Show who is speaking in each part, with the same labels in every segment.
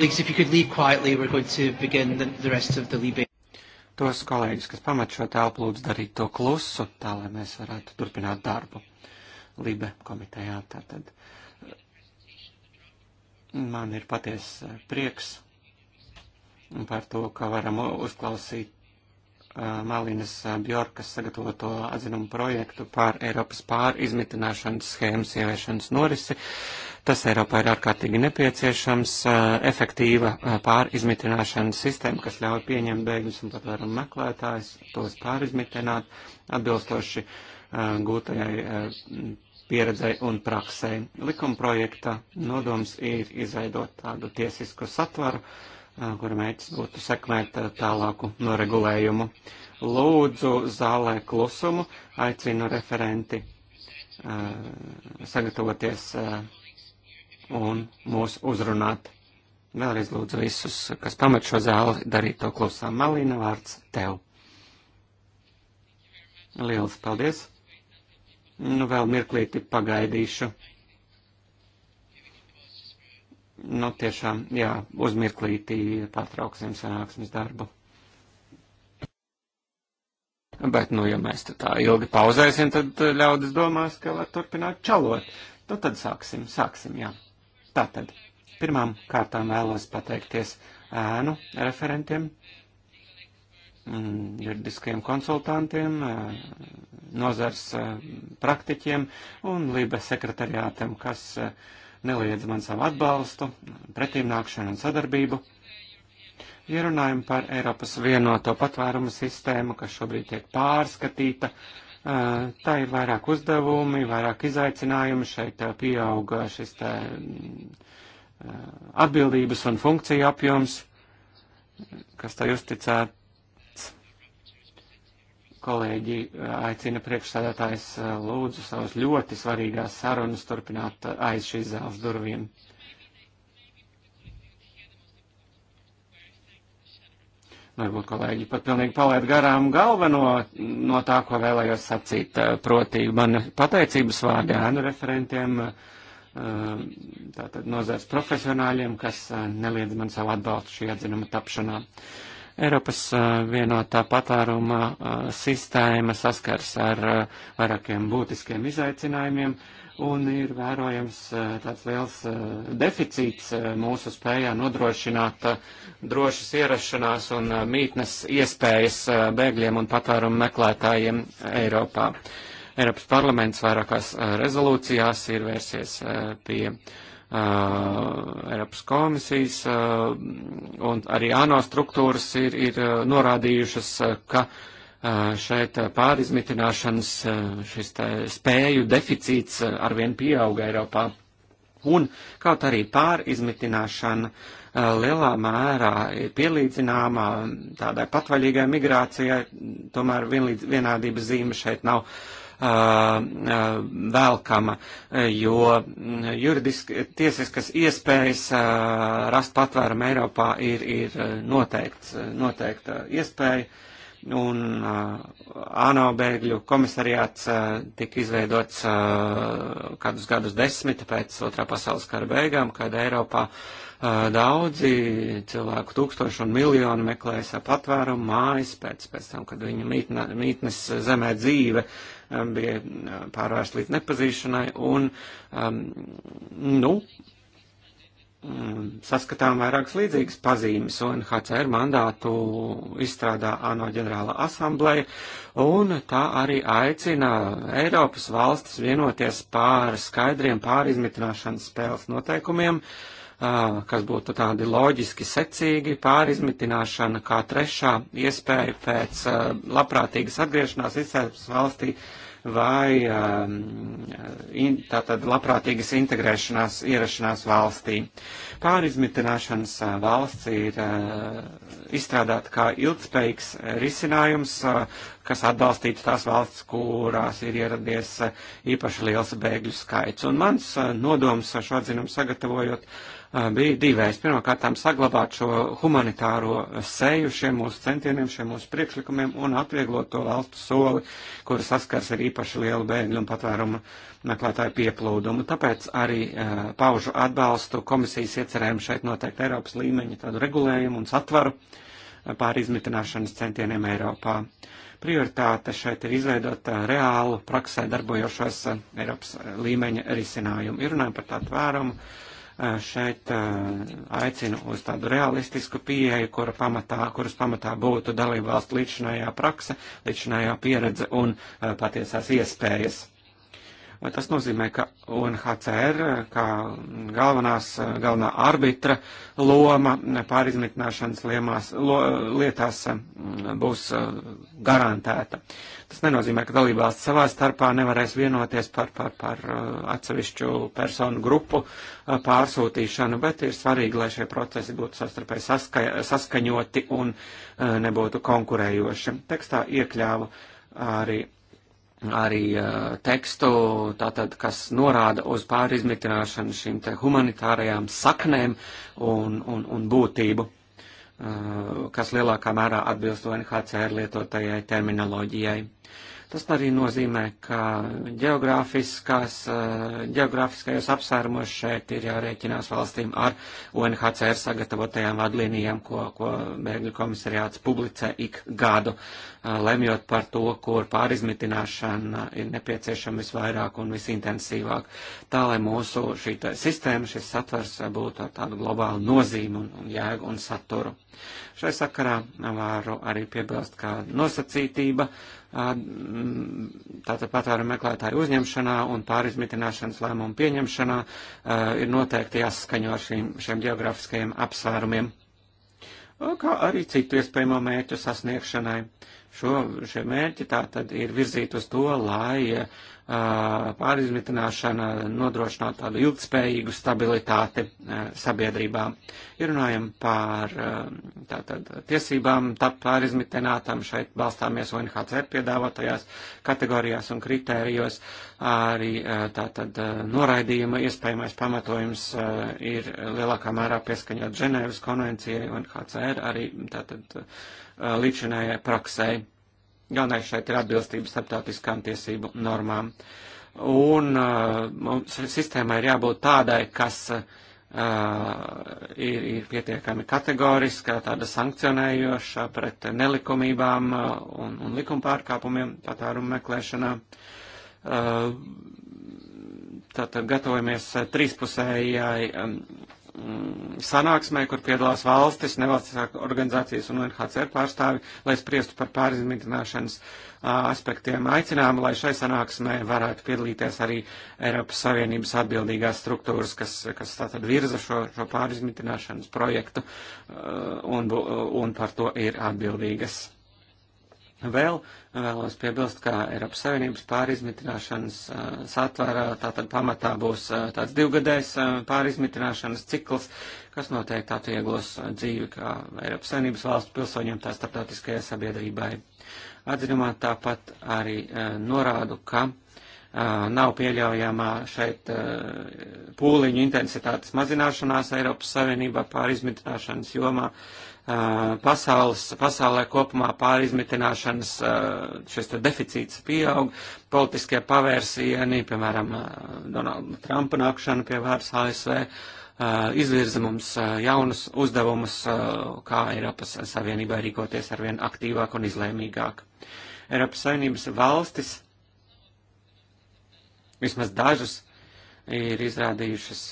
Speaker 1: Tos kolēģis, kas pamat šo telpu, lūdzu darīt to klusu, tā lai mēs varētu turpināt darbu Libe komitejā. Tātad man ir paties prieks par to, ka varam uzklausīt Malinas Bjorkas sagatavoto atzinumu projektu par Eiropas pārizmitināšanas schēmas ieviešanas norisi. Tas Eiropā ir ārkārtīgi nepieciešams efektīva pārizmitināšanas sistēma, kas ļauj pieņemt bēgļus un patvērumu meklētājus, tos pārizmitināt atbilstoši gūtajai pieredzei un praksei. Likuma projekta nodoms ir izveidot tādu tiesisku satvaru, uh, kura mērķis būtu sekmēt tālāku noregulējumu. Lūdzu zālē klusumu, aicinu referenti sagatavoties un mūs uzrunāt. Vēlreiz lūdzu visus, kas pamet šo zāli, darīt to klusām. Malīna vārds tev. Lielas paldies. Nu, vēl mirklīti pagaidīšu nu tiešām, jā, uzmirklītī pārtrauksim sanāksmes darbu. Bet, nu, ja mēs tā ilgi pauzēsim, tad eh, ļaudis domās, ka var turpināt čalot. Nu, tad sāksim, sāksim, jā. Tātad, pirmām kārtām vēlos pateikties ēnu referentiem, mm, juridiskajiem konsultantiem, eh, nozars eh, praktiķiem un lībes sekretariātam, kas uh, neliedz man savu atbalstu, pretīmnākšanu un sadarbību. Ja runājam par Eiropas vienoto patvērumu sistēmu, kas šobrīd tiek pārskatīta, tā ir vairāk uzdevumi, vairāk izaicinājumi, šeit pieauga šis tā, atbildības un funkciju apjoms, kas tā uzticēt, kolēģi eh, aicina priekšsādātājs eh, lūdzu savas ļoti svarīgās sarunas turpināt eh, aiz šīs zāles durvīm. Nu, varbūt kolēģi pat pilnīgi palaid garām galveno no tā, ko vēlējos sacīt, proti man pateicības vārdi ēnu referentiem, tātad nozars profesionāļiem, kas neliedz man savu atbalstu šī atzinuma tapšanā. Uh, Eiropas uh, vienotā patāruma uh, sistēma saskars ar uh, vairākiem būtiskiem izaicinājumiem un ir vērojams tāds liels deficīts mūsu spējā nodrošināt drošas ierašanās un mītnes iespējas bēgļiem un patvērumu meklētājiem Eiropā. Eiropas parlaments vairākās rezolūcijās ir vērsies pie uh, Uh, Eiropas komisijas uh, un arī ANO struktūras ir, ir uh, norādījušas, ka šeit pārizmitināšanas šis spēju deficīts arvien pieauga Eiropā. Un kaut arī pārizmitināšana lielā mērā ir pielīdzināma tādai patvaļīgai migrācijai, tomēr vienlīdz, vienādības zīme šeit nav. Uh, velkama, jo juridiski, tiesiskas iespējas rast patvērumu Eiropā ir, ir noteikts, noteikta iespēja. Un ANO bēgļu komisariāts tika izveidots kādus gadus desmit pēc otrā pasaules kara beigām, kad Eiropā uh, Daudzi cilvēku tūkstoši un miljoni meklējas ap atvērumu mājas pēc, pēc tam, kad viņu mītne, mītnes zemē dzīve bija pārvērsta līdz nepazīšanai. Un, um, nu, saskatām vairākas līdzīgas pazīmes. UNHCR mandātu izstrādā ANO ģenerāla asambleja, un tā arī aicina Eiropas valstis vienoties pār skaidriem pārizmitināšanas spēles noteikumiem, uh, kas būtu tādi loģiski secīgi, pārizmitināšana kā trešā iespēja pēc labprātīgas atgriešanās izcelsmes valstī vai tātad labprātīgas integrēšanās, ierašanās valstī. Pārizmitināšanas valsts ir izstrādāta kā ilgspējīgs risinājums, kas atbalstītu tās valsts, kurās ir ieradies īpaši liels bēgļu skaits. Un mans nodoms šo atzinumu sagatavojot bija divējs. Pirmkārtām saglabāt šo humanitāro seju šiem mūsu centieniem, šiem mūsu priekšlikumiem un atvieglot to valstu soli, kur saskars ar īpaši lielu bēgļu un patvērumu meklētāju pieplūdumu. Tāpēc arī uh, paužu atbalstu komisijas iecerējumu šeit noteikti Eiropas līmeņa tādu regulējumu un satvaru pār izmitināšanas centieniem Eiropā. Prioritāte šeit ir izveidot reālu praksē darbojošos Eiropas līmeņa risinājumu. Ir runājumi par tādu vērumu Eh, šeit eh, aicinu uz tādu realistisku pieeju, kura pamatā, kuras pamatā būtu dalībvalstu līdzinājā prakse, līdzinājā pieredze un eh, patiesās iespējas. Tas nozīmē, ka UNHCR kā galvenās, galvenā arbitra loma pārizmitināšanas liemās, lo, lietās būs garantēta. Tas nenozīmē, ka dalībvalsts savā starpā nevarēs vienoties par, par, par atsevišķu personu grupu pārsūtīšanu, bet ir svarīgi, lai šie procesi būtu sastarpēji saska, saskaņoti un nebūtu konkurējoši. Tekstā iekļāvu arī arī uh, tekstu, tātad, kas norāda uz pārizmitināšanu šīm te humanitārajām saknēm un, un, un būtību, uh, kas lielākā mērā atbilst UNHCR lietotajai terminoloģijai. Tas arī nozīmē, ka eh, geogrāfiskajos apsvērumos šeit ir jārēķinās valstīm ar UNHCR sagatavotajām vadlīnijām, ko, ko Bēgļu komisariāts publicē ik gadu, eh, lemjot par to, kur pārizmitināšana ir nepieciešama visvairāk un visintensīvāk, tā lai mūsu šī sistēma, šis satvers būtu ar tādu globālu nozīmi un, un jēgu un saturu. Šai sakarā varu arī piebilst, ka nosacītība, uh, tātad patēru meklētāju uzņemšanā un pārizmitināšanas lēmumu pieņemšanā ir noteikti jāsaskaņo ar šīm, šiem geografiskajiem apsvērumiem, kā arī citu iespējamo mērķu sasniegšanai. Šo, šie mērķi tātad ir virzīt uz to, lai pārizmitināšana nodrošināt tādu ilgtspējīgu stabilitāti sabiedrībā. Ja runājam par tātad, tiesībām tapt pārizmitinātam, šeit balstāmies UNHCR piedāvātajās kategorijās un kritērijos, arī tātad noraidījuma iespējamais pamatojums ir lielākā mērā pieskaņot Ženēvas konvencijai UNHCR, arī tātad līdzinājai praksai Galvenais šeit ir atbilstība starptautiskām tiesību normām. Un mums uh, sistēmai ir jābūt tādai, kas Uh, ir, ir pietiekami kategoriska, tāda sankcionējoša pret nelikumībām uh, un, un likumpārkāpumiem patērumu meklēšanā. Uh, tātad gatavojamies trīspusējai um, Mm, sanāksmē, kur piedalās valstis, nevalstiskā organizācijas un UNHCR pārstāvi, lai spriestu par pārizmitināšanas aspektiem. Aicinām, lai šai sanāksmē varētu piedalīties arī Eiropas Savienības atbildīgās struktūras, kas, kas tātad virza šo, šo pārizmitināšanas projektu un, un par to ir atbildīgas. Vēl Vēlos piebilst, ka Eiropas Savienības pārizmitināšanas uh, satvara tātad pamatā būs uh, tāds divgadējs uh, pārizmitināšanas cikls, kas noteikti atvieglos dzīvi kā Eiropas Savienības valstu pilsoņiem tā starptautiskajai sabiedrībai. Atzinumā tāpat arī norādu, ka nav pieļaujama šeit pūliņu intensitātes mazināšanās Eiropas Savienībā pārizmitināšanas jomā. Uh, pasaules, pasaulē kopumā pārizmitināšanas šis deficīts pieaug, politiskie pavērsieni, piemēram, Donalda Trumpa nākšana pie vairs ASV, izvirza mums jaunus uzdevumus, kā Eiropas Savienībai rīkoties arvien aktīvāk un izlēmīgāk. Eiropas Savienības valstis, vismaz dažas, ir izrādījušas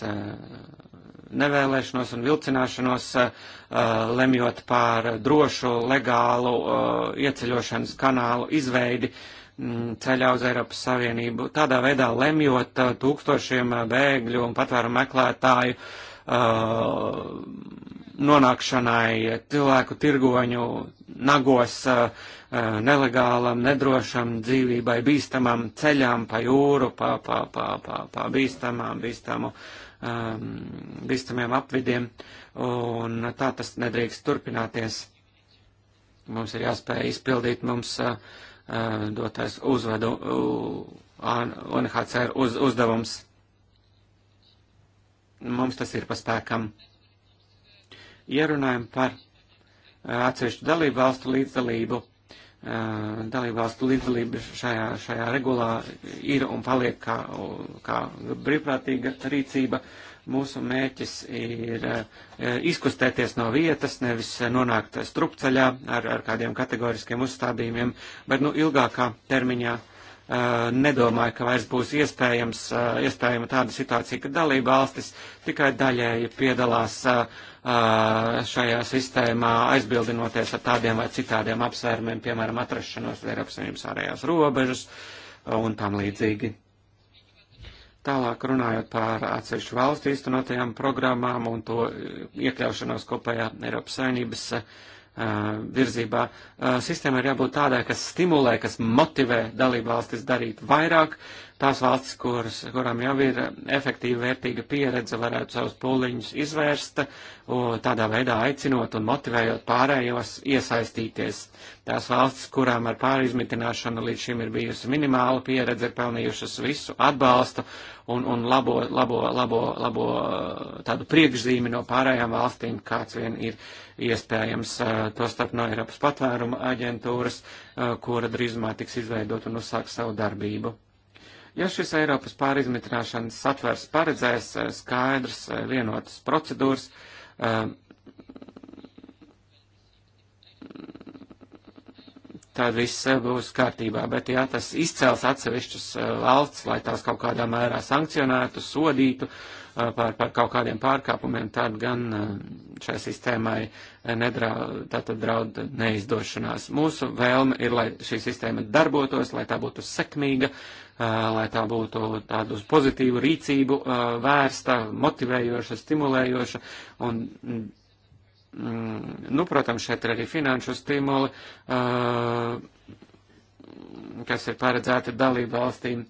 Speaker 1: nevēlēšanos un vilcināšanos, eh, eh, lemjot pār drošu, legālu eh, ieceļošanas kanālu izveidi mm, ceļā uz Eiropas Savienību. Tādā veidā lemjot tūkstošiem bēgļu un patvēru meklētāju nonākšanai cilvēku tirgoņu nagos nelegālam, nedrošam dzīvībai, bīstamam ceļām pa jūru, pa, pa, pa, pa, pa bīstamām, bīstamu uh, um, bīstamiem apvidiem, un tā tas nedrīkst turpināties. Mums ir jāspēj izpildīt mums uh, uh dotais uzvedu, uh, UNHCR uz, uzdevums. Mums tas ir pa spēkam. Ierunājam par uh, atsevišķu dalību valstu līdzdalību Eh, dalībvalstu līdzdalība šajā, šajā regulā ir un paliek kā, kā brīvprātīga rīcība. Mūsu mērķis ir eh, izkustēties no vietas, nevis nonākt strupceļā ar, ar kādiem kategoriskiem uzstādījumiem, bet nu, ilgākā termiņā eh, nedomāju, ka vairs būs iespējams, iespējama tāda situācija, ka dalība valstis tikai daļēji piedalās uh, šajā sistēmā, aizbildinoties ar tādiem vai citādiem apsvērumiem, piemēram, atrašanos Eiropas Savienības ārējās robežas un tam līdzīgi. Tālāk runājot par atsevišķu valstu īstenotajām programmām un to iekļaušanos kopējā Eiropas Savienības uh, virzībā. Uh, sistēma ir jābūt tādai, kas stimulē, kas motivē dalību valstis darīt vairāk, uh, tās valstis, kuras, kurām jau ir efektīva vērtīga pieredze, varētu savus pūliņus izvērst, tādā veidā aicinot un motivējot pārējos iesaistīties. Tās valstis, kurām ar pārizmitināšanu līdz šim ir bijusi minimāla pieredze, ir pelnījušas visu atbalstu un, un labo, labo, labo, labo tādu priekšzīmi no pārējām valstīm, kāds vien ir iespējams, e, to starp no Eiropas patvēruma aģentūras, e, kura drīzumā tiks izveidot un uzsāks savu darbību. Ja šis Eiropas pārizmitināšanas satvers paredzēs eh, skaidrs eh, vienotas procedūras, eh, tad viss būs kārtībā. Bet, ja tas izcels atsevišķas valsts, lai tās kaut kādā mērā sankcionētu, sodītu par, par kaut kādiem pārkāpumiem, tad gan šai sistēmai nedraud, draud neizdošanās. Mūsu vēlme ir, lai šī sistēma darbotos, lai tā būtu sekmīga, lai tā būtu tāda uz pozitīvu rīcību vērsta, motivējoša, stimulējoša. Un, mm, nu, protams, šeit ir arī finanšu stimuli, kas ir paredzēti dalību valstīm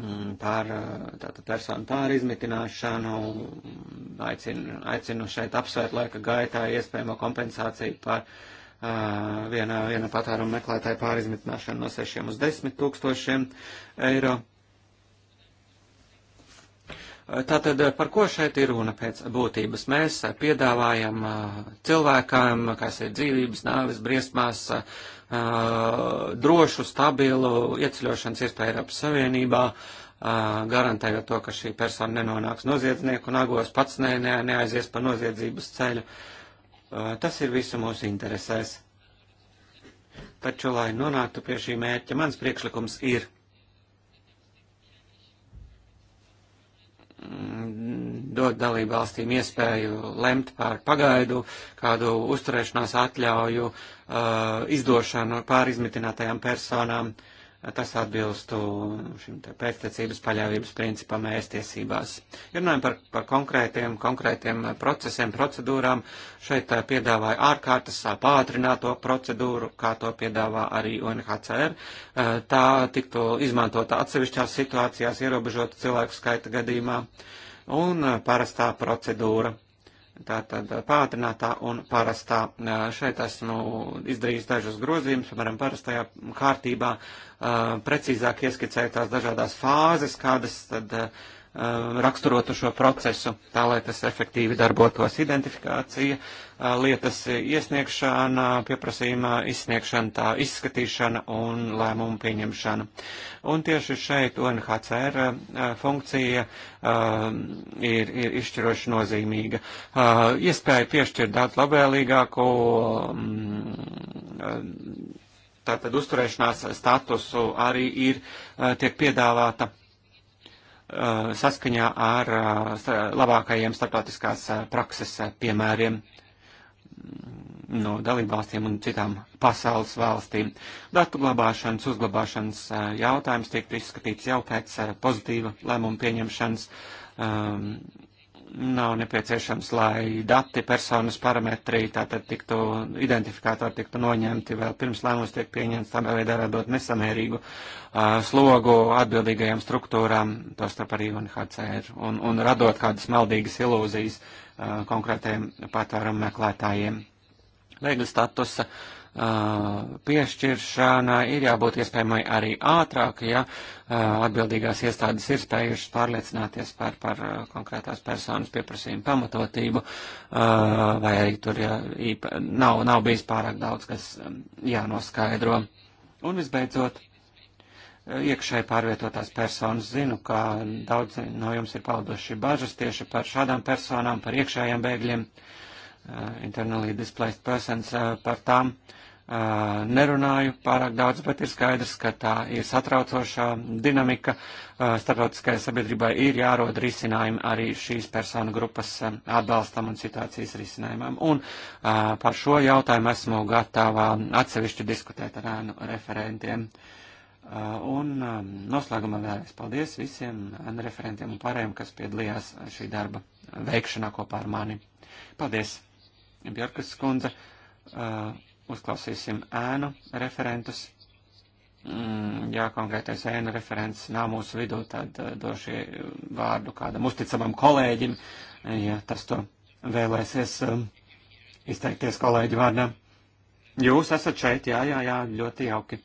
Speaker 1: mm, par tātad, personu pārizmitināšanu, aicinu, aicinu šeit apsvērt laika gaitā iespējamo kompensāciju par uh, viena, viena patāruma meklētāja pārizmitināšana no 6 uz 10 tūkstošiem eiro. Tātad par ko šeit ir runa pēc būtības? Mēs piedāvājam cilvēkam, kas ir dzīvības, nāves, briesmās, drošu, stabilu ieceļošanas iespēju Eiropas Savienībā, garantējot to, ka šī persona nenonāks noziedznieku nagos, pats ne, ne, neaizies pa noziedzības ceļu. Uh, Uh, tas ir visu mūsu interesēs. Taču, lai nonāktu pie šī mērķa, mans priekšlikums ir mm, dot dalību valstīm iespēju lemt par pagaidu, kādu uzturēšanās atļauju, uh, izdošanu pārizmitinātajām personām, tas atbilstu šim te pēctecības paļāvības principam ēstiesībās. Runājam par, par konkrētiem, konkrētiem eh, procesiem, procedūrām. Šeit eh, piedāvāja ārkārtas eh, pātrināto procedūru, kā to piedāvā arī UNHCR. Tā tiktu izmantota atsevišķās situācijās, ierobežota cilvēku skaita gadījumā. Un parastā procedūra tātad pātrinātā un parastā. Šeit esmu izdarījis dažus grozījumus, piemēram, parastajā kārtībā precīzāk ieskicēju tās dažādās fāzes, kādas tad raksturotu šo procesu, tā lai tas efektīvi darbotos identifikācija, lietas iesniegšana, pieprasījuma izsniegšana, tā izskatīšana un lēmumu pieņemšana. Un tieši šeit UNHCR funkcija ir, ir izšķiroši nozīmīga. Iespēja piešķirt daudz labvēlīgāku mm, tātad uzturēšanās statusu arī ir, tiek piedāvāta saskaņā ar labākajiem starptautiskās prakses piemēriem no dalībvalstiem un citām pasaules valstīm. Datu glabāšanas, uzglabāšanas eh, jautājums tiek izskatīts jau pēc eh, pozitīva lēmuma pieņemšanas. Um, nav nepieciešams, lai dati, personas parametri tātad tiktu identifikātori, tiktu noņemti vēl pirms lēmums tiek pieņemts, tādā veidā radot nesamērīgu uh, slogu atbildīgajām struktūrām, tostarp arī UNHCR, un, un radot kādas maldīgas ilūzijas, uh, Uh, konkrētiem patvērumu meklētājiem. Beigu statusa uh, piešķiršana ir jābūt iespējamai arī ātrāk, ja uh, atbildīgās iestādes ir spējušas pārliecināties par, par konkrētās personas pieprasījumu pamatotību, vai arī tur ja, īpa, nav, nav bijis pārāk daudz, kas um, jānoskaidro. Un visbeidzot iekšēji pārvietotās personas. Zinu, ka daudzi no jums ir pauduši bažas tieši par šādām personām, par iekšējiem bēgļiem, eh, internally displaced persons, eh, par tām eh, nerunāju pārāk daudz, bet ir skaidrs, ka tā ir satraucošā dinamika. Starptautiskajai sabiedrībai ir jārod risinājumi arī šīs personu grupas atbalstam un situācijas risinājumam. Un par šo jautājumu esmu gatava atsevišķi diskutēt ar ēnu referentiem. Uh, Uh, un um, noslēgumā vēlreiz paldies visiem referentiem un pārējiem, kas piedalījās šī darba veikšanā kopā ar mani. Paldies, Bjorkas skundze. Uh, uzklausīsim ēnu referentus. Mm, ja konkrētais ēnu referents nav mūsu vidū, tad uh, došu vārdu kādam uzticamam kolēģim, ja tas to vēlēsies um, izteikties kolēģi vārdā. Jūs esat šeit, jā, jā, jā, ļoti jauki.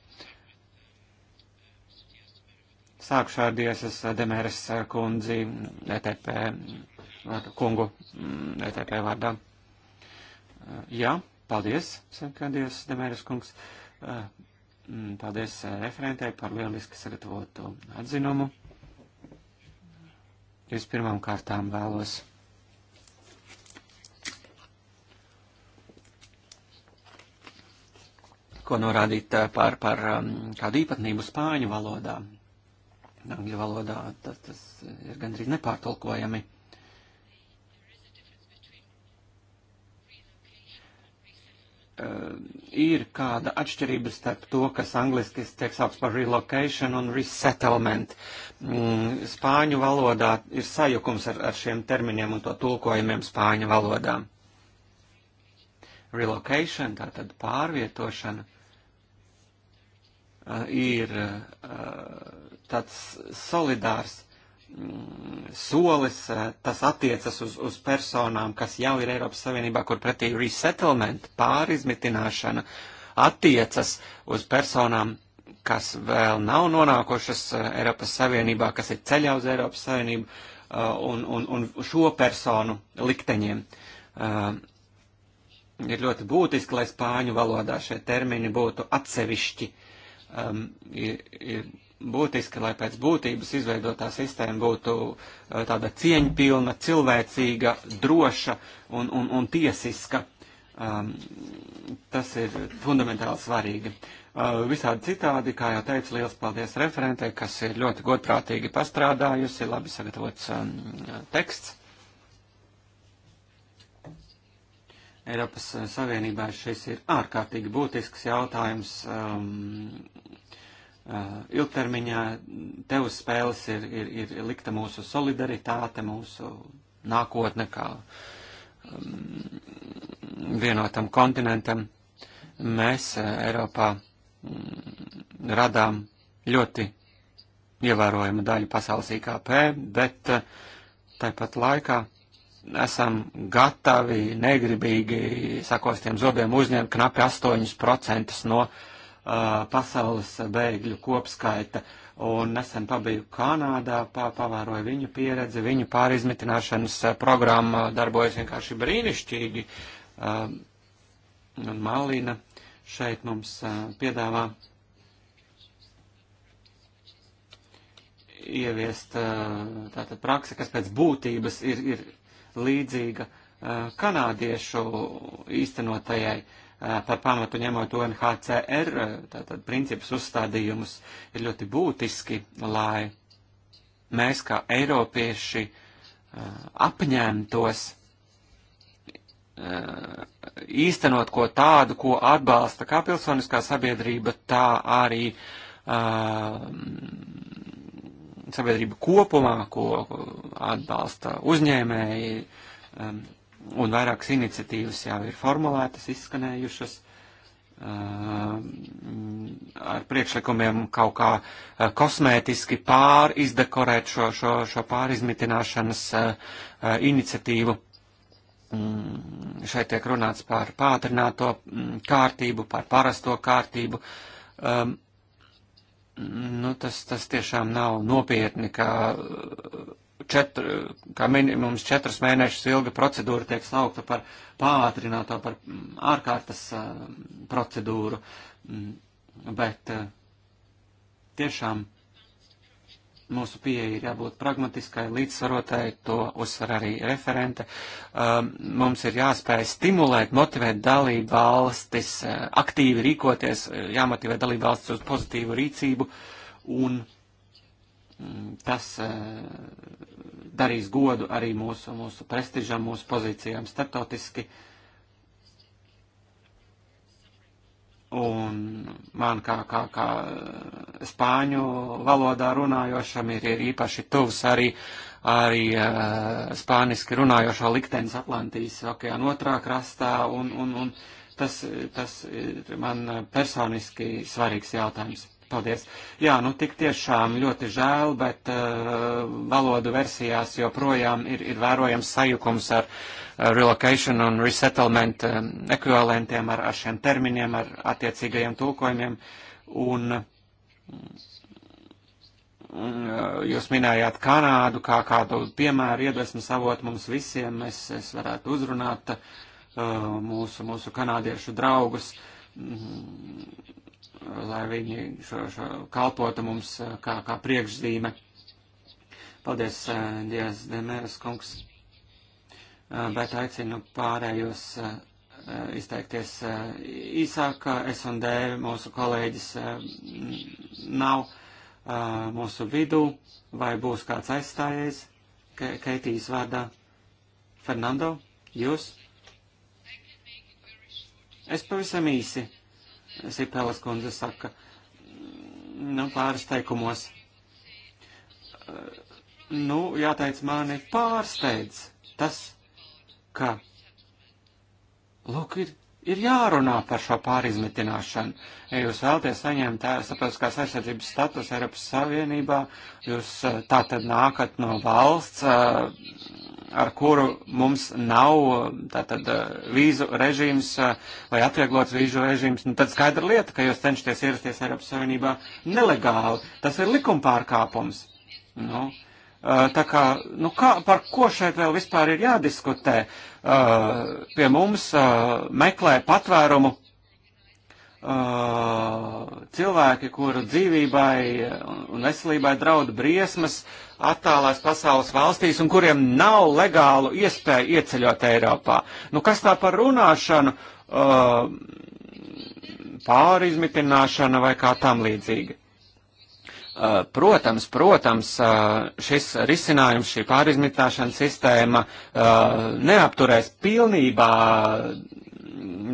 Speaker 1: Sākšu ar Dievas eh, Demēras eh, kundzi ETP eh, kungu mm, ETP vārdā. Jā, paldies, saka Dievas Demēras kungs. Mm, paldies referentē par lieliski sagatavotu atzinumu. Vispirmām kārtām vēlos ko norādīt par, par kādu īpatnību spāņu valodā angļu valodā, tad tas ir gandrīz nepārtulkojami. Uh, ir kāda atšķirība starp to, kas angliski tiek saukts par relocation un resettlement. Mm, spāņu valodā ir sajukums ar, ar šiem terminiem un to tulkojumiem spāņu valodā. Relocation, tātad pārvietošana, uh, ir uh, tāds solidārs mm, solis, eh, tas attiecas uz, uz personām, kas jau ir Eiropas Savienībā, kur pretī resettlement, pārizmitināšana attiecas uz personām, kas vēl nav nonākušas eh, Eiropas Savienībā, kas ir ceļā uz Eiropas Savienību eh, un, un, un šo personu likteņiem. Ir ļoti būtiski, lai spāņu valodā šie termini būtu atsevišķi. Um, ir, ir būtiski, lai pēc būtības izveidotā sistēma būtu eh, tāda cieņpilna, cilvēcīga, droša un, un, un tiesiska. Um, tas ir fundamentāli svarīgi. Uh, visādi citādi, kā jau teicu, liels paldies referentei, kas ir ļoti godprātīgi pastrādājusi, labi sagatavots um, teksts. Eiropas Savienībā šis ir ārkārtīgi būtisks jautājums. Um, Eh, ilgtermiņā te uz spēles ir, ir, ir likta mūsu solidaritāte, mūsu nākotne kā um, vienotam kontinentam. Mēs eh, Eiropā um, radām ļoti ievērojama daļa pasaules IKP, bet eh, tāpat laikā esam gatavi negribīgi sakostiem zobiem uzņemt knapi 8% no uh, Uh, pasaules bēgļu kopskaita. Un nesen pabiju Kanādā, pavēroju viņu pieredzi, viņu pārizmitināšanas uh, programma darbojas vienkārši brīnišķīgi. Um, un Malina šeit mums uh, piedāvā ieviest tātad praksi, kas pēc būtības ir, ir līdzīga kanādiešu īstenotajai uh, Eh, par pamatu ņemot UNHCR eh, tātad principus uzstādījumus, ir ļoti būtiski, lai mēs kā eiropieši eh, apņemtos īstenot ko tādu, ko atbalsta kā pilsoniskā sabiedrība, tā arī uh, sabiedrība kopumā, ko atbalsta uzņēmēji, um, un vairākas iniciatīvas jau ir formulētas, izskanējušas um, ar priekšlikumiem kaut kā uh, kosmētiski pārizdekorēt šo, šo, šo pārizmitināšanas uh, uh, iniciatīvu. Mm, šeit tiek runāts par pātrināto mm, kārtību, par parasto kārtību. Um, nu, tas, tas tiešām nav nopietni, ka četru, kā minimums četras mēnešus ilga procedūra tiek saukta par pātrināto, par mm, ārkārtas procedūru, mm, bet tiešām mūsu pieeja ir jābūt pragmatiskai, līdzsvarotai, to uzsver arī referente. Um, mums ir jāspēj stimulēt, motivēt dalību valstis, aktīvi rīkoties, jāmotivē dalību valstis uz pozitīvu rīcību un uh, Mm, tas eh, darīs godu arī mūsu, mūsu prestižam, mūsu pozīcijām starptautiski. Un man kā, kā, kā spāņu valodā runājošam ir, ir īpaši tuvs arī, arī uh, spāniski runājošā liktenis Atlantijas okeāna otrā krastā, un, un, un tas, tas ir man personiski svarīgs jautājums. Paldies. Jā, nu tik tiešām ļoti žēl, bet uh, valodu versijās joprojām ir, ir vērojams sajukums ar uh, relocation un resettlement um, ekvivalentiem, ar, ar šiem terminiem, ar attiecīgajiem tulkojumiem. Un, un uh, jūs minējāt Kanādu kā kādu piemēru iedvesmu savot mums visiem. Es, es varētu uzrunāt uh, mūsu, mūsu kanādiešu draugus. Mm, lai viņi šo, šo kalpotu mums eh, kā, kā priekšzīme. Paldies, eh, Dievs Demēras kungs, eh, bet aicinu pārējos izteikties īsāk. Es un Dēvi, mūsu kolēģis, nav mūsu vidū, vai būs kāds aizstājies Ke Keitijas vārdā. Fernando, jūs? Es pavisam īsi. Sipelas kundze saka, nu, pāris teikumos. Nu, jāteic, mani pārsteidz tas, ka, lūk, ir, ir jārunā par šo pārizmitināšanu. Ja jūs vēlaties saņemt starptautiskās aizsardzības status Eiropas Savienībā, jūs eh, tā tad nākat no valsts, eh, ar kuru mums nav tātad eh, vīzu režīms eh, vai atvieglots vīzu režīms, nu tad skaidra lieta, ka jūs cenšaties ierasties Eiropas Savienībā nelegāli. Tas ir likuma pārkāpums. Nu, eh, tā kā, nu kā, par ko šeit vēl vispār ir jādiskutē? Pie mums meklē patvērumu Uh, cilvēki, kuru dzīvībai un veselībai draud briesmas attālās pasaules valstīs un kuriem nav legālu iespēju ieceļot Eiropā. Nu, kas tā par runāšanu, uh, pārizmitināšanu vai kā tam līdzīgi? Uh, protams, protams, šis risinājums, šī pārizmitāšana sistēma neapturēs pilnībā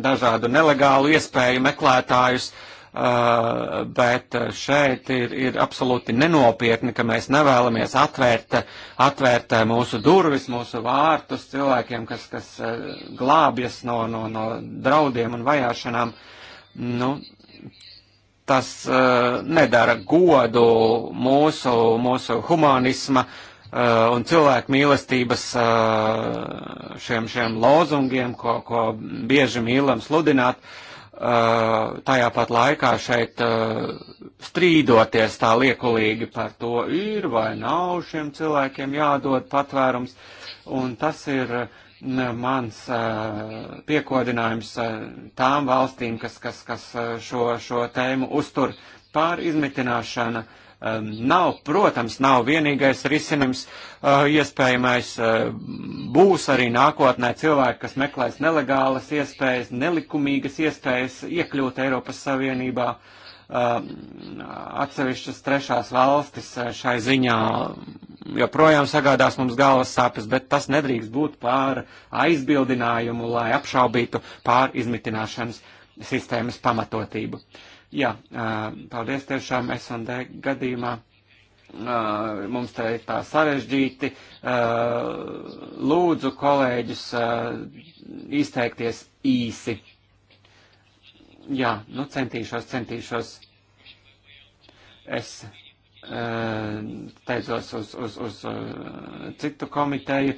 Speaker 1: dažādu nelegālu iespēju meklētājus, uh, bet šeit ir, ir absolūti nenopietni, ka mēs nevēlamies atvērt, atvērt mūsu durvis, mūsu vārtus cilvēkiem, kas, kas uh, glābjas no, no, no draudiem un vajāšanām. Nu, tas uh, nedara godu mūsu, mūsu humanisma uh, Eh, un cilvēku mīlestības eh, šiem, šiem lozungiem, ko, ko bieži mīlam sludināt, eh, tajā pat laikā šeit strīdoties tā liekulīgi par to ir vai nav šiem cilvēkiem jādod patvērums, un tas ir mans piekodinājums tām valstīm, kas, kas, kas šo, šo tēmu uztur pār izmitināšana. Uh, Um, nav, protams, nav vienīgais risinājums. Uh, iespējamais uh, būs arī nākotnē cilvēki, kas meklēs nelegālas iespējas, nelikumīgas iespējas iekļūt Eiropas Savienībā. Um, atsevišķas trešās valstis uh, šai ziņā joprojām sagādās mums galvas sāpes, bet tas nedrīkst būt pār aizbildinājumu, lai apšaubītu pār izmitināšanas sistēmas pamatotību. Uh, Jā, paldies tiešām S&D gadījumā. Mums te ir tā sarežģīti. Lūdzu kolēģus izteikties īsi. Jā, nu centīšos, centīšos. Es teicos uz, uz, uz citu komiteju,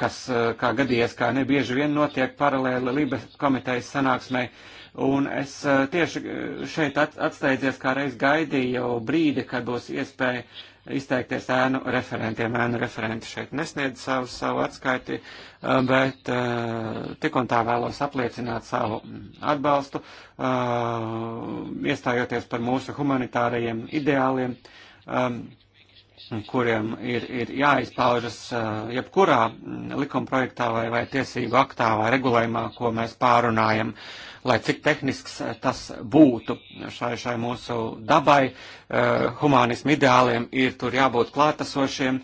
Speaker 1: kas, kā gadījies, kā nebieži vien notiek paralēli Libes komitejas sanāksmei. Un es eh, tieši eh, šeit atsteidzies, kā reiz gaidīju brīdi, kad būs iespēja izteikties ēnu referentiem. Ēnu referenti šeit nesniedz savu, savu atskaiti, eh, bet tik un tā vēlos apliecināt savu atbalstu, iestājoties par mūsu humanitārajiem ideāliem. Um, kuriem ir, ir jāizpaužas eh, jebkurā mm, likuma projektā vai, vai tiesību aktā vai regulējumā, ko mēs pārunājam, lai cik tehnisks eh, tas būtu šai, šai mūsu dabai, eh, humanismu ideāliem ir tur jābūt klātesošiem,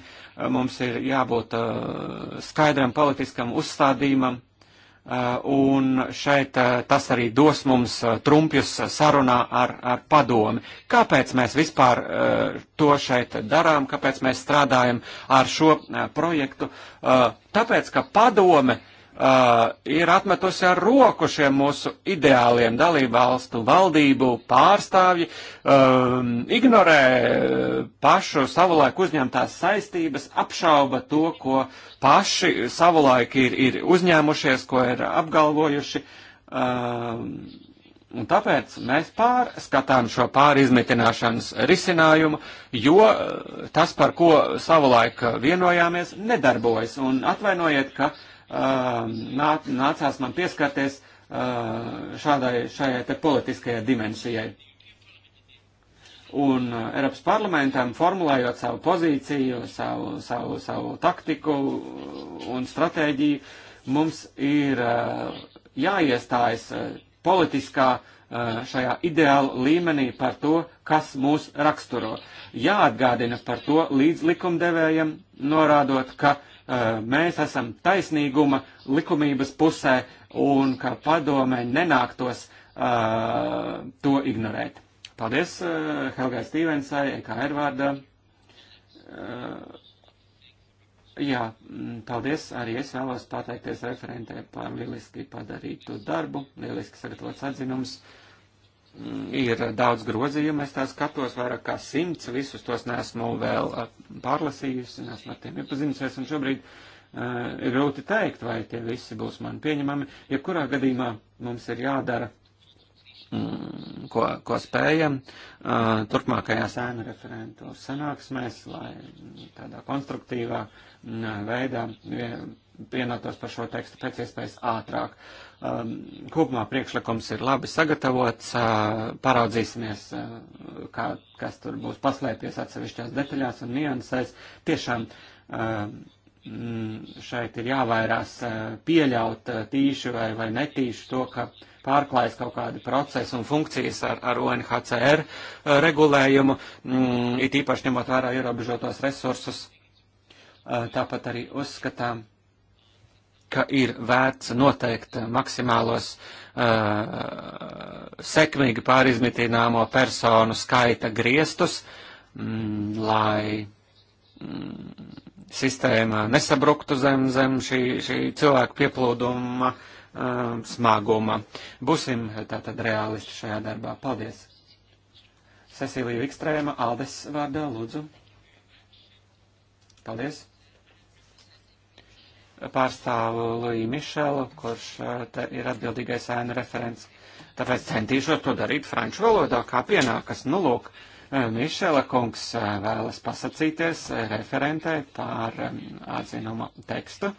Speaker 1: mums ir jābūt skaidram politiskam uzstādījumam, Eh, un šeit eh, tas arī dos mums eh, trumpjus sarunā ar, ar padomi. Kāpēc mēs vispār to šeit darām, kāpēc mēs strādājam ar šo projektu? Tāpēc, ka padome uh, uh, ir atmetusi ar roku šiem mūsu ideāliem dalībvalstu valdību pārstāvji, um, ignorē pašu savulaik uzņemtās saistības, apšauba to, ko paši savulaik ir, ir uzņēmušies, ko ir apgalvojuši. Um, Un tāpēc mēs pārskatām šo pārizmitināšanas risinājumu, jo uh, tas, par ko savulaik vienojāmies, nedarbojas. Un atvainojiet, ka uh, nācās man pieskarties šādai, šajai te politiskajai dimensijai. Un Eiropas parlamentam formulējot savu pozīciju, savu, savu, savu taktiku un stratēģiju, mums ir jāiestājas politiskā šajā ideāla līmenī par to, kas mūs raksturo. Jāatgādina par to līdz likumdevējiem, norādot, ka uh, mēs esam taisnīguma likumības pusē un ka padomē nenāktos uh, to ignorēt. Paldies uh, Helgai Stīvensai, EKR vārdā. Uh, jā, paldies arī es vēlos pateikties referentē par lieliski padarītu darbu, lieliski sagatavots atzinums. Uh, ir daudz grozījumu, es tās skatos vairāk kā simts, visus tos neesmu vēl uh, pārlasījusi, neesmu ar tiem iepazinusies, un šobrīd uh, ir grūti teikt, vai tie visi būs man pieņemami. Ja kurā gadījumā mums ir jādara, mm, ko, ko spējam, uh, turpmākajās ēnu referentu sanāksmēs, lai tādā konstruktīvā mm, veidā pienotos par šo tekstu pēc iespējas ātrāk. Uh, Um, kopumā priekšlikums ir labi sagatavots, uh, paraudzīsimies, uh, kā, kas tur būs paslēpies atsevišķās detaļās un niansēs. Tiešām uh, mm, šeit ir jāvairās pieļaut tīšu vai, vai netīšu to, ka pārklājas kaut kādi procesi un funkcijas ar, ar UNHCR regulējumu, mm, it īpaši ņemot vērā ierobežotos resursus. Tāpat arī uzskatām, ka ir vērts noteikt maksimālos uh, sekmīgi pārizmitināmo personu skaita griestus, mm, lai mm, sistēma nesabruktu zem, zem šī, šī cilvēku pieplūduma uh, smaguma. Būsim eh, tātad reālisti šajā darbā. Paldies! Cecīlija Vikstrēma, Aldes vārdā, lūdzu. Paldies! pārstāvu Luiju Mišelu, kurš ir atbildīgais ēnu referents. Tāpēc centīšos to darīt franču valodā, kā pienākas. Nu, lūk, Mišela kungs vēlas pasacīties referentē par atzinuma tekstu,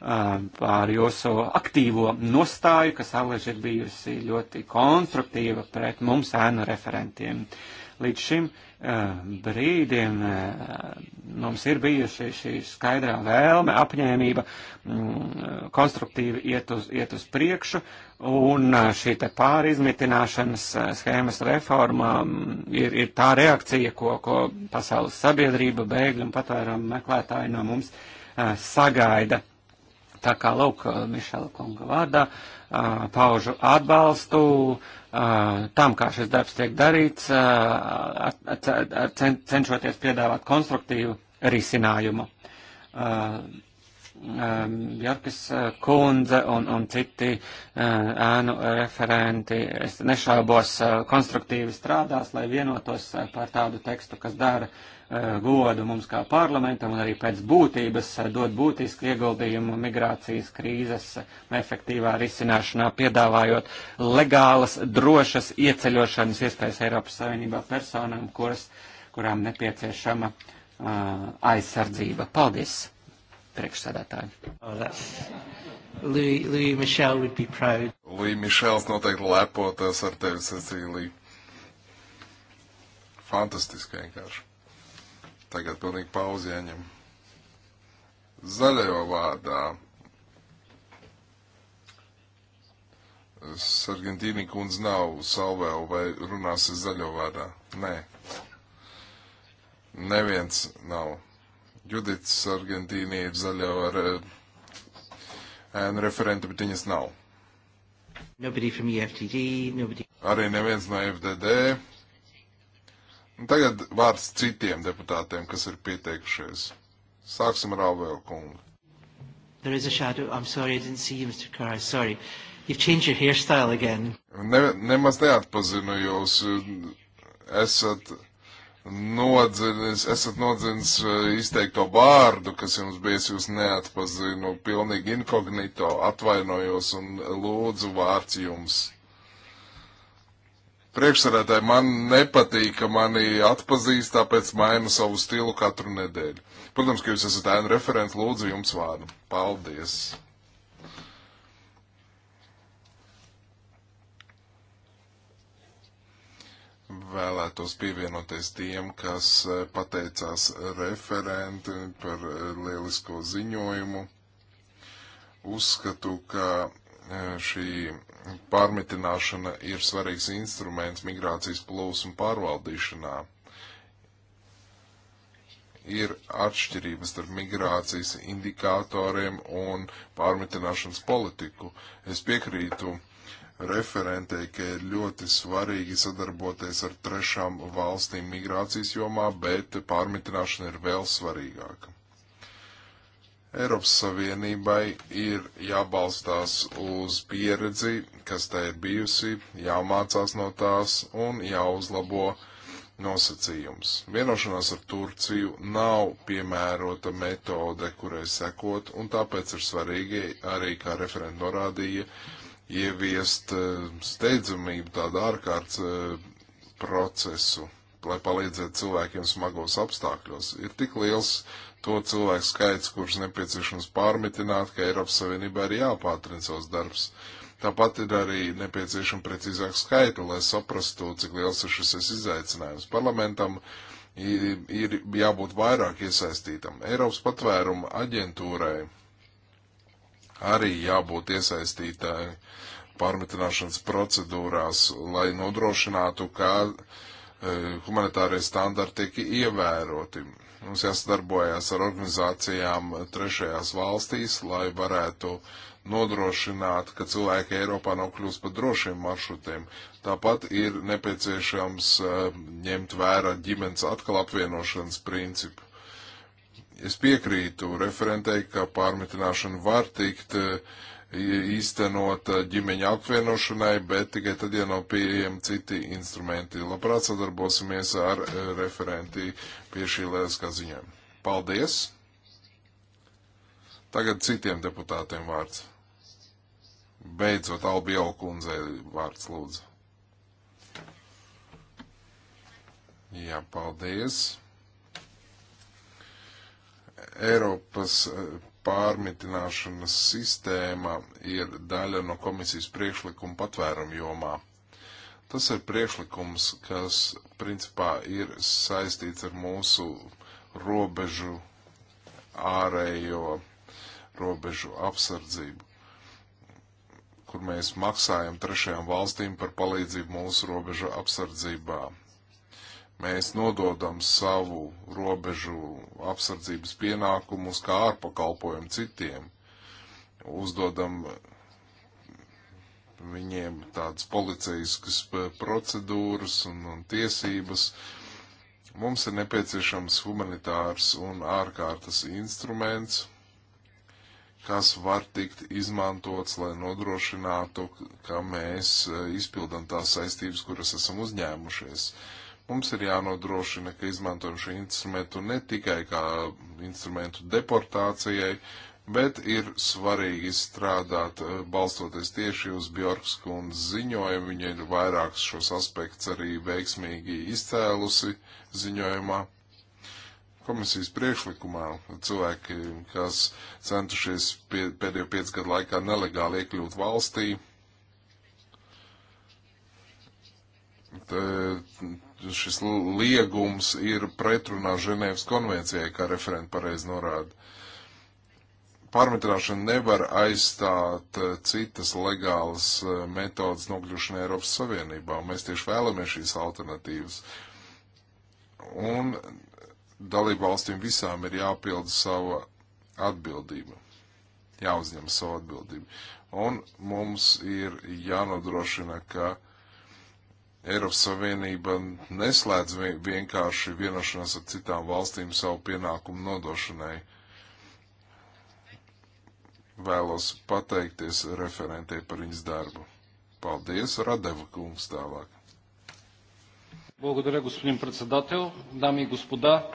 Speaker 1: par jūsu aktīvo nostāju, kas alaži ir bijusi ļoti konstruktīva pret mums ēnu referentiem. Līdz šim eh, brīdim eh, mums ir bijusi šī skaidrā vēlme, apņēmība mm, konstruktīvi iet uz, iet uz priekšu, un eh, šī te pārizmitināšanas schēmas reforma mm, ir, ir tā reakcija, ko, ko pasaules sabiedrība, bēgļu un patvērumu meklētāji no mums sagaida. Tā kā, lūk, Mišela kunga vārdā paužu atbalstu uh, tam, kā šis darbs tiek darīts, cenšoties piedāvāt konstruktīvu risinājumu. Jarkas kundze un, un citi ēnu referenti, es nešaubos, konstruktīvi strādās, lai vienotos par tādu tekstu, kas dara uh, Eh, godu mums kā parlamentam un arī pēc būtības eh, dot būtisku ieguldījumu migrācijas krīzes eh, efektīvā risināšanā, piedāvājot legālas, drošas ieceļošanas iespējas Eiropas Savienībā personām, kuras, kurām nepieciešama uh, aizsardzība. Paldies! priekšsēdētāji. Oh, Louis Michel would be proud.
Speaker 2: Louis Michels noteikti lepotos ar tevi, Cecīlija. Fantastiski vienkārši. Tagad pilnīgi pauzi jāņem. Zaļajo vārdā. Sargentīni kundz nav salvēl vai runās zaļo vārdā. Nē. Neviens nav. Judits Sargentīni ir zaļo ar eh, ēnu referentu, bet viņas nav. Nobody from EFTD, nobody. Arī neviens no e FDD, Tagad vārds citiem deputātiem, kas ir pieteikušies. Sāksim ar Alvēlu kungu. There is a shadow. I'm sorry, I didn't see you, Mr. Carr. Sorry. You've changed your hairstyle again. Ne, nemaz neatpazinu jūs. Esat nodzinis, esat nodzinis eh, izteikto vārdu, kas jums bijis, jūs neatpazinu. Pilnīgi inkognito atvainojos un lūdzu vārds jums. Priekšsarētāji man nepatīk, ka mani atpazīst, tāpēc mainu savu stilu katru nedēļu. Protams, ka jūs esat ēnu referents, lūdzu jums vārdu. Paldies! vēlētos pievienoties tiem, kas e, pateicās referenti par e, lielisko ziņojumu. Uzskatu, ka šī pārmetināšana ir svarīgs instruments migrācijas plūsmu pārvaldīšanā. Ir atšķirības starp migrācijas indikatoriem un pārmetināšanas politiku. Es piekrītu referentei, ka ir ļoti svarīgi sadarboties ar trešām valstīm migrācijas jomā, bet pārmitināšana ir vēl svarīgāka. Eiropas Savienībai ir jābalstās uz pieredzi, kas tā ir bijusi, jāmācās no tās un jāuzlabo nosacījums. Vienošanās ar Turciju nav piemērota metode, kurai sekot, un tāpēc ir svarīgi arī, kā referenta norādīja, ieviest eh, steidzamību tādu ārkārts eh, procesu, lai palīdzētu cilvēkiem smagos apstākļos. Ir tik liels uh, to cilvēku skaits, kurš nepieciešams pārmitināt, ka Eiropas Savienībā ir jāpātrina savs darbs. Tāpat ir arī nepieciešama precīzāk skaita, lai saprastu, cik liels ir šis izaicinājums. Parlamentam ir, ir jābūt vairāk iesaistītam. Eiropas patvēruma aģentūrai arī jābūt iesaistītāji pārmitināšanas procedūrās, lai nodrošinātu, ka eh, humanitārie standarti tiek ievēroti. Mums jāsadarbojas ar organizācijām trešajās valstīs, lai varētu nodrošināt, ka cilvēki Eiropā nav kļūst par drošiem maršrutiem. Tāpat ir nepieciešams uh, ņemt vērā ģimenes atkal apvienošanas principu. Es piekrītu referentei, ka pārmitināšana var tikt uh, īstenot eh, ģimeņa apvienošanai, bet tikai tad, ja nav pieejami citi instrumenti. Labprāt sadarbosimies ar eh, referenti pie šī lieliskā ziņā. Paldies! Tagad citiem deputātiem vārds. Beidzot, Albiela kundzei vārds lūdzu. Jā, paldies. Eiropas eh, pārmitināšanas sistēma ir daļa no komisijas priekšlikuma patvērumu jomā. Tas ir priekšlikums, kas principā ir saistīts ar mūsu robežu ārējo robežu apsardzību, kur mēs maksājam trešajām valstīm par palīdzību mūsu robežu apsardzībā. Mēs nododam savu robežu apsardzības pienākumus kā ārpakalpojumu citiem, uzdodam viņiem tādas policijas procedūras un, un tiesības. Mums ir nepieciešams humanitārs un ārkārtas instruments, kas var tikt izmantots, lai nodrošinātu, ka mēs eh, izpildam tās saistības, kuras esam uzņēmušies. Uh, Mums ir jānodrošina, ka izmantojam šo instrumentu ne tikai kā instrumentu deportācijai, bet ir svarīgi strādāt eh, balstoties tieši uz Bjorkas kundzes ziņojumu. Viņa ir vairākus šos aspektus arī veiksmīgi izcēlusi ziņojumā. Komisijas priekšlikumā cilvēki, kas centušies pie, pēdējo piecu gadu laikā nelegāli iekļūt valstī, t, šis liegums ir pretrunā Ženēvas konvencijai, kā referenta pareizi norāda. Pārmetrāšana nevar aizstāt eh, citas legālas eh, metodas nokļūšanai Eiropas Savienībā, un mēs tieši vēlamies šīs alternatīvas. Un dalību valstīm visām ir jāpilda sava atbildība, jāuzņem savu atbildību. Un mums ir jānodrošina, ka uh, Eiropas Savienība neslēdz vienkārši vienošanās ar citām valstīm savu pienākumu nodošanai. Vēlos pateikties referentē par viņas darbu. Paldies, Radeva kungs tālāk. Благодаря, господин председател. Дами и господа,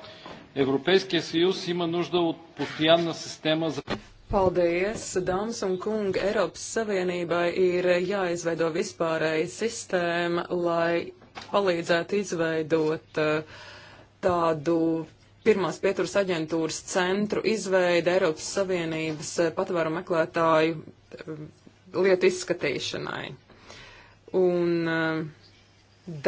Speaker 2: Европейския съюз има нужда от постоянна система за...
Speaker 3: Paldies, dāmas un kungi! Eiropas Savienībai ir jāizveido vispārēja sistēma, lai palīdzētu izveidot eh, tādu pirmās pieturas aģentūras centru izveidi Eiropas Savienības eh, patvēru meklētāju eh, lietu izskatīšanai. Un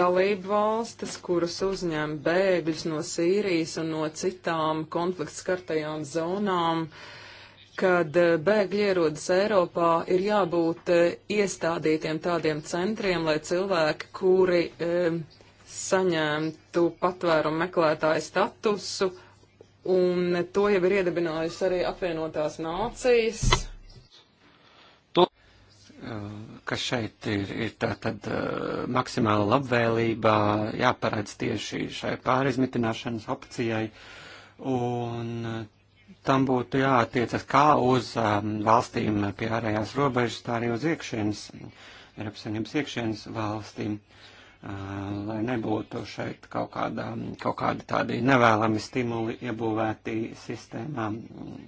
Speaker 3: dalību valstis, kuras uzņem bēgļus no Sīrijas un no citām konflikts kartajām zonām, uh, kad eh, bēgļi ierodas Eiropā, ir jābūt eh, iestādītiem tādiem centriem, lai cilvēki, kuri e, saņemtu patvērumu meklētāju statusu, un to jau ir iedibinājusi arī apvienotās nācijas. To,
Speaker 1: kas šeit ir, ir tā tad maksimāla labvēlība jāparedz tieši šai pārizmitināšanas opcijai. Un tam būtu jātiecas kā uz um, valstīm pie ārējās robežas, tā arī uz iekšienes, Eiropas Savienības iekšienes valstīm, uh, lai nebūtu šeit kaut, kādā, kaut kādi tādi nevēlami stimuli iebūvēti sistēmām. Um,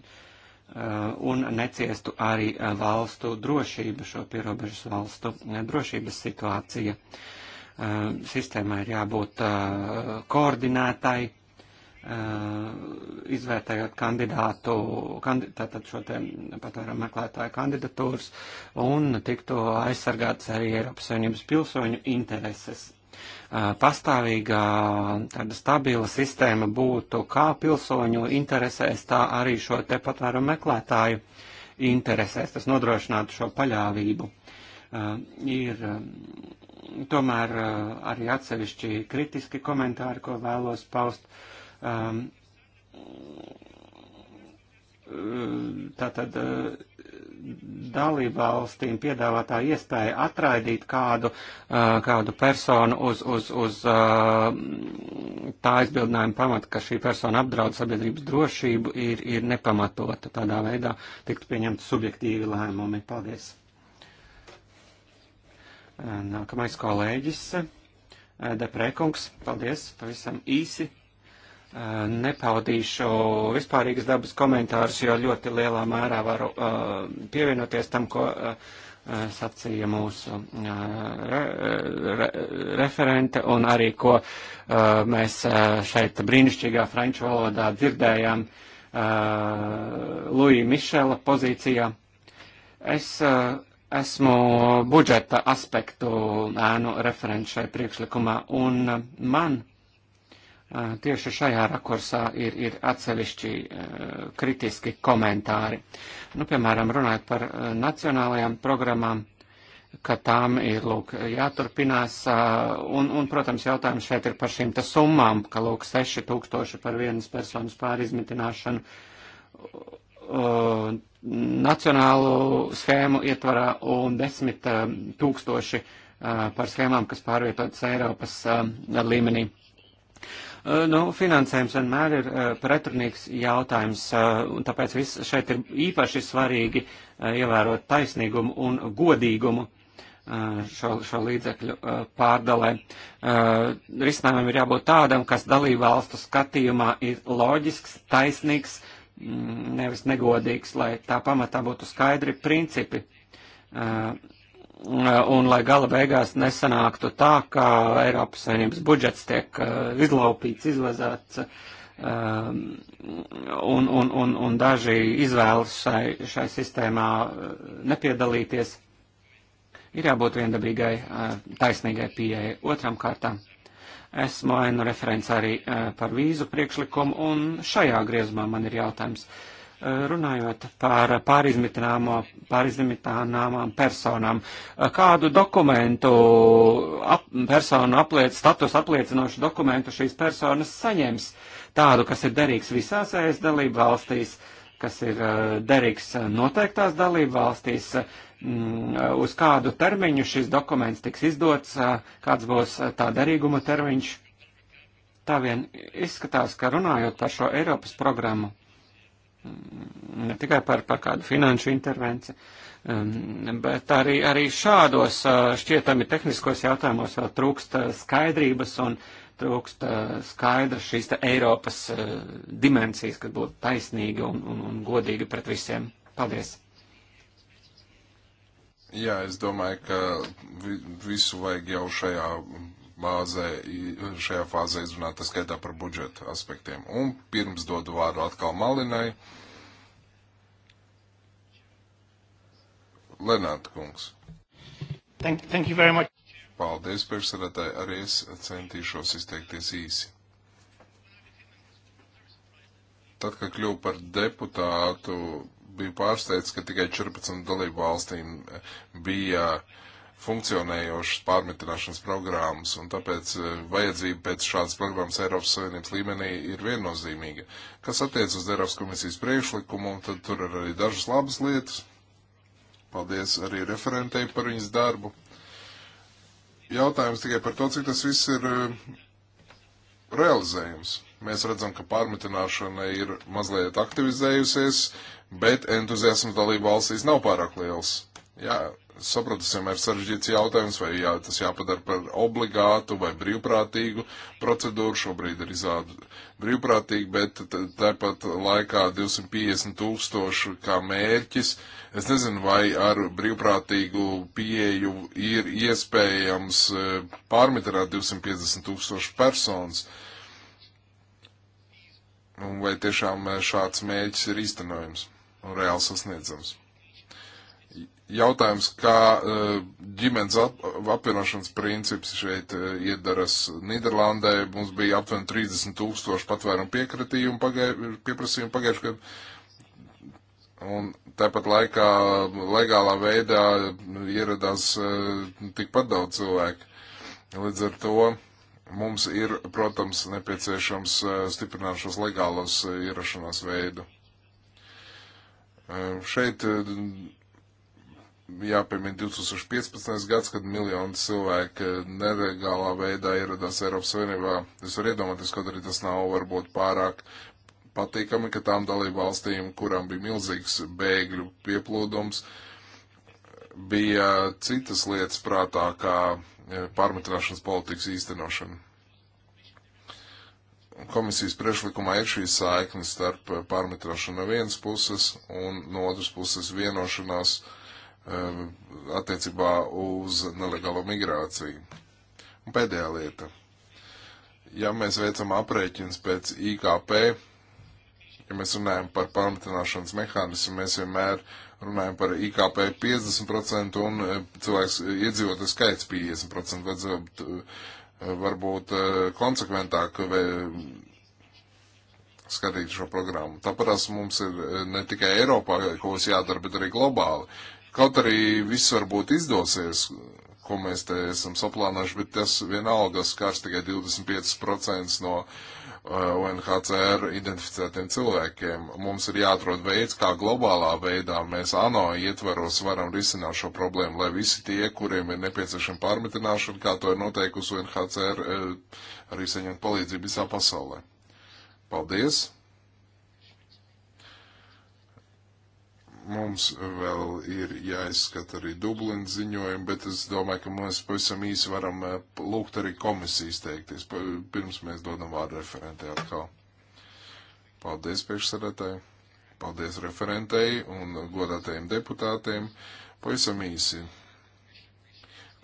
Speaker 1: un neciestu arī uh, valstu drošība, šo pierobežas valstu uh, drošības situācija. Sistēmai ir jābūt koordinētai, Uh, izvērtējot kandidātu, kandid, tātad šo te patvērumu meklētāju kandidatūras, un tiktu aizsargāts arī Eiropas Savienības pilsoņu intereses. Uh, Pastāvīga tāda stabila sistēma būtu kā pilsoņu interesēs, tā arī šo te patvērumu meklētāju interesēs. Tas nodrošinātu šo paļāvību. Uh, ir um, tomēr arī atsevišķi kritiski komentāri, ko vēlos paust. Uh, Um, tātad uh, dalībvalstīm piedāvātā iespēja atraidīt kādu, uh, kādu personu uz, uz, uz uh, tā aizbildinājuma pamata, ka šī persona apdraud sabiedrības drošību, ir, ir nepamatota. Tādā veidā tiktu pieņemti subjektīvi lēmumi. Paldies. Nākamais kolēģis, Deprēkungs, paldies, pavisam īsi Eh, nepaudīšu vispārīgas dabas komentārus, jo ļoti lielā mērā varu eh, pievienoties tam, ko eh, sacīja mūsu re, re, referente un arī, ko mēs šeit brīnišķīgā franču valodā dzirdējām Luija Mišela pozīcijā. Es esmu budžeta aspektu ēnu referents šai priekšlikumā un man Tieši šajā rakursā ir, ir atsevišķi kritiski komentāri. Nu, piemēram, runājot par nacionālajām programmām, ka tām ir, lūk, jāturpinās, un, un, protams, jautājums šeit ir par šīm te summām, ka, lūk, 6000 par vienas personas pārizmitināšanu nacionālu schēmu ietvarā un 10 tūkstoši par schēmām, kas pārvietotas Eiropas līmenī. Uh, nu, finansējums vienmēr ir uh, pretrunīgs jautājums, uh, un tāpēc viss šeit ir īpaši svarīgi ievērot taisnīgumu un godīgumu šo, šo līdzekļu pārdalē. Risinājumam ir jābūt tādam, kas dalībvalstu skatījumā ir loģisks, taisnīgs, mm, nevis negodīgs, lai tā pamatā būtu skaidri principi Eh, un lai gala beigās nesanāktu tā, ka Eiropas Savienības budžets tiek eh, izlaupīts, izvazāts, eh, un, un, un, un daži izvēlas šai, šai sistēmā nepiedalīties, ir jābūt viendabīgai, taisnīgai pieeja. Otram kārtām esmu ainu referents arī par vīzu priekšlikumu, un šajā griezumā man ir jautājums. Uh, Eh, runājot par pārizmitināmām personām, eh, kādu dokumentu, ap, personu apliec, status apliecinošu dokumentu šīs personas saņems, tādu, kas ir derīgs visās ES dalību valstīs, kas ir eh, derīgs noteiktās dalību valstīs, mm, uz kādu termiņu šis dokuments tiks izdots, kāds būs tā derīguma termiņš. Tā vien izskatās, ka runājot par šo Eiropas programmu, ne tikai par, par kādu finanšu intervenci, um, bet arī, arī šādos uh, šķietami tehniskos jautājumos vēl trūkst uh, skaidrības un trūkst uh, skaidra šīs Eiropas dimensijas, kas būtu taisnīga un, un, un godīga pret visiem. Paldies!
Speaker 2: Jā, es domāju, ka visu vajag jau šajā bāzē, šajā fāzē izrunāt, tas skaitā par budžeta aspektiem. Un pirms dodu vārdu atkal Malinai. Lenāta kungs. Thank, thank you very much. Paldies, priekšsēdētāji, arī es centīšos izteikties īsi. Tad, kad kļuvu par deputātu, biju pārsteigts, ka tikai 14 dalību valstīm bija uh, funkcionējošas pārmitināšanas programmas, un tāpēc eh, vajadzība pēc šādas programmas Eiropas Savienības līmenī ir viennozīmīga. Kas attiec uz Eiropas komisijas priekšlikumu, tad tur ir arī dažas labas lietas. Paldies arī referentei par viņas darbu. Jautājums tikai par to, cik tas viss ir eh, realizējums. Mēs redzam, ka pārmitināšana ir mazliet aktivizējusies, bet entuziasms dalību valstīs nav pārāk liels. Jā, saprotu, tas vienmēr ir sarežģīts jautājums, vai jā, tas jāpadara par obligātu vai brīvprātīgu procedūru. Šobrīd ir izrāda brīvprātīgi, bet tāpat laikā 250 tūkstoši kā mērķis. Es nezinu, vai ar brīvprātīgu pieeju ir iespējams e, pārmitēt 250 tūkstoši personas. Vai tiešām e, šāds mērķis ir īstenojams un reāli sasniedzams? jautājums, kā eh, ģimenes apvienošanas princips šeit eh, iedaras Nīderlandē. Mums bija aptuveni 30 tūkstoši patvērumu piekritījumu pagai, pieprasījumu pagājušajā gadā. Un tāpat laikā legālā veidā ieradās eh, tikpat daudz cilvēku. Līdz ar to mums ir, protams, nepieciešams stiprināt šos legālos ierašanās veidu. Šeit jāpiemina 2015. gads, kad miljoni cilvēki nelegālā veidā ieradās Eiropas Savienībā. Es varu iedomāties, kaut arī tas nav varbūt pārāk patīkami, ka tām dalību valstīm, kurām bija milzīgs bēgļu pieplūdums, bija citas lietas prātā, kā e, pārmetināšanas politikas īstenošana. Komisijas priešlikumā ir šī saikne starp pārmetrošanu no vienas puses un no otras puses vienošanās uh, Um, attiecībā uz nelegālo migrāciju. Un pēdējā lieta. Ja mēs veicam aprēķins pēc IKP, ja mēs runājam par pamatināšanas mehānismu, mēs vienmēr runājam par IKP 50% un eh, cilvēks iedzīvotu skaits 50%. Vajadzētu eh, varbūt eh, konsekventāk skatīt šo programmu. Tāpēc mums ir ne tikai Eiropā kaut kas jādara, bet arī globāli Kaut arī viss varbūt izdosies, ko mēs te esam saplānojuši, bet tas vienalga skars tikai 25% no eh, UNHCR identificētiem cilvēkiem. Mums ir jāatrod veids, kā globālā veidā mēs ANO ietvaros varam risināt šo problēmu, lai visi tie, kuriem ir nepieciešama pārmetināšana, kā to ir noteikusi UNHCR, eh, arī saņemtu palīdzību visā pasaulē. Paldies! Mums vēl ir jāizskata arī Dublina ziņojumi, bet es domāju, ka mēs pavisam īsi varam eh, lūgt arī komisijas teikties, pirms mēs dodam vārdu referentē atkal. Paldies priekšsarētāji, paldies referentei un godātajiem deputātiem. Pavisam īsi.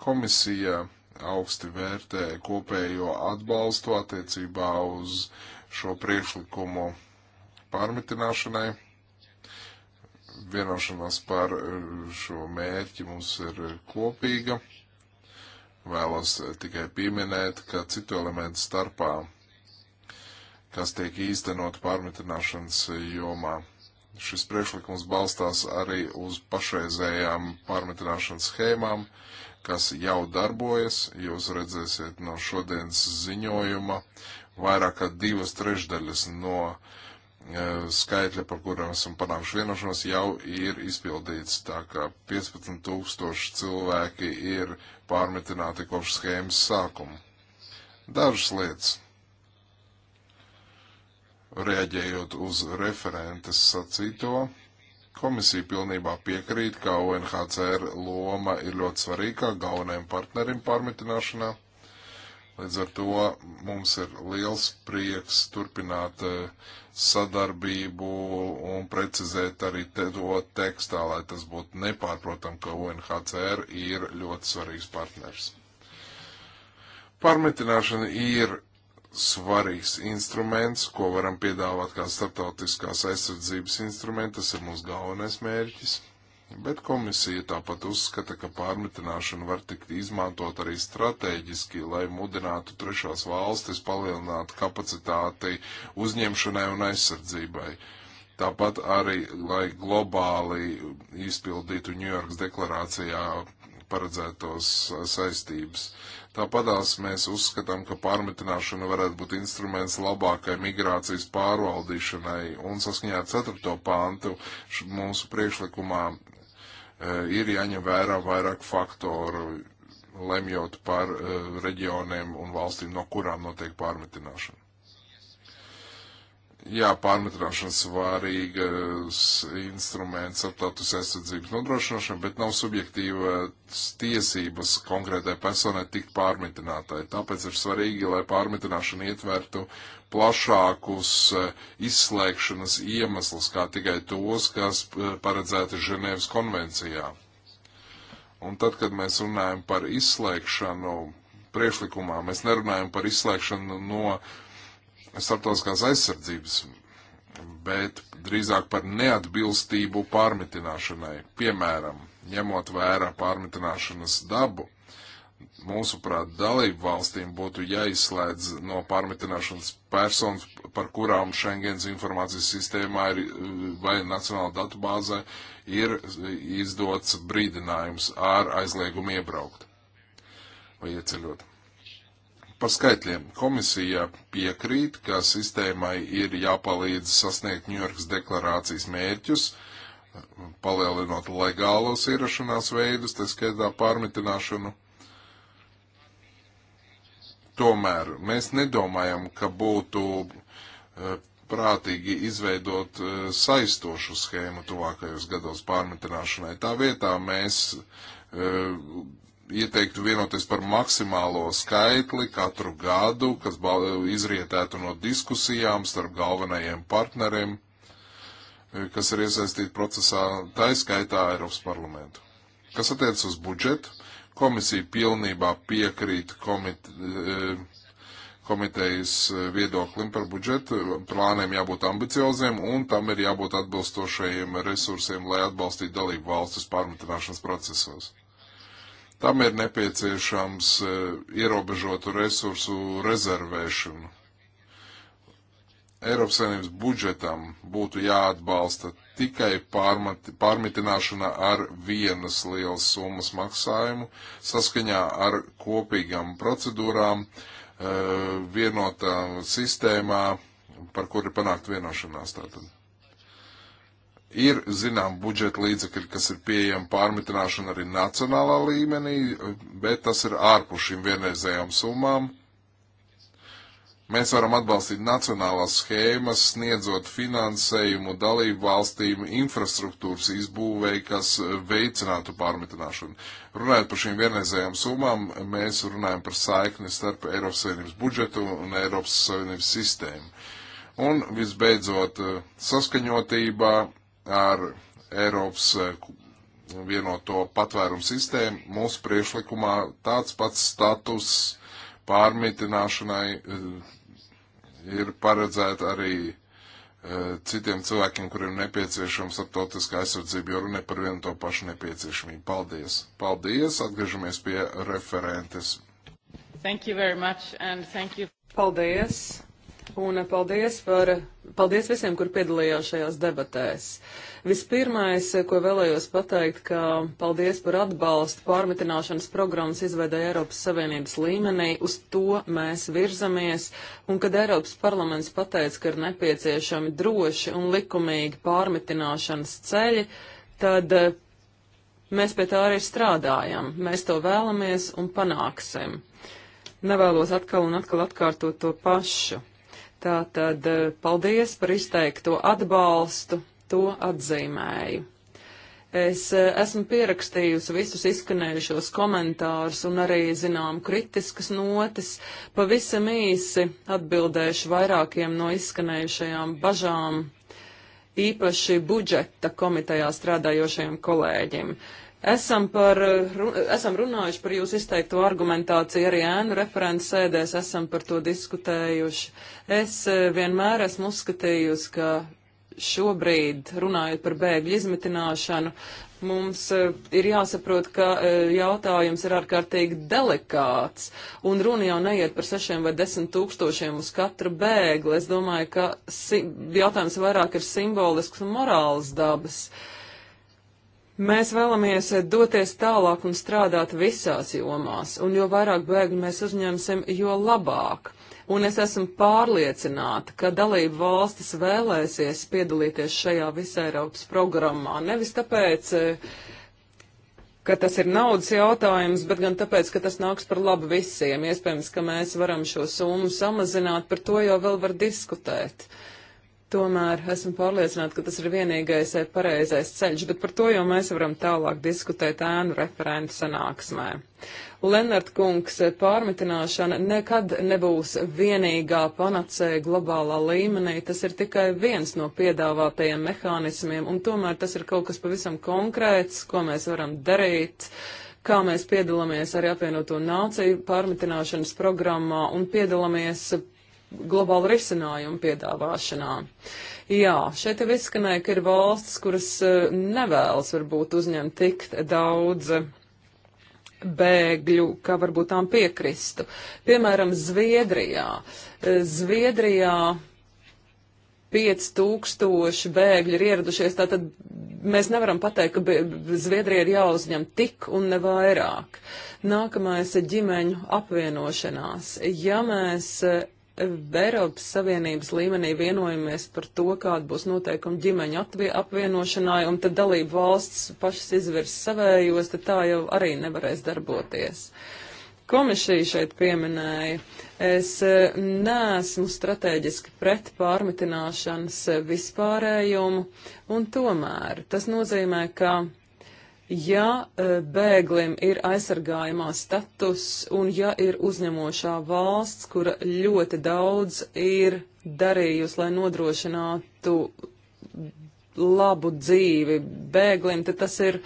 Speaker 2: Komisija augsti vērtē kopējo atbalstu attiecībā uz šo priekšlikumu pārmitināšanai vienošanās par eh, šo mērķi mums ir kopīga. Vēlos eh, tikai pieminēt, ka citu elementu starpā, kas tiek īstenot pārmitināšanas jomā, šis priekšlikums balstās arī uz pašreizējām pārmitināšanas schēmām, kas jau darbojas. Jūs redzēsiet no šodienas ziņojuma vairāk kā divas trešdaļas no uh, skaitļa, par kuriem esam panākuši vienošanos, jau ir izpildīts. Tā kā 15 tūkstoši cilvēki ir pārmetināti kopš schēmas sākuma. Dažas lietas. Reaģējot uz referentes sacīto, komisija pilnībā piekrīt, ka UNHCR loma ir ļoti svarīga galvenajam partnerim pārmetināšanā Līdz ar to mums ir liels prieks turpināt e, sadarbību un precizēt arī te, to tekstā, lai tas būtu nepārprotam, ka UNHCR ir ļoti svarīgs partners. Pārmetināšana ir svarīgs instruments, ko varam piedāvāt kā starptautiskās aizsardzības instruments, tas ir mūsu galvenais mērķis bet komisija tāpat uzskata, ka pārmitināšana var tikt izmantot arī strateģiski, lai mudinātu trešās valstis palielināt kapacitāti uzņemšanai un aizsardzībai. Tāpat arī, lai globāli izpildītu Ņujorkas deklarācijā paredzētos saistības. Tāpatās mēs uzskatām, ka pārmetināšana varētu būt instruments labākai migrācijas pārvaldīšanai, un saskaņā ar 4. pāntu mūsu priekšlikumā Eh, ir jāņem vērā vairāk faktoru, lemjot par uh, reģioniem un valstīm, no kurām notiek pārmetināšana. Jā, pārmetināšana svarīgs instruments starptautas aizsardzības nodrošināšana, bet nav subjektīvas tiesības konkrētai personai tikt pārmetinātai. Tāpēc ir svarīgi, lai pārmetināšana ietvertu plašākus e, izslēgšanas iemeslus, kā tikai tos, kas e, paredzēti Ženēvas konvencijā. Un tad, kad mēs runājam par izslēgšanu priekšlikumā, mēs nerunājam par izslēgšanu no starptautiskās aizsardzības, bet drīzāk par neatbilstību pārmitināšanai. Piemēram, ņemot vērā pārmitināšanas dabu, mūsuprāt, dalību valstīm būtu jāizslēdz no pārmetināšanas personas, par kurām Schengens informācijas sistēmā ir, vai nacionāla datubāzē ir izdots brīdinājums ar aizliegumu iebraukt vai ieceļot. Par skaitļiem. Komisija piekrīt, ka sistēmai ir jāpalīdz sasniegt Ņujorkas deklarācijas mērķus, palielinot legālos ierašanās veidus, tā skaitā pārmitināšanu Tomēr mēs nedomājam, ka būtu eh, prātīgi izveidot eh, saistošu schēmu tuvākajos gados pārmetināšanai. Tā vietā mēs eh, ieteiktu vienoties par maksimālo skaitli katru gadu, kas izrietētu no diskusijām starp galvenajiem partneriem, kas ir iesaistīti procesā, tā izskaitā Eiropas parlamentu. Kas attiec uz budžetu, Komisija pilnībā piekrīt komite, eh, komitejas eh, viedoklim par budžetu. Plāniem jābūt ambicioziem un tam ir jābūt atbilstošajiem resursiem, lai atbalstītu dalību valstis pārmetināšanas procesos. Tam ir nepieciešams eh, ierobežotu resursu rezervēšanu Eiropas Savienības budžetam būtu jāatbalsta tikai pārmati, pārmitināšana ar vienas lielas summas maksājumu saskaņā ar kopīgām procedūrām, eh, vienotā sistēmā, par kuri panākt vienošanās tātad. Ir, zinām, budžeta līdzekļi, kas ir pieejami pārmitināšana arī nacionālā līmenī, eh, bet tas ir ārpus šīm vienreizējām summām Mēs varam atbalstīt nacionālās schēmas, sniedzot finansējumu dalību valstīm infrastruktūras izbūvēi, kas veicinātu pārmetināšanu. Runājot par šīm vienreizējām summām, mēs runājam par saikni starp Eiropas Savienības budžetu un Eiropas Savienības sistēmu. Un visbeidzot, saskaņotībā ar Eiropas eh, vienoto patvērumu sistēmu mūsu priešlikumā tāds pats status pārmitināšanai eh, ir paredzēta arī eh, citiem cilvēkiem, kuriem nepieciešama starptautiskā aizsardzība, jo runa par vienu to pašu nepieciešamību. Paldies! Paldies! Atgriežamies pie referentes.
Speaker 3: Thank you very much and thank you. Paldies! Un paldies, par, paldies visiem, kur piedalījās šajās debatēs. Vispirmais, ko vēlējos pateikt, ka paldies par atbalstu pārmitināšanas programmas izveidai Eiropas Savienības līmenī. Uz to mēs virzamies. Un kad Eiropas parlaments pateica, ka ir nepieciešami droši un likumīgi pārmitināšanas ceļi, tad eh, mēs pie tā arī strādājam. Mēs to vēlamies un panāksim. Nevēlos atkal un atkal atkārtot to pašu. Tātad eh, paldies par izteikto atbalstu, to atzīmēju. Es eh, esmu pierakstījusi visus izskanējušos komentārus un arī, zinām, kritiskas notis. Pavisam īsi atbildēšu vairākiem no izskanējušajām bažām, īpaši budžeta komitejā strādājošajiem kolēģiem. Uh, Esam, par, esam runājuši par jūsu izteikto argumentāciju arī ēnu referents sēdēs, esam par to diskutējuši. Es e, vienmēr esmu uzskatījusi, ka šobrīd, runājot par bēgļu izmitināšanu, mums e, ir jāsaprot, ka e, jautājums ir ārkārtīgi delikāts, un runa jau neiet par sešiem vai desmit tūkstošiem uz katru bēgli. Es domāju, ka jautājums vairāk ir simbolisks un morāls dabas. Uh, Mēs vēlamies doties tālāk un strādāt visās jomās, un jo vairāk bēgļu mēs uzņemsim, jo labāk. Un es esmu pārliecināta, ka dalību valstis vēlēsies piedalīties šajā visā Eiropas programmā. Nevis tāpēc, ka tas ir naudas jautājums, bet gan tāpēc, ka tas nāks par labu visiem. Iespējams, ka mēs varam šo summu samazināt, par to jau vēl var diskutēt. Uh, Tomēr esmu pārliecināta, ka tas ir vienīgais eh, pareizais ceļš, bet par to jau mēs varam tālāk diskutēt ēnu referentu sanāksmē. Lenart kungs, eh, pārmitināšana nekad nebūs vienīgā panacēja globālā līmenī, tas ir tikai viens no piedāvātajiem mehānismiem, un tomēr tas ir kaut kas pavisam konkrēts, ko mēs varam darīt kā mēs piedalāmies arī apvienoto nāciju pārmitināšanas programmā un piedalāmies globālu risinājumu piedāvāšanā. Jā, šeit jau izskanēja, ka ir valstis, kuras eh, nevēlas varbūt uzņemt tik daudz bēgļu, kā varbūt tām piekristu. Piemēram, Zviedrijā. Eh, Zviedrijā 5000 bēgļi ir ieradušies, tātad mēs nevaram pateikt, ka Zviedrija ir jāuzņem tik un ne vairāk. Nākamais ir ģimeņu apvienošanās. Ja mēs eh, Eiropas Savienības līmenī vienojamies par to, kāda būs noteikuma ģimeņu apvienošanai, un tad dalību valsts pašas izvirs savējos, tad tā jau arī nevarēs darboties. Komisija šeit pieminēja, es e, neesmu strateģiski pret pārmitināšanas e, vispārējumu, un tomēr tas nozīmē, ka ja e, bēglim ir aizsargājumā status un ja ir uzņemošā valsts, kura ļoti daudz ir darījusi, lai nodrošinātu labu dzīvi bēglim, tad tas ir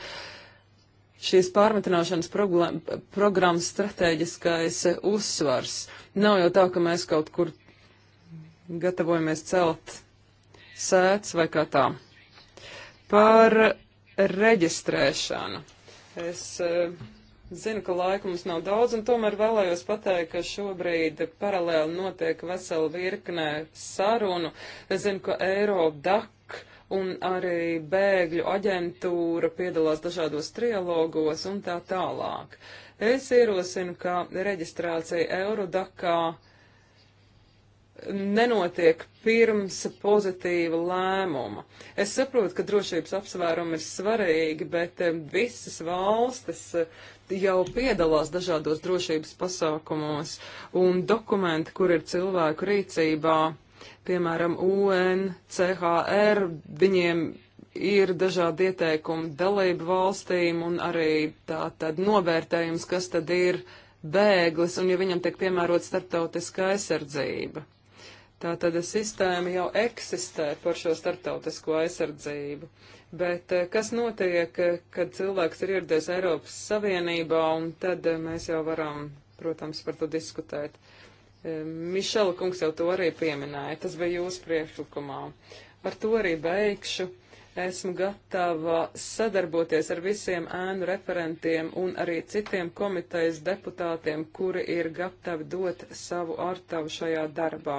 Speaker 3: šīs pārmetināšanas programmas strateģiskais uzsvars. Nav jau tā, ka mēs kaut kur gatavojamies celt sēts vai kā tā. Par reģistrēšanu. Es eh, zinu, ka laika mums nav daudz, un tomēr vēlējos pateikt, ka šobrīd paralēli notiek vesela virknē sarunu. Es zinu, ka Eirodak un arī bēgļu aģentūra piedalās dažādos trialogos un tā tālāk. Es ierosinu, ka reģistrācija Eurodakā nenotiek pirms pozitīva lēmuma. Es saprotu, ka drošības apsvērumi ir svarīgi, bet eh, visas valstis eh, jau piedalās dažādos drošības pasākumos un dokumenti, kur ir cilvēku rīcībā, piemēram, UNCHR, viņiem ir dažādi ieteikumi dalību valstīm un arī tā tad novērtējums, kas tad ir bēglis un ja viņam tiek piemērot starptautiska aizsardzība. Tātad sistēma jau eksistē par šo starptautisko aizsardzību. Bet eh, kas notiek, eh, kad cilvēks ir ieradies Eiropas Savienībā, un tad eh, mēs jau varam, protams, par to diskutēt. Mišela kungs jau to arī pieminēja, tas bija jūsu priekšlikumā. Ar to arī beigšu. Esmu gatava sadarboties ar visiem ēnu referentiem un arī citiem komitejas deputātiem, kuri ir gatavi dot savu artavu šajā darbā.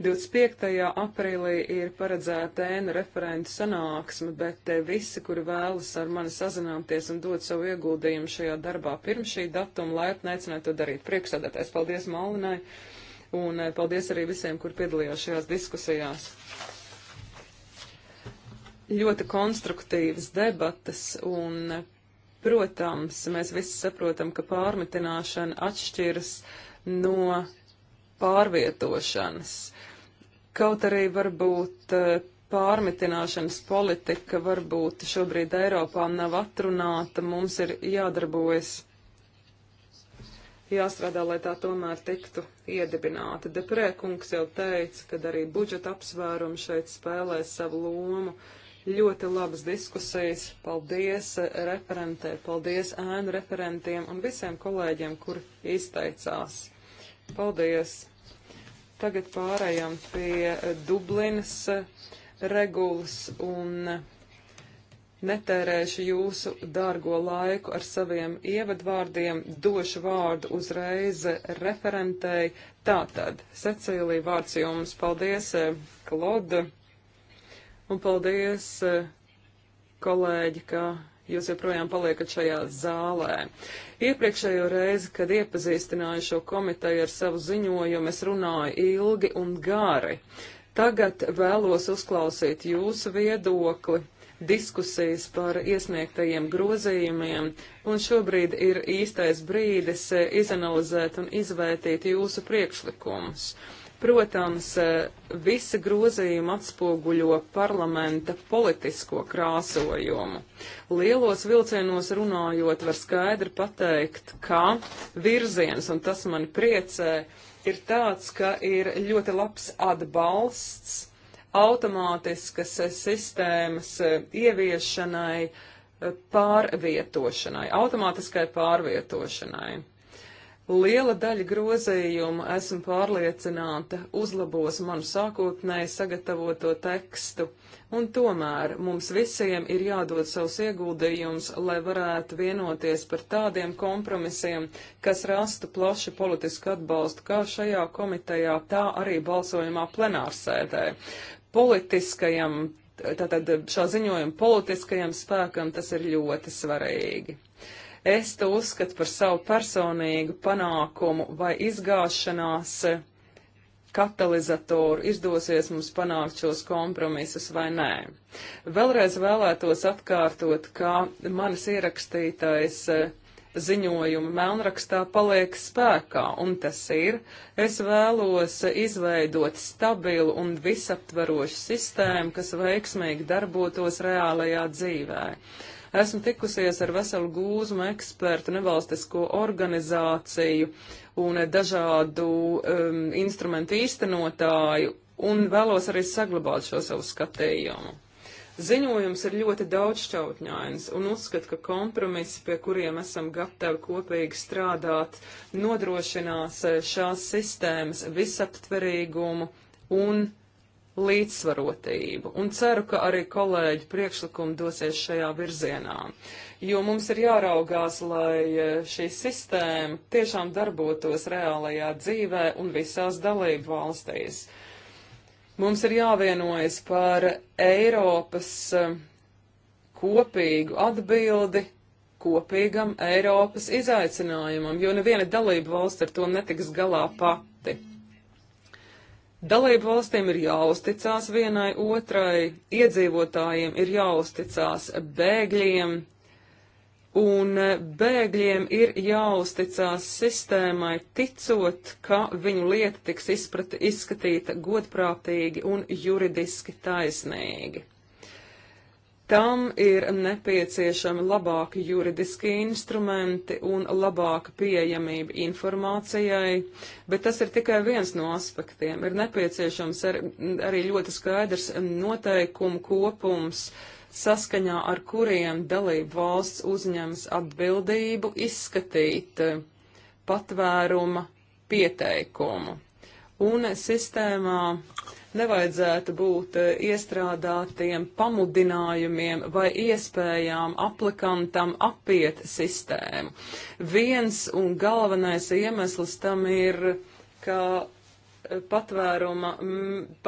Speaker 3: 25. aprīlī ir paredzēta ēnu referentu sanāksme, bet eh, visi, kuri vēlas ar mani sazināties un dot savu ieguldījumu šajā darbā pirms šī datuma, laipni aicinātu to darīt. Priekšsēdētājs, paldies Malinai! Un eh, paldies arī visiem, kur piedalījās šajās diskusijās ļoti konstruktīvas debatas un, protams, mēs visi saprotam, ka pārmitināšana atšķiras no pārvietošanas. Kaut arī varbūt eh, pārmitināšanas politika varbūt šobrīd Eiropā nav atrunāta, mums ir jādarbojas, jāstrādā, lai tā tomēr tiktu iedibināta. Deprē kungs jau teica, ka arī budžeta apsvērums šeit spēlē savu lomu. Uh, ļoti labas diskusijas. Paldies eh, referentē, paldies ēnu referentiem un visiem kolēģiem, kur izteicās. Paldies! Tagad pārējām pie eh, Dublinas eh, regulas un netērēšu jūsu dārgo laiku ar saviem ievadvārdiem, došu vārdu uzreiz referentei. Tātad, Cecīlija, vārds jums, paldies, Klauda! Un paldies, eh, kolēģi, ka jūs joprojām paliekat šajā zālē. Iepriekšējo reizi, kad iepazīstināju šo komiteju ar savu ziņojumu, es runāju ilgi un gari. Tagad vēlos uzklausīt jūsu viedokli, diskusijas par iesniegtajiem grozījumiem, un šobrīd ir īstais brīdis eh, izanalizēt un izvērtīt jūsu priekšlikumus. Uh, Protams, eh, visi grozījumi atspoguļo parlamenta politisko krāsojumu. Lielos vilcienos runājot, var skaidri pateikt, ka virziens, un tas mani priecē, ir tāds, ka ir ļoti labs atbalsts automātiskas sistēmas eh, ieviešanai, eh, pārvietošanai, automātiskai pārvietošanai. Liela daļa grozījumu, esmu pārliecināta, uzlabos manu sākotnēji sagatavoto tekstu, un tomēr mums visiem ir jādod savus ieguldījumus, lai varētu vienoties par tādiem kompromisiem, kas rastu plašu politisku atbalstu kā šajā komitejā, tā arī balsojumā plenārsēdē. Politiskajam, tātad šā ziņojuma politiskajam spēkam tas ir ļoti svarīgi. Es to uzskatu par savu personīgu panākumu vai izgāšanās katalizatoru izdosies mums panākt šos kompromisus vai nē. Vēlreiz vēlētos atkārtot, ka manis ierakstītais eh, ziņojuma melnrakstā paliek spēkā, un tas ir, es vēlos izveidot stabilu un visaptverošu sistēmu, kas veiksmīgi darbotos reālajā dzīvē. Esmu tikusies ar veselu gūzmu ekspertu, nevalstisko organizāciju un dažādu um, instrumentu īstenotāju un vēlos arī saglabāt šo savu skatījumu. Ziņojums ir ļoti daudzšķautņains un uzskat, ka kompromisi, pie kuriem esam gatavi kopīgi strādāt, nodrošinās eh, šās sistēmas visaptverīgumu un līdzsvarotību, un ceru, ka arī kolēģi priekšlikumi dosies šajā virzienā, jo mums ir jāraugās, lai e, šī sistēma tiešām darbotos reālajā dzīvē un visās dalību valstīs. Mums ir jāvienojas par Eiropas e, kopīgu atbildi kopīgam Eiropas izaicinājumam, jo neviena dalība valsts ar to netiks galā pati. Dalību valstīm ir jāuzticās vienai otrai, iedzīvotājiem ir jāuzticās bēgļiem, un bēgļiem ir jāuzticās sistēmai, ticot, ka viņu lieta tiks izprati, izskatīta godprātīgi un juridiski taisnīgi. Tam ir nepieciešami labāki juridiski instrumenti un labāka pieejamība informācijai, bet tas ir tikai viens no aspektiem. Ir nepieciešams ar, arī ļoti skaidrs noteikumu kopums, saskaņā ar kuriem dalību valsts uzņems atbildību izskatīt patvēruma pieteikumu. Un sistēmā nevajadzētu būt eh, iestrādātiem pamudinājumiem vai iespējām aplikantam apiet sistēmu. Viens un galvenais iemesls tam ir, ka eh, patvēruma,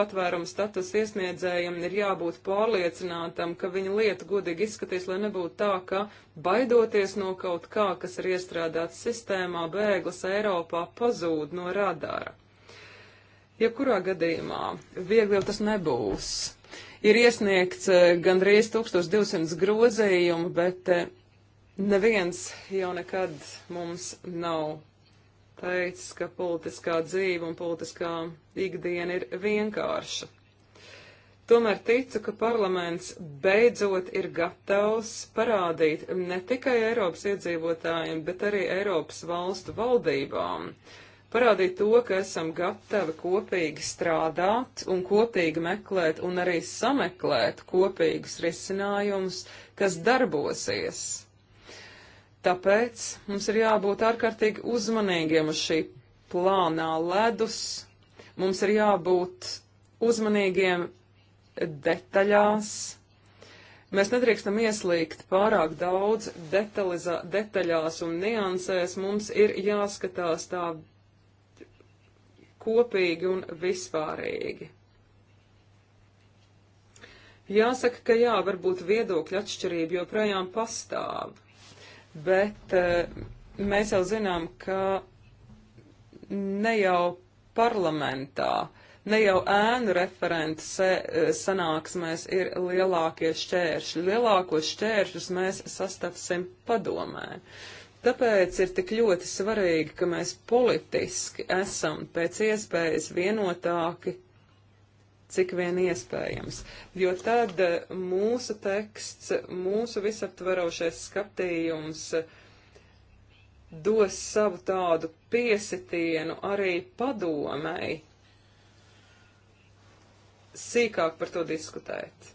Speaker 3: patvēruma status iesniedzējiem ir jābūt pārliecinātam, ka viņa lieta godīgi izskatīs, lai nebūtu tā, ka baidoties no kaut kā, kas ir iestrādāts sistēmā, bēglis Eiropā pazūd no radara. Jebkurā ja gadījumā viegli jau tas nebūs. Ir iesniegts eh, gandrīz 1200 grozījumu, bet eh, neviens jau nekad mums nav teicis, ka politiskā dzīve un politiskā ikdiena ir vienkārša. Tomēr ticu, ka parlaments beidzot ir gatavs parādīt ne tikai Eiropas iedzīvotājiem, bet arī Eiropas valstu valdībām, uh, parādīt to, ka esam gatavi kopīgi strādāt un kopīgi meklēt un arī sameklēt kopīgus risinājumus, kas darbosies. Tāpēc mums ir jābūt ārkārtīgi uzmanīgiem uz šī plānā ledus, mums ir jābūt uzmanīgiem detaļās. Mēs nedrīkstam ieslīgt pārāk daudz detalizā, detaļās un niansēs. Mums ir jāskatās tā kopīgi un vispārīgi. Jāsaka, ka jā, varbūt viedokļa atšķirība joprojām pastāv, bet eh, mēs jau zinām, ka ne jau parlamentā, ne jau ēnu referentu eh, sanāksmēs ir lielākie šķēršļi. Lielākos šķēršļus mēs sastapsim padomē. Uh, Tāpēc ir tik ļoti svarīgi, ka mēs politiski esam pēc iespējas vienotāki, cik vien iespējams. Jo tad eh, mūsu teksts, mūsu visaptverošais skatījums eh, dos savu tādu piesitienu arī padomēji sīkāk par to diskutēt.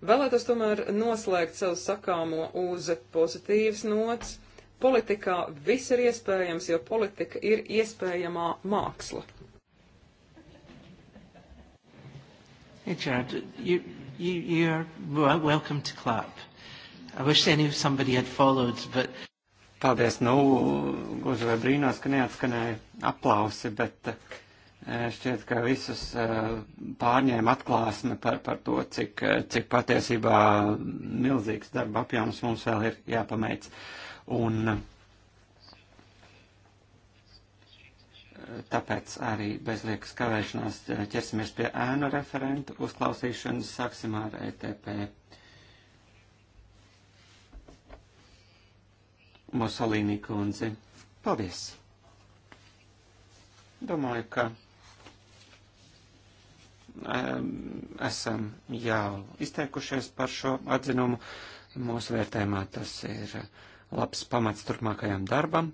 Speaker 3: Vēlētos tomēr noslēgt savu sakāmo uz pozitīvas nots Politikā viss ir iespējams, jo politika ir iespējamā māksla. Hey, Gerard, you, you, you're welcome to
Speaker 1: clap. I wish any of somebody had followed, but... Paldies, nu, gluži vai brīnās, ka neatskanēja aplausi, bet eh, šķiet, ka visus eh, pārņēma atklāsme par, par to, cik, cik patiesībā milzīgs darba apjoms mums vēl ir jāpameic. Un eh, tāpēc arī bez liekas kavēšanās eh, ķersimies pie ēnu referentu uzklausīšanas, sāksim ar ETP. Mosolīni kundzi, paldies! Domāju, ka esam jau izteikušies par šo atzinumu. Mūsu vērtējumā tas ir uh, labs pamats turpmākajam darbam.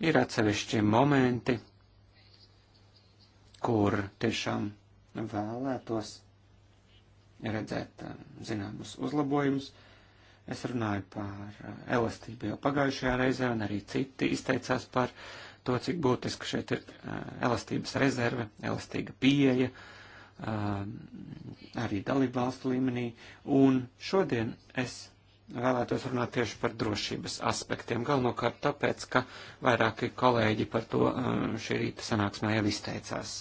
Speaker 1: Ir atsevišķi momenti, kur tiešām vēlētos redzēt eh, zināmus uzlabojumus. Es runāju par eh, elastību jau pagājušajā reizē, un arī citi izteicās par to, cik būtiski šeit ir eh, elastības rezerve, elastīga pieeja, arī dalībvalstu līmenī. Un šodien es vēlētos runāt tieši par drošības aspektiem. Galvenokārt tāpēc, ka vairāki kolēģi par to uh, šī rīta sanāksmē jau izteicās.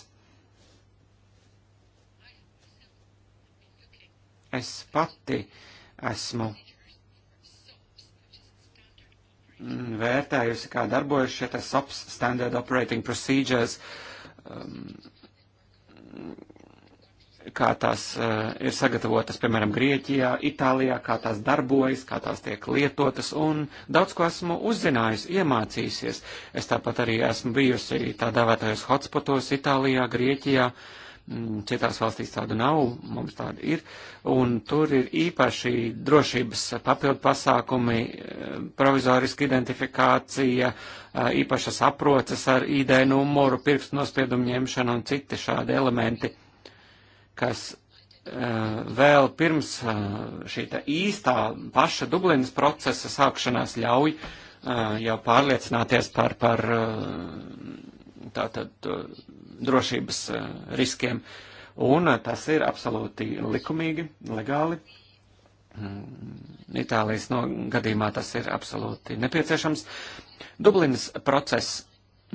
Speaker 1: Es pati esmu mm, vērtējusi, kā darbojas šie SOPS, Standard Operating Procedures, um, kā tās uh, ir sagatavotas, piemēram, Grieķijā, Itālijā, kā tās darbojas, kā tās tiek lietotas, un daudz ko esmu uzzinājis, iemācījusies. Es tāpat arī esmu bijusi tā dēvētajos hotspotos Itālijā, Grieķijā, m, mm, citās valstīs tādu nav, mums tāda ir, un tur ir īpaši drošības papildu pasākumi, eh, provizoriska identifikācija, eh, īpašas aproces ar ID numuru, pirkstu nospiedumu ņemšana un citi šādi elementi kas eh, vēl pirms eh, šī īstā paša Dublinas procesa sākšanās ļauj eh, jau pārliecināties par, par tātad drošības riskiem. Un tas ir absolūti likumīgi, legāli. Mm, Itālijas no gadījumā tas ir absolūti nepieciešams. Dublinas process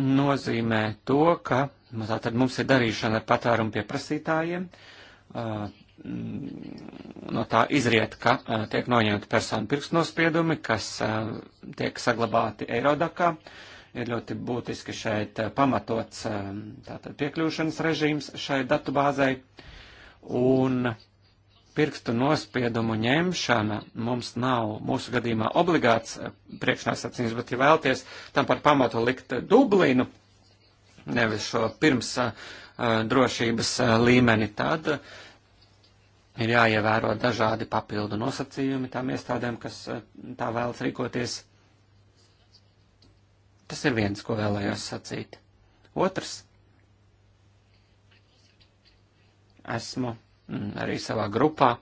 Speaker 1: nozīmē to, ka Nu, tātad mums ir darīšana ar patvērumu pieprasītājiem. No tā izriet, ka tiek noņemti personu pirkstnospiedumi, kas tiek saglabāti Eirodakā. Ir ļoti būtiski šeit pamatots tātad piekļūšanas režīms šai datubāzei. Un pirkstu nospiedumu ņemšana mums nav mūsu gadījumā obligāts priekšnosacījums, bet, ja vēlties tam par pamatu likt Dublinu, nevis šo pirms drošības līmeni, tad ir jāievēro dažādi papildu nosacījumi tām iestādēm, kas tā vēlas rīkoties. Tas ir viens, ko vēlējos sacīt. Otrs. Esmu arī savā grupā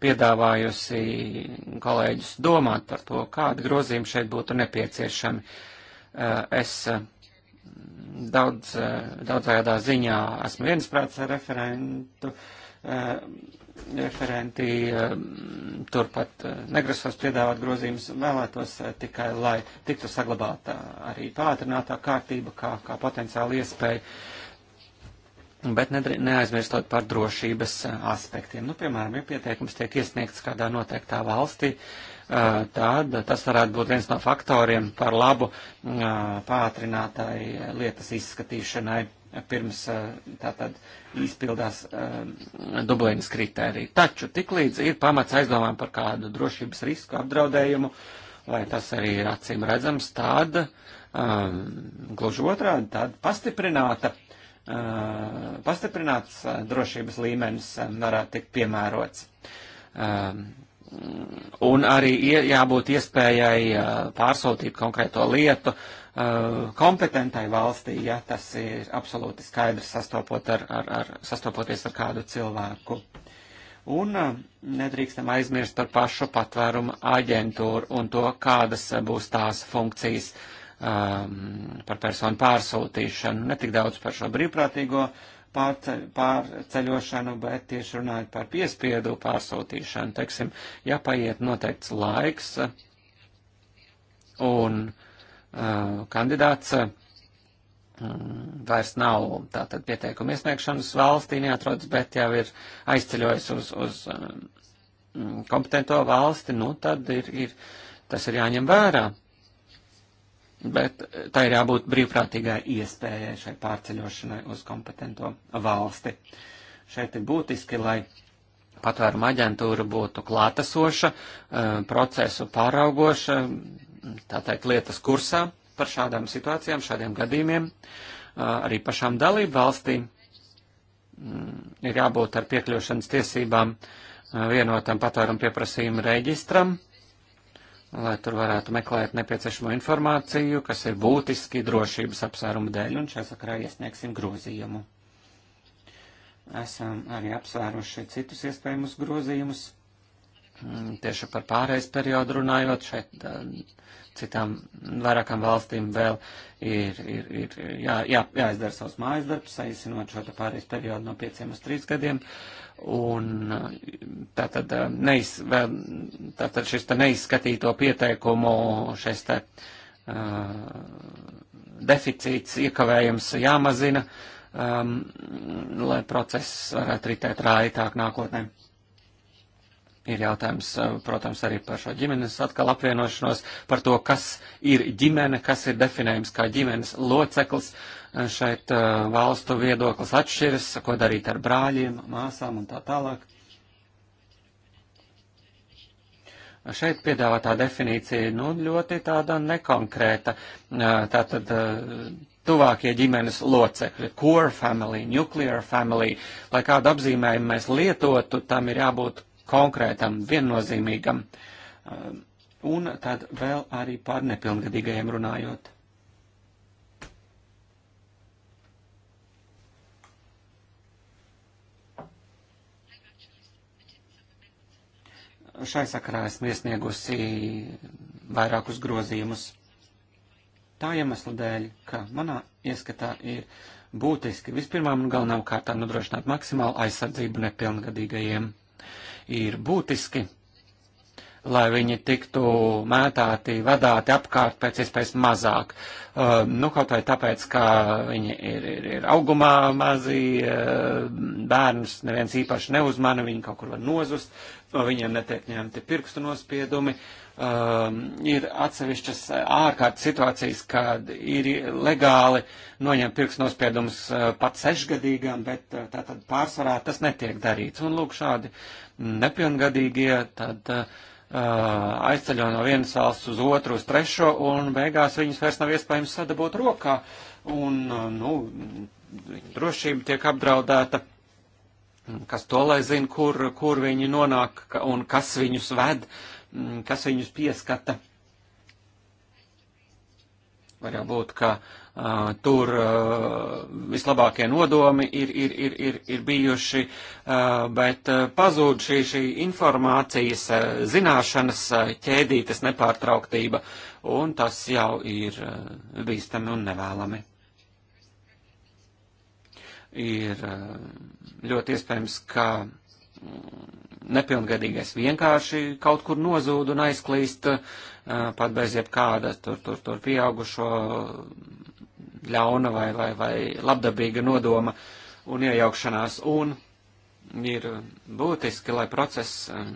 Speaker 1: piedāvājusi kolēģus domāt par to, kāda grozījuma šeit būtu nepieciešami. Es daudz, eh, daudzajādā ziņā esmu viensprāts ar referentu. Eh, referenti eh, turpat negrasos piedāvāt grozījumus, vēlētos tikai, lai tiktu saglabāta arī pātrinātā kārtība, kā, kā potenciāli iespēja, bet neaizmirstot par drošības aspektiem. Nu, piemēram, ja pieteikums tiek iesniegts kādā noteiktā valstī, uh, Eh, tad tas varētu būt viens no faktoriem par labu eh, pātrinātai eh, lietas izskatīšanai pirms tātad izpildās dublēņas kritērija. Taču tiklīdz ir pamats aizdomām par kādu drošības risku apdraudējumu, vai tas arī ir acīm redzams, tāda, gluži otrādi, tāda pastiprināta Uh, pastiprināts uh, drošības līmenis uh, varētu tikt piemērots. Un arī jābūt iespējai pārsūtīt konkrēto lietu kompetentai valstī, ja tas ir absolūti skaidrs sastopot ar, ar, ar, sastopoties ar kādu cilvēku. Un nedrīkstam aizmirst par pašu patvērumu aģentūru un to, kādas būs tās funkcijas um, par personu pārsūtīšanu. Netik daudz par šo brīvprātīgo uh, pārceļ, pārceļošanu, bet tieši runājot par piespiedu pārsūtīšanu. Teiksim, ja paiet noteikts laiks un uh, kandidāts uh, vairs nav tātad pieteikuma iesniegšanas valstī neatrodas, bet jau ir aizceļojis uz, uz um, kompetento valsti, nu tad ir, ir, tas ir jāņem vērā bet tai ir jābūt brīvprātīgai iespējai šai pārceļošanai uz kompetento valsti. Šeit ir būtiski, lai patvēruma aģentūra būtu klātesoša, eh, procesu pāraugoša, tā teikt, lietas kursā par šādām situācijām, šādiem gadījumiem, eh, arī pašām dalību valstīm mm, ir jābūt ar piekļūšanas tiesībām eh, vienotam patvērumu pieprasījumu reģistram lai tur varētu meklēt nepieciešamo informāciju, kas ir būtiski drošības apsvērumu dēļ, un šajā sakarā iesniegsim grozījumu. Esam arī apsvēruši citus iespējamus grozījumus. Mm, tieši par pārējais periodu runājot, šeit citām vairākām valstīm vēl ir, ir, ir jā, jā, jāizdara savs mājas darbs, saīsinot šo pārējais periodu no pieciem uz trīs gadiem. Uh, Un eh, tātad, eh, neiz, vēl, tātad šis te neizskatīto pieteikumu šis te uh, deficīts iekavējums jāmazina, um, lai process varētu ritēt rājītāk nākotnē. Ir jautājums, protams, arī par šo ģimenes atkal apvienošanos, par to, kas ir ģimene, kas ir definējums kā ģimenes loceklis. Uh, Eh, šeit eh, valstu viedoklis atšķiras, ko darīt ar brāļiem, māsām un tā tālāk. Eh, šeit piedāvātā definīcija nu, ļoti tāda nekonkrēta. Tātad tuvākie ģimenes locekļi, core family, nuclear family, lai kādu apzīmējumu mēs lietotu, tam ir jābūt konkrētam, viennozīmīgam. Un tad vēl arī par nepilngadīgajiem runājot. Šai sakarā esmu iesniegusi vairākus grozījumus. Tā iemesla dēļ, ka manā ieskatā ir būtiski vispirmām un galvenām kārtām nodrošināt maksimālu aizsardzību nepilngadīgajiem. Ir būtiski lai viņi tiktu mētāti, vadāti apkārt pēc iespējas mazāk. Uh, nu, kaut vai tāpēc, ka viņi ir, ir, ir augumā mazi, uh, bērnus neviens īpaši neuzmana, viņi kaut kur var nozust, no viņiem netiek ņemti pirkstu nospiedumi. Uh, ir atsevišķas ārkārtas situācijas, kad ir legāli noņemt pirkstu nospiedumus uh, pat sešgadīgām, bet uh, tātad pārsvarā tas netiek darīts. Un lūk, šādi nepilngadīgie tad. Uh, aizceļo no vienas valsts uz otru, uz trešo, un beigās viņus vairs nav iespējams sadabūt rokā, un, nu, drošība tiek apdraudēta, kas to lai zina, kur, kur viņi nonāk un kas viņus ved, kas viņus pieskata. Var jau būt, ka uh, Tur vislabākie nodomi ir, ir, ir, ir, ir bijuši, bet pazūd šī, šī informācijas zināšanas ķēdītes nepārtrauktība, un tas jau ir bīstami un nevēlami ir ļoti iespējams, ka mm, nepilngadīgais vienkārši kaut kur nozūd un aizklīst, pat bez jebkāda tur, tur, tur pieaugušo ļauna vai, vai, vai labdabīga nodoma un iejaukšanās. Un ir būtiski, lai process, eh,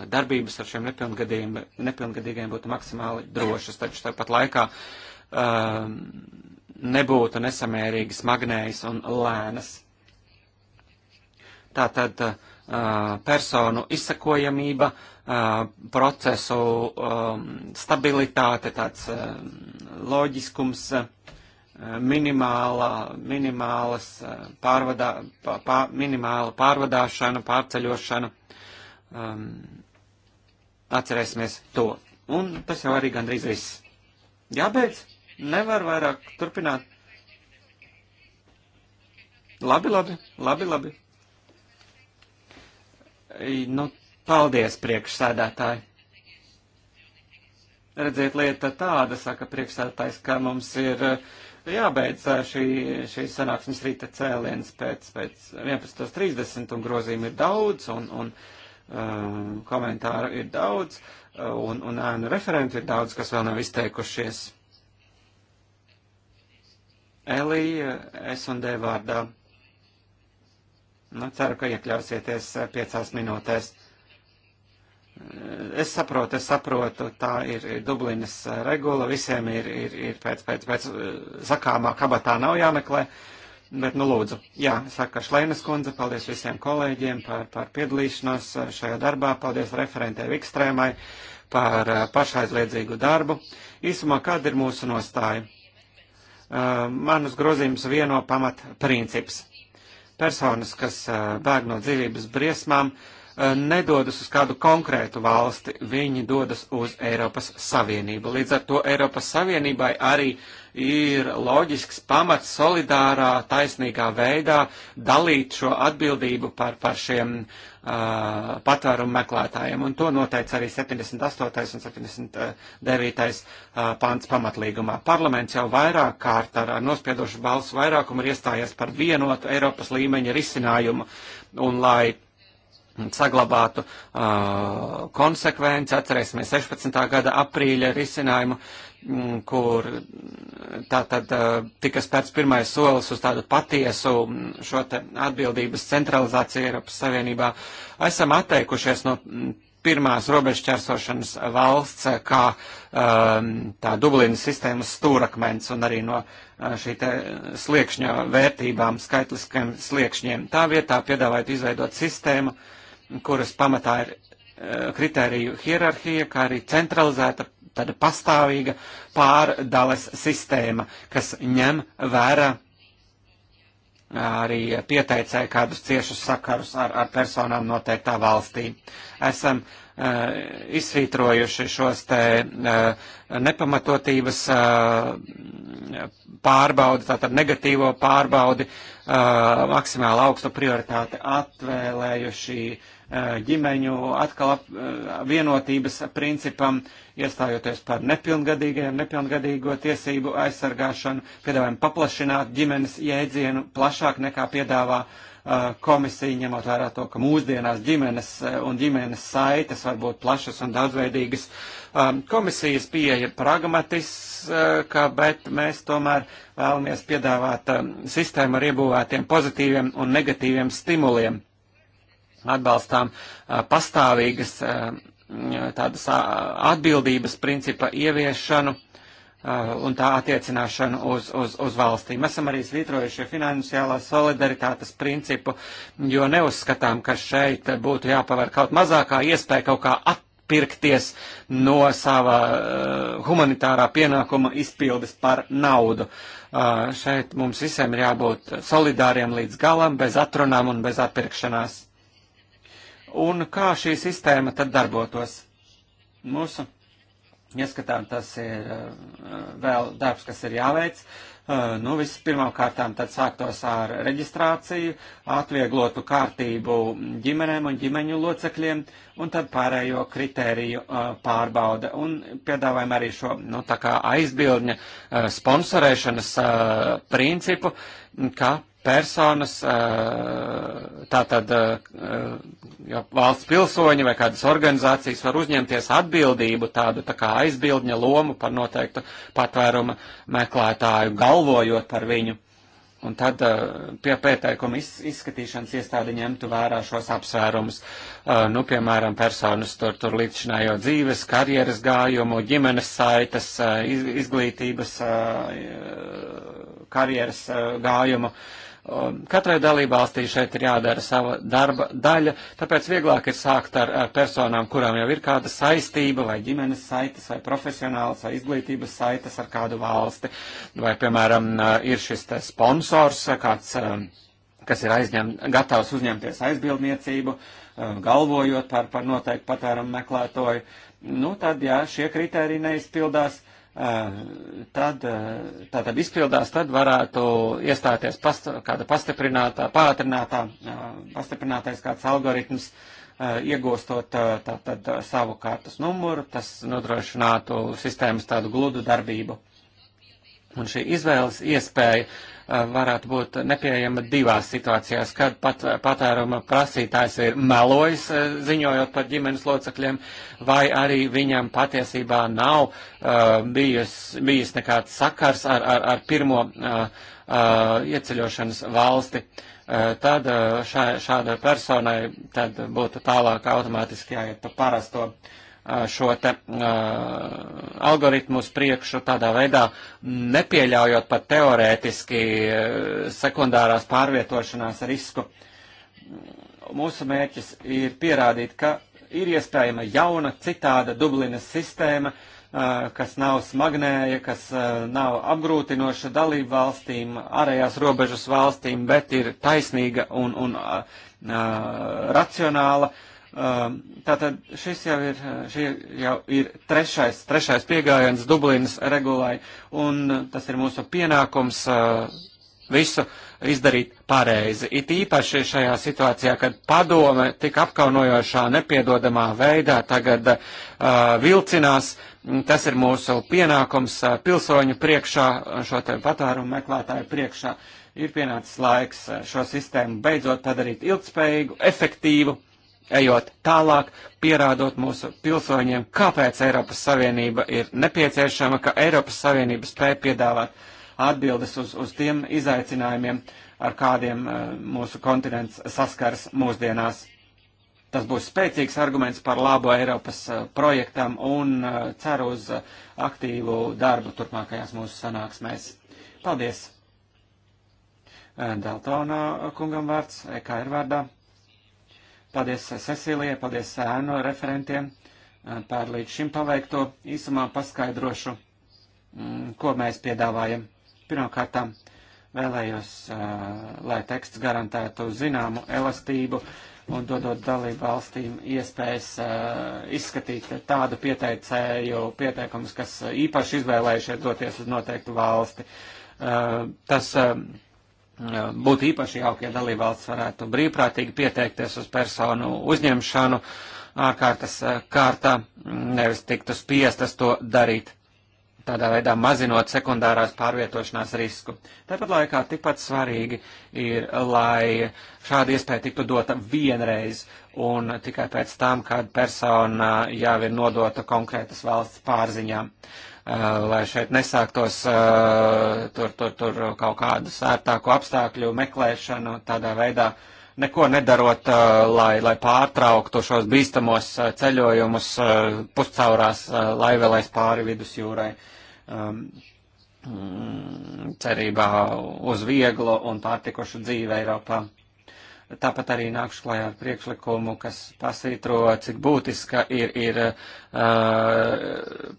Speaker 1: lai darbības ar šiem nepilngadīgiem būtu maksimāli drošas, taču tāpat laikā um, nebūtu nesamērīgi smagnējas un lēnas. Tātad uh, personu izsakojamība, uh, procesu um, stabilitāte, tāds uh, loģiskums. Uh, Eh, minimāla, minimālas eh, pārvadā, pā, minimāla pārvadāšana, pārceļošana. Um, atcerēsimies to. Un tas jau arī gandrīz viss. Jābeidz, nevar vairāk turpināt. Labi, labi, labi, labi. Nu, paldies, priekšsēdētāji. Redziet, lieta tāda, saka priekšsēdētājs, ka mums ir uh, jābeidz šī, šīs sanāksmes rīta cēliens pēc, pēc 11.30 un grozījumi ir daudz un, un um, komentāru ir daudz un, un ēnu referentu ir daudz, kas vēl nav izteikušies. Elija, es un D vārdā. Nu, ceru, ka iekļausieties piecās minūtēs. Es saprotu, es saprotu, tā ir Dublinas eh, regula, visiem ir, ir, ir pēc, pēc, pēc eh, sakāmā kabatā nav jāmeklē, bet nu lūdzu. Jā, saka Šleinas kundze, paldies visiem kolēģiem par, par piedalīšanos eh, šajā darbā, paldies referentē Vikstrēmai par pašaizliedzīgu darbu. Īsumā, kāda ir mūsu nostāja? Manus grozījums vieno pamat princips. Personas, kas bēg no dzīvības briesmām, uh, Eh, nedodas uz kādu konkrētu valsti, viņi dodas uz Eiropas Savienību. Līdz ar to Eiropas Savienībai arī ir loģisks pamats solidārā, taisnīgā veidā dalīt šo atbildību par, par šiem uh, patvērumu meklētājiem. Un to noteica arī 78. un 79. Uh, eh, pants pamatlīgumā. Parlaments jau vairāk kārt ar, ar nospiedošu balsu vairākumu ir iestājies par vienotu Eiropas līmeņa risinājumu. Un, lai saglabātu uh, konsekvenci. Atcerēsimies 16. gada aprīļa risinājumu, m, mm, kur tā tad uh, tika spērts pirmais solis uz tādu patiesu mm, šo te atbildības centralizāciju Eiropas Savienībā. Esam atteikušies no mm, pirmās robežķērsošanas valsts, kā um, tā Dublinas sistēmas stūrakmens un arī no uh, šī te sliekšņa vērtībām, skaitliskiem sliekšņiem. Tā vietā piedāvājot izveidot sistēmu, uh, kuras pamatā ir eh, kritēriju hierarhija, kā arī centralizēta tāda pastāvīga pārdales sistēma, kas ņem vērā arī pieteicēja kādus ciešus sakarus ar, ar personām noteiktā valstī. Esam Eh, izsvītrojuši šos te eh, nepamatotības eh, pārbaudi, tātad negatīvo pārbaudi, maksimāli augstu prioritāti atvēlējuši ģimeņu atkal ap, vienotības principam, iestājoties par nepilngadīgajiem, nepilngadīgo tiesību aizsargāšanu, piedāvājam paplašināt ģimenes jēdzienu plašāk nekā piedāvā uh, komisija, ņemot vērā to, ka mūsdienās ģimenes e, un ģimenes saites var būt plašas un daudzveidīgas. Komisijas pieeja pragmatiska, e, bet mēs tomēr vēlamies piedāvāt sistēmu ar iebūvētiem pozitīviem un negatīviem stimuliem. Atbalstām pastāvīgas tādas atbildības principa ieviešanu Eh, un tā attiecināšanu uz, uz, uz valstīm. Esam arī svītrojuši finansiālās solidaritātes principu, jo neuzskatām, ka šeit būtu jāpavēr kaut mazākā iespēja kaut kā atpirkties no sava uh, humanitārā pienākuma izpildes par naudu. Uh, šeit mums visiem ir jābūt solidāriem līdz galam, bez atrunām un bez atpirkšanās. Un kā šī sistēma tad darbotos? Mūsu Ieskatām, tas ir eh, vēl darbs, kas ir jāveic. Eh, nu, vispirmām kārtām tad sāktos ar reģistrāciju, atvieglotu kārtību ģimenēm un ģimeņu locekļiem, un tad pārējo kritēriju eh, pārbauda. Un piedāvājam arī šo, nu, tā kā aizbildņa sponsorēšanas principu, ka personas, tātad valsts pilsoņi vai kādas organizācijas var uzņemties atbildību, tādu tā kā aizbildņa lomu par noteiktu patvēruma meklētāju, galvojot par viņu. Un tad pie pieteikuma izskatīšanas iestādi ņemtu vērā šos apsvērumus, nu, piemēram, personas tur, tur līdzšinājo dzīves, karjeras gājumu, ģimenes saites, izglītības, karjeras gājumu. Uh, Um, katrai dalībvalstī šeit ir jādara sava darba daļa, tāpēc vieglāk ir sākt ar, ar personām, kurām jau ir kāda saistība vai ģimenes saites vai profesionāls vai izglītības saites ar kādu valsti. Vai, piemēram, uh, ir šis sponsors, uh, kāds, um, kas ir aizņem, gatavs uzņemties aizbildniecību, um, galvojot par, par noteiktu patērumu meklētoju. Nu, tad, ja šie kriteriji neizpildās, Eh, tad, eh, tātad izpildās, tad varētu iestāties past, kāda pastiprinātā, pātrinātā, eh, pastiprinātais kāds algoritms, iegūstot tātad savu kārtas numuru, tas nodrošinātu sistēmas tādu gludu darbību. Un šī izvēles iespēja varētu būt nepieejama divās situācijās, kad pat, patēruma prasītājs ir melojis, e, ziņojot par ģimenes locekļiem, vai arī viņam patiesībā nav uh, bijis, bijis nekāds sakars ar, ar, ar pirmo uh, uh, ieceļošanas valsti. Tad šā, šādai personai tad būtu tālāk automātiski jāiet pa parasto uh, šo te uh, algoritmu uz priekšu tādā veidā, nepieļaujot pat teorētiski uh, sekundārās pārvietošanās risku. Mūsu mērķis ir pierādīt, ka ir iespējama jauna, citāda Dublinas sistēma, uh, kas nav smagnēja, kas nav apgrūtinoša dalību valstīm, ārējās robežas valstīm, bet ir taisnīga un, un racionāla. Uh, Um, tātad šis jau ir, šī jau ir trešais, trešais piegājiens Dublinas regulai, un tas ir mūsu pienākums uh, visu izdarīt pareizi. It īpaši šajā situācijā, kad padome tik apkaunojošā, nepiedodamā veidā tagad uh, vilcinās, tas ir mūsu pienākums uh, pilsoņu priekšā, šo te patvērumu meklētāju priekšā. Ir pienācis laiks uh, šo sistēmu beidzot padarīt ilgspējīgu, efektīvu ejot tālāk, pierādot mūsu pilsoņiem, kāpēc Eiropas Savienība ir nepieciešama, ka Eiropas Savienība spēj piedāvāt atbildes uz, uz tiem izaicinājumiem, ar kādiem eh, mūsu kontinents saskars mūsdienās. Tas būs spēcīgs arguments par labu Eiropas eh, projektam un eh, ceru uz aktīvu darbu turpmākajās mūsu sanāksmēs. Paldies! Deltona kungam vārds, EKR vārdā. Paldies eh, Cecilijai, paldies eh, ēnu referentiem eh, par līdz šim paveikto. Īsumā paskaidrošu, mm, ko mēs piedāvājam. Pirmkārt, vēlējos, lai teksts garantētu zināmu elastību un dodot dalību valstīm iespējas izskatīt tādu pieteicēju pieteikumus, kas īpaši izvēlējušies doties uz noteiktu valsti. Tas būtu īpaši jauki, ja dalībvalsts varētu brīvprātīgi pieteikties uz personu uzņemšanu ārkārtas eh, kārtā, nevis tiktu spiestas to darīt. Tādā veidā mazinot sekundārās pārvietošanās risku. Tāpat laikā tikpat svarīgi ir, lai šāda iespēja tiktu dota vienreiz un tikai pēc tam, kad persona jau ir nodota konkrētas valsts pārziņām. Uh, Eh, lai šeit nesāktos eh, tur, tur, tur kaut kādu sērtāku apstākļu meklēšanu tādā veidā, neko nedarot, eh, lai, lai pārtrauktu šos bīstamos ceļojumus puscaurās laivelēs pāri vidusjūrai um, mm, cerībā uz vieglu un pārtikušu dzīvi Eiropā. Tāpat arī nākšu klajā ar priekšlikumu, kas pasvītro, cik būtiska ir, ir uh,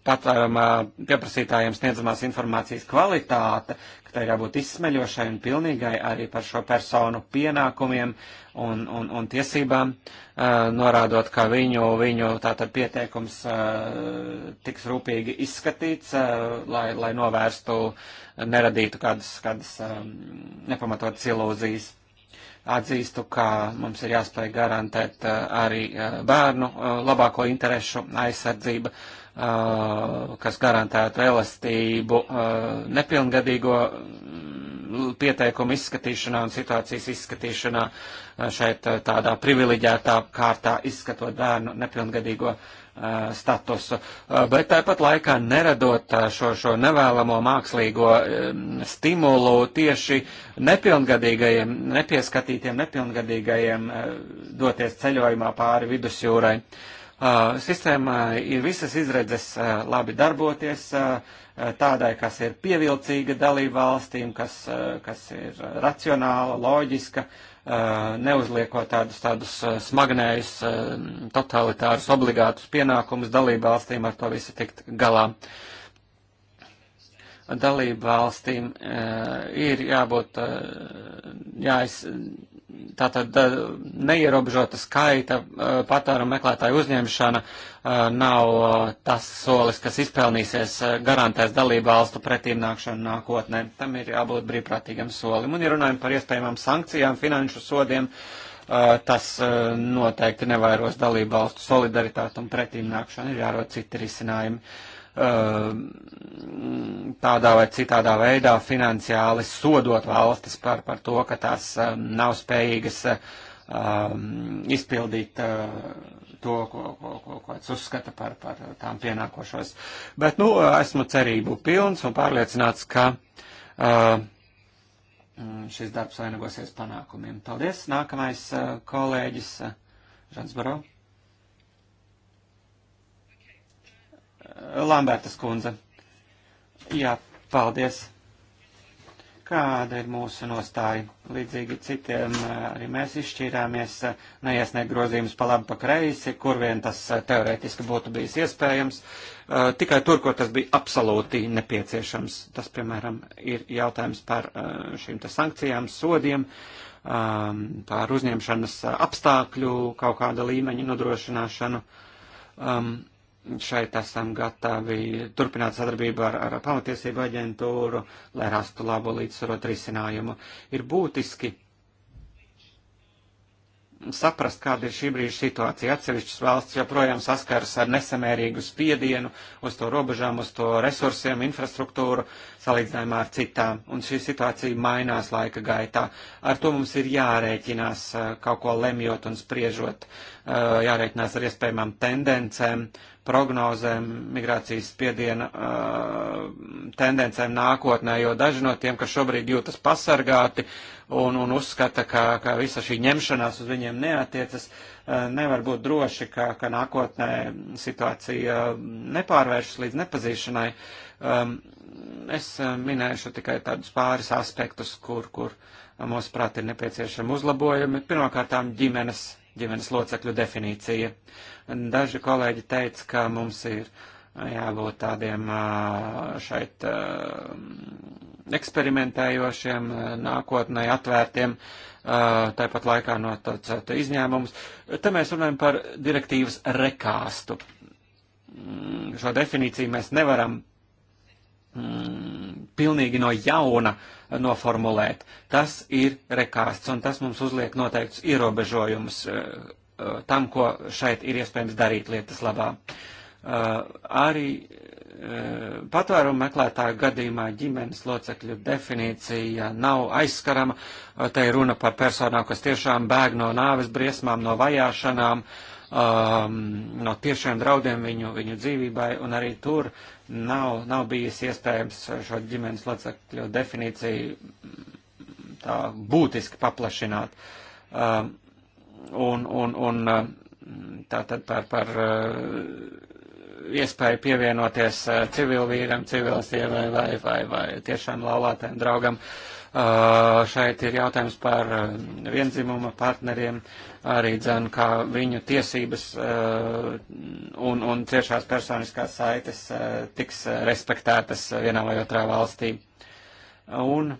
Speaker 1: patvērumā pieprasītājiem sniedzamās informācijas kvalitāte, ka tai jābūt izsmeļošai un pilnīgai arī par šo personu pienākumiem un, un, un tiesībām, uh, norādot, ka viņu, viņu tātad pieteikums uh, tiks rūpīgi izskatīts, uh, lai, lai novērstu, neradītu kādas, kādas um, nepamatotas ilūzijas atzīstu, ka mums ir jāspēj garantēt eh, arī eh, bērnu eh, labāko interesu aizsardzība, kas garantētu elastību nepilngadīgo mm, pieteikumu izskatīšanā un situācijas izskatīšanā šeit tādā privileģētā kārtā izskatot bērnu nepilngadīgo uh, statusu, bet tāpat laikā neradot šo, šo nevēlamo mākslīgo stimulu tieši nepilngadīgajiem, nepieskatītiem nepilngadīgajiem doties ceļojumā pāri vidusjūrai. Sistēmai ir visas izredzes labi darboties tādai, kas ir pievilcīga dalību valstīm, kas, kas ir racionāla, loģiska, uh, Uh, neuzliekot tādus, tādus uh, smagnējus, uh, totalitārus, obligātus pienākumus dalību valstīm ar to visu tikt galā. Dalību valstīm ir jābūt, jāiz, tātad neierobežota skaita patērumu meklētāju uzņemšana nav tas solis, kas izpelnīsies garantēs dalību valstu pretīm nākšanu nākotnē. Tam ir jābūt brīvprātīgam solim. Un, ja runājam par iespējamām sankcijām, finanšu sodiem, tas noteikti nevairos dalību valstu solidaritātu un pretīm nākšanu. Ir jārod citi risinājumi. Uh, Um, tādā vai citādā veidā finansiāli sodot valstis par, par to, ka tās um, nav spējīgas um, izpildīt uh, to, ko, ko, ko, ko es uzskata par, par tām pienākošos. Bet, nu, esmu cerību pilns un pārliecināts, ka uh, mm, šis darbs vainagosies panākumiem. Paldies! Nākamais uh, kolēģis uh, Žants Baro. Lambertas kundze. Jā, paldies. Kāda ir mūsu nostāja? Līdzīgi citiem eh, arī mēs izšķīrāmies, eh, neiesniegt grozījumus pa labi, pa kreisi, kur vien tas eh, teorētiski būtu bijis iespējams. Tikai tur, kur tas bija absolūti nepieciešams. Tas, piemēram, ir jautājums par šīm te sankcijām, sodiem um, par uzņemšanas apstākļu kaut kāda līmeņa nodrošināšanu. Um, šeit esam gatavi turpināt sadarbību ar, ar pamatiesību aģentūru, lai rastu labu līdzsvarot risinājumu. Ir būtiski saprast, kāda ir šī brīža situācija. Atsevišķas valsts joprojām saskaras ar nesamērīgu spiedienu uz to robežām, uz to resursiem, infrastruktūru, salīdzinājumā ar citām. Un šī situācija mainās laika gaitā. Ar to mums ir jārēķinās eh, kaut ko lemjot un spriežot, eh, jārēķinās ar iespējamām tendencēm prognozēm, migrācijas spiediena tendencēm nākotnē, jo daži no tiem, kas šobrīd jūtas pasargāti un, un uzskata, ka, ka visa šī ņemšanās uz viņiem neatiecas, nevar būt droši, ka, ka nākotnē situācija nepārvēršas līdz nepazīšanai. Es minēšu tikai tādus pāris aspektus, kur, kur mūsuprāt ir nepieciešami uzlabojumi. Pirmkārtām ģimenes ģimenes locekļu definīcija. Daži kolēģi teica, ka mums ir jābūt tādiem šeit eksperimentējošiem, nākotnē atvērtiem, tāpat laikā no tāds izņēmums. Te mēs runājam par direktīvas rekāstu. Mm, šo definīciju mēs nevaram mm, pilnīgi no jauna noformulēt. Tas ir rekāsts, un tas mums uzliek noteikts ierobežojumus, Eh, tam, ko šeit ir iespējams darīt lietas labā. Eh, arī eh, patvērumu meklētāju gadījumā ģimenes locekļu definīcija nav aizskarama. Te ir runa par personām, kas tiešām bēg no nāves briesmām, no vajāšanām, um, no tiešiem draudiem viņu, viņu dzīvībai, un arī tur nav, nav bijis iespējams šo ģimenes locekļu definīciju mm, tā būtiski paplašināt. Um, un, un, un mm, tātad par, par eh, iespēju pievienoties eh, civilvīram, civilsievai vai, vai, vai tiešām laulātēm draugam. Eh, šeit ir jautājums par vienzimuma partneriem, arī dzēn, kā viņu tiesības un, un ciešās personiskās saites tiks respektētas vienā vai otrā valstī. Un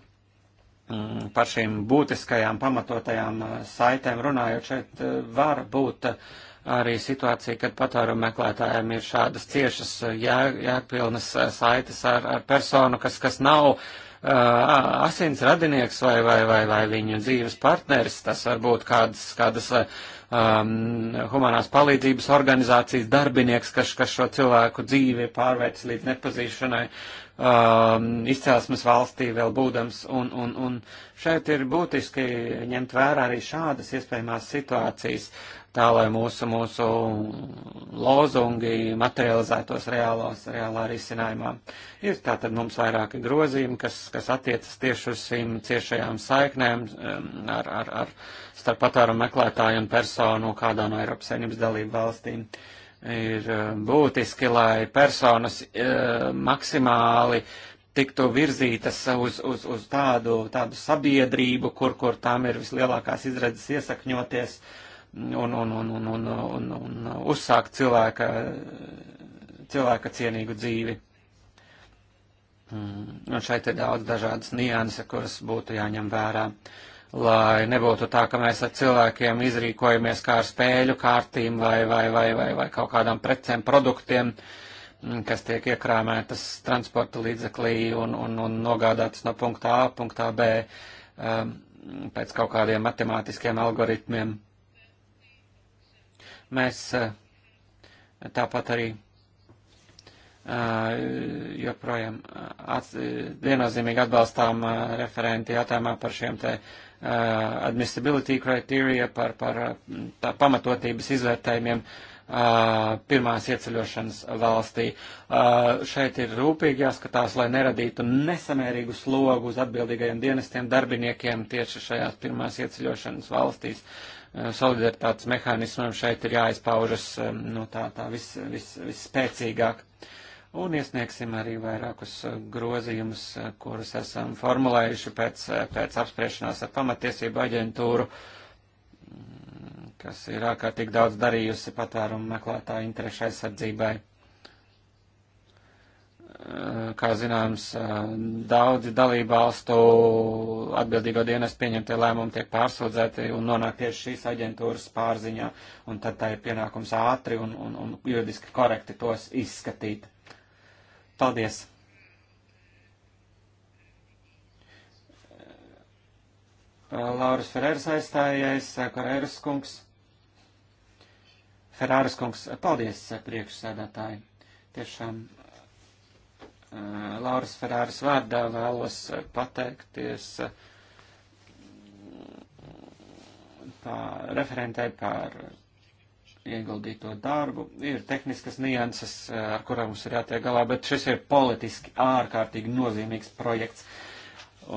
Speaker 1: Mm, par šīm būtiskajām pamatotajām uh, saitēm runājot, šeit uh, var būt uh, arī situācija, kad patvērumu meklētājiem ir šādas ciešas jā, jāpilnas saites ar, ar personu, kas, kas nav uh, asins radinieks vai, vai, vai, vai viņu dzīves partneris. Tas var būt kādas, kādas um, humanās palīdzības organizācijas darbinieks, kas, kas šo cilvēku dzīvi pārvērts līdz nepazīšanai. Uh, um, izcelsmes valstī vēl būdams, un, un, un šeit ir būtiski ņemt vērā arī šādas iespējamās situācijas, tā lai mūsu, mūsu lozungi materializētos reālās, reālā risinājumā. Ir tātad mums vairāki grozījumi, kas, kas attiecas tieši uz šīm ciešajām saiknēm um, ar, ar, ar starp patvērumu meklētāju un personu kādā no Eiropas saimnības dalību valstīm. Uh, ir eh, būtiski, lai personas eh, maksimāli tiktu virzītas uz, uz, uz tādu, tādu sabiedrību, kur, kur tām ir vislielākās izredzes iesakņoties un, un, un, un, un, un, un uzsākt cilvēka, cilvēka cienīgu dzīvi. Mm. Un šeit ir daudz dažādas nianses, kuras būtu jāņem vērā. Uh, lai nebūtu tā, ka mēs ar cilvēkiem izrīkojamies kā ar spēļu kārtīm vai, vai, vai, vai, vai kaut kādām precēm, produktiem, mm, kas tiek iekrāmētas transporta līdzeklī un, un, un nogādātas no punktā A, punktā B um, pēc kaut kādiem matemātiskiem algoritmiem. Mēs uh, tāpat arī uh, joprojām uh, uh, viennozīmīgi atbalstām referenti jautājumā par šiem te Uh, admissibility criteria, par, par uh, tā pamatotības izvērtējumiem uh, pirmās ieceļošanas valstī. Šeit ir rūpīgi jāskatās, lai neradītu nesamērīgu slogu uz atbildīgajiem dienestiem darbiniekiem tieši šajās pirmās ieceļošanas valstīs. Solidaritātes mehānismam šeit ir jāizpaužas um, nu, tā, tā vis, vis, visspēcīgāk. Vis un iesniegsim arī vairākus eh, grozījumus, eh, kurus esam formulējuši pēc, eh, pēc apspriešanās ar pamatiesību aģentūru, mm, kas ir ārkārtīgi daudz darījusi patvērumu meklētāju interešu aizsardzībai kā zināms, daudzi dalībvalstu atbildīgo dienas pieņemtie lēmumi tiek pārsūdzēti un nonāk tieši šīs aģentūras pārziņā, un tad tā ir pienākums ātri un, un, un juridiski korekti tos izskatīt Paldies! Lauras Ferēras aizstājējais, Korēras kungs. Ferāras kungs, paldies priekšsēdētāji. Tiešām eh, Lauras Ferāras vārdā vēlos pateikties pār eh, referentai par ieguldīto darbu. Ir tehniskas nianses, eh, ar kurām mums ir jātiek galā, bet šis ir politiski ārkārtīgi nozīmīgs projekts.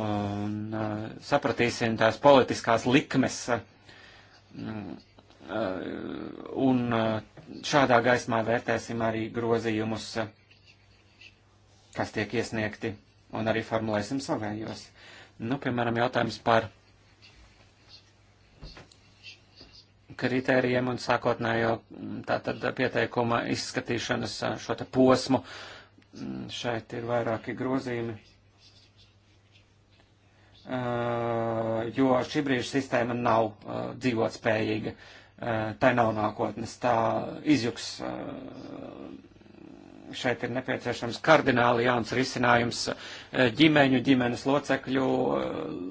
Speaker 1: Un uh, sapratīsim tās politiskās likmes. Uh, un uh, šādā gaismā vērtēsim arī grozījumus, uh, kas tiek iesniegti, un arī formulēsim savējos. Nu, piemēram, jautājums par uh, kritērijiem un sākotnējo mm, tātad pieteikuma izskatīšanas šo te posmu. Mm, šeit ir vairāki grozījumi. Uh, jo šī brīža sistēma nav uh, dzīvot spējīga. Uh, tai nav nākotnes, tā izjuks. Šeit ir nepieciešams kardināli jauns risinājums ģimeņu, ģimenes locekļu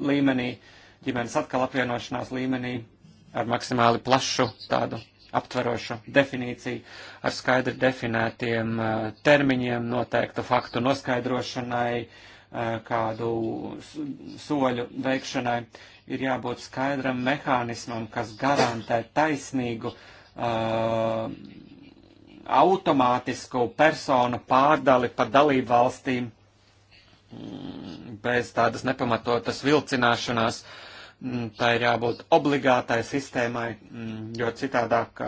Speaker 1: līmenī, ģimenes atkal apvienošanās līmenī ar maksimāli plašu tādu aptverošu definīciju, ar skaidri definētiem termiņiem, noteiktu faktu noskaidrošanai, kādu soļu veikšanai. Ir jābūt skaidram mehānismam, kas garantē taisnīgu automātisku personu pārdali pa dalību valstīm bez tādas nepamatotas vilcināšanās uh, Mm, tā ir jābūt obligātai sistēmai, mm, jo citādāk,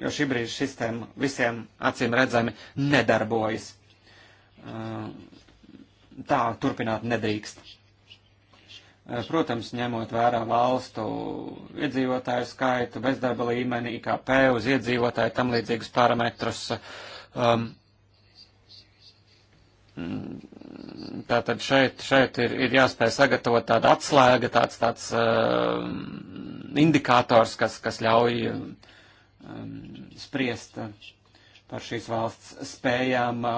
Speaker 1: jo šī brīža sistēma visiem acīm redzami nedarbojas. Tā turpināt nedrīkst. Protams, ņemot vērā valstu iedzīvotāju skaitu, bezdarba līmeni, IKP uz iedzīvotāju, tam līdzīgus parametrus. Um, tātad šeit, šeit ir, ir jāspēj sagatavot tāda atslēga, tāds, tāds uh, um, indikators, kas, kas ļauj um, spriest par šīs valsts spējām uh,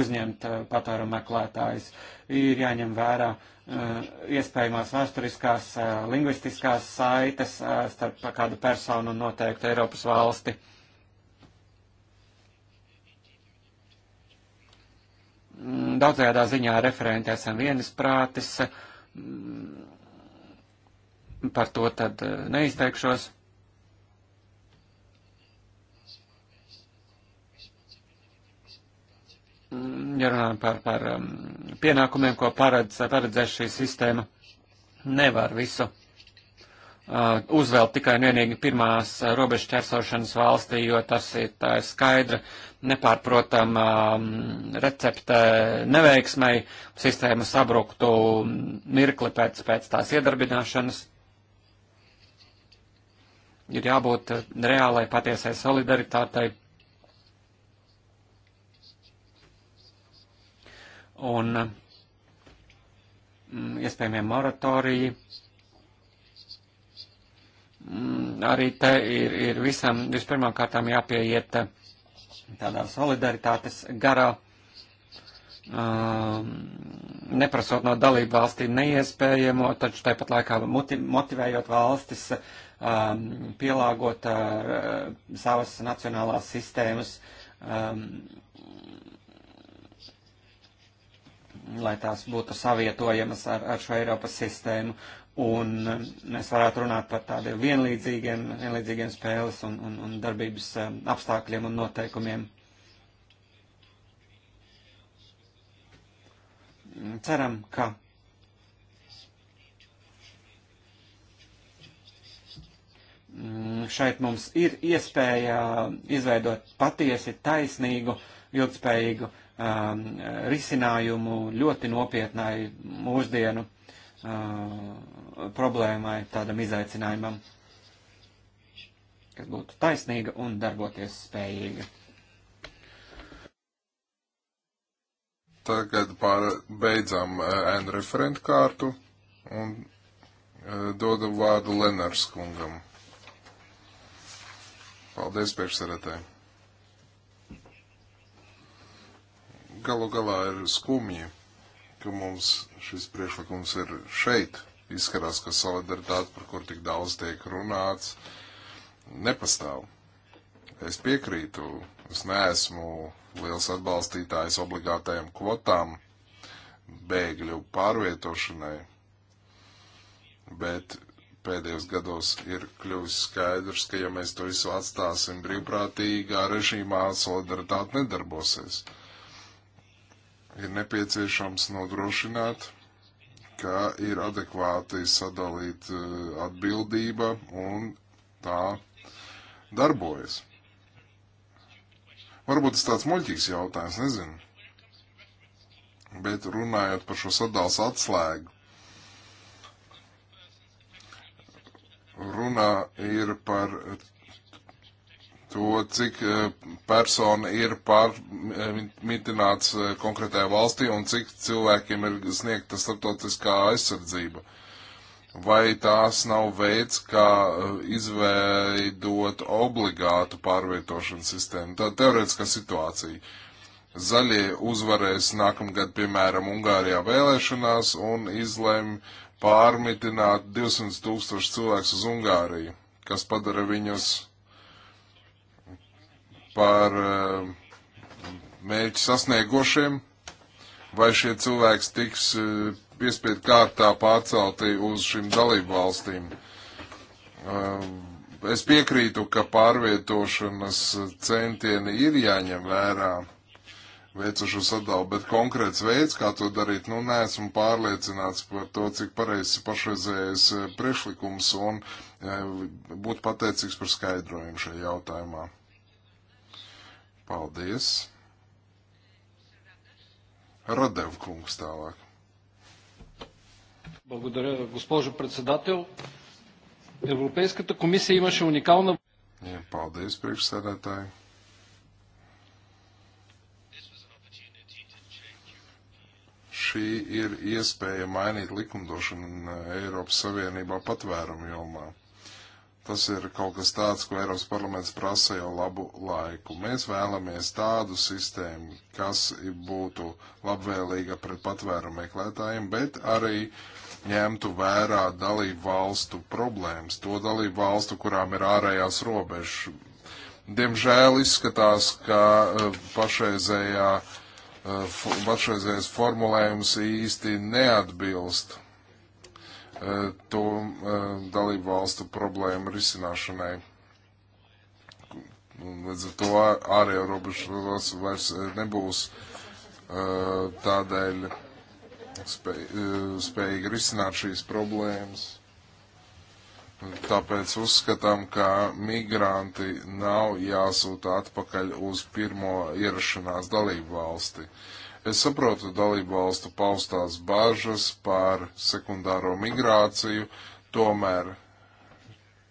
Speaker 1: uzņemt uh, patēru meklētājus. Ir jāņem vērā uh, iespējamās vēsturiskās, uh, lingvistiskās saites uh, starp kādu personu un noteiktu Eiropas valsti. Uh, Mm, daudzajādā ziņā referenti esam vienisprātis, mm, par to tad eh, neizteikšos. Mm, ja runājam par, par pienākumiem, ko paredz, paredzēs šī sistēma, nevar visu uzvēl tikai un vienīgi pirmās robežu ķersošanas valstī, jo tas ir tā ir skaidra nepārprotamā um, recepte neveiksmai, sistēma sabruktu mirkli pēc, pēc tās iedarbināšanas. Ir jābūt reālai patiesai solidaritātei. Un mm, iespējamie moratoriji. Mm, arī te ir, ir visam vispirmām kārtām jāpieiet tādā solidaritātes garā, um, neprasot no dalību valstīm neiespējamo, taču tāpat laikā motivējot valstis um, pielāgot uh, savas nacionālās sistēmas. Um, lai tās būtu savietojamas ar, ar šo Eiropas sistēmu. Un mēs varētu runāt par tādiem vienlīdzīgiem, vienlīdzīgiem spēles un, un, un darbības um, apstākļiem un noteikumiem. Ceram, ka šeit mums ir iespēja izveidot patiesi taisnīgu, ilgspējīgu um, risinājumu ļoti nopietnai mūsdienu Uh, problēmai, tādam izaicinājumam, kas būtu taisnīga un darboties spējīga.
Speaker 2: Tagad pār, beidzam uh, ēnu referentu kārtu un uh, dodu vārdu Lenārs kungam. Paldies, priekšsēdētāji. Galu galā ir skumji ka mums šis priekšlikums ir šeit. Izskatās, ka solidaritāte, par kur tik daudz tiek runāts, nepastāv. Es piekrītu, es neesmu liels atbalstītājs obligātajām kvotām bēgļu pārvietošanai, bet pēdējos gados ir kļuvis skaidrs, ka ja mēs to visu atstāsim brīvprātīgā režīmā, solidaritāte nedarbosies. Uh, ir nepieciešams nodrošināt, ka ir adekvāti sadalīta eh, atbildība un tā darbojas. Varbūt tas tāds muļķīgs jautājums, nezinu. Bet runājot par šo sadals atslēgu, runa ir par to, cik eh, persona ir pārmitināts eh, eh, konkrētajā valstī un cik cilvēkiem ir sniegta starptautiskā aizsardzība. Vai tās nav veids, kā izveidot obligātu pārvietošanas sistēmu? Tā teorētiskā situācija. Zaļie uzvarēs nākamgad, piemēram, Ungārijā vēlēšanās un izlem pārmitināt 200 tūkstoši cilvēks uz Ungāriju, kas padara viņus par eh, mērķu sasniegošiem, vai šie cilvēki tiks eh, piespiedu kārtā pārcelti uz šīm dalību valstīm. Eh, es piekrītu, ka pārvietošanas centieni ir jāņem vērā veicu šo sadalu, bet konkrēts veids, kā to darīt, nu, neesmu pārliecināts par to, cik pareizs pašreizējais priešlikums un būtu pateicīgs par skaidrojumu šajā jautājumā. Paldies. Радев Кунг tālāk. Благодаря, госпожо председател. Европейската комисия имаше уникална... Paldies, priekšsēdētāji. Šī ir iespēja mainīt likumdošanu Eiropas Savienībā patvērumu jomā. Tas ir kaut kas tāds, ko Eiropas parlaments prasa jau labu laiku. Mēs vēlamies tādu sistēmu, kas būtu labvēlīga pret patvērumu meklētājiem, bet arī ņemtu vērā dalību valstu problēmas, to dalību valstu, kurām ir ārējās robežas. Diemžēl izskatās, ka eh, pašreizējā, eh, pašreizējais formulējums īsti neatbilst Eh, to eh, dalību valstu problēmu risināšanai. Līdz ar to ārējo robežas vairs eh, nebūs tādēļ spēj, spējīgi risināt šīs problēmas. Tāpēc uzskatām, ka migranti nav jāsūta atpakaļ uz pirmo ierašanās dalību valsti. Uh, Es saprotu dalību valstu paustās bažas par sekundāro migrāciju, tomēr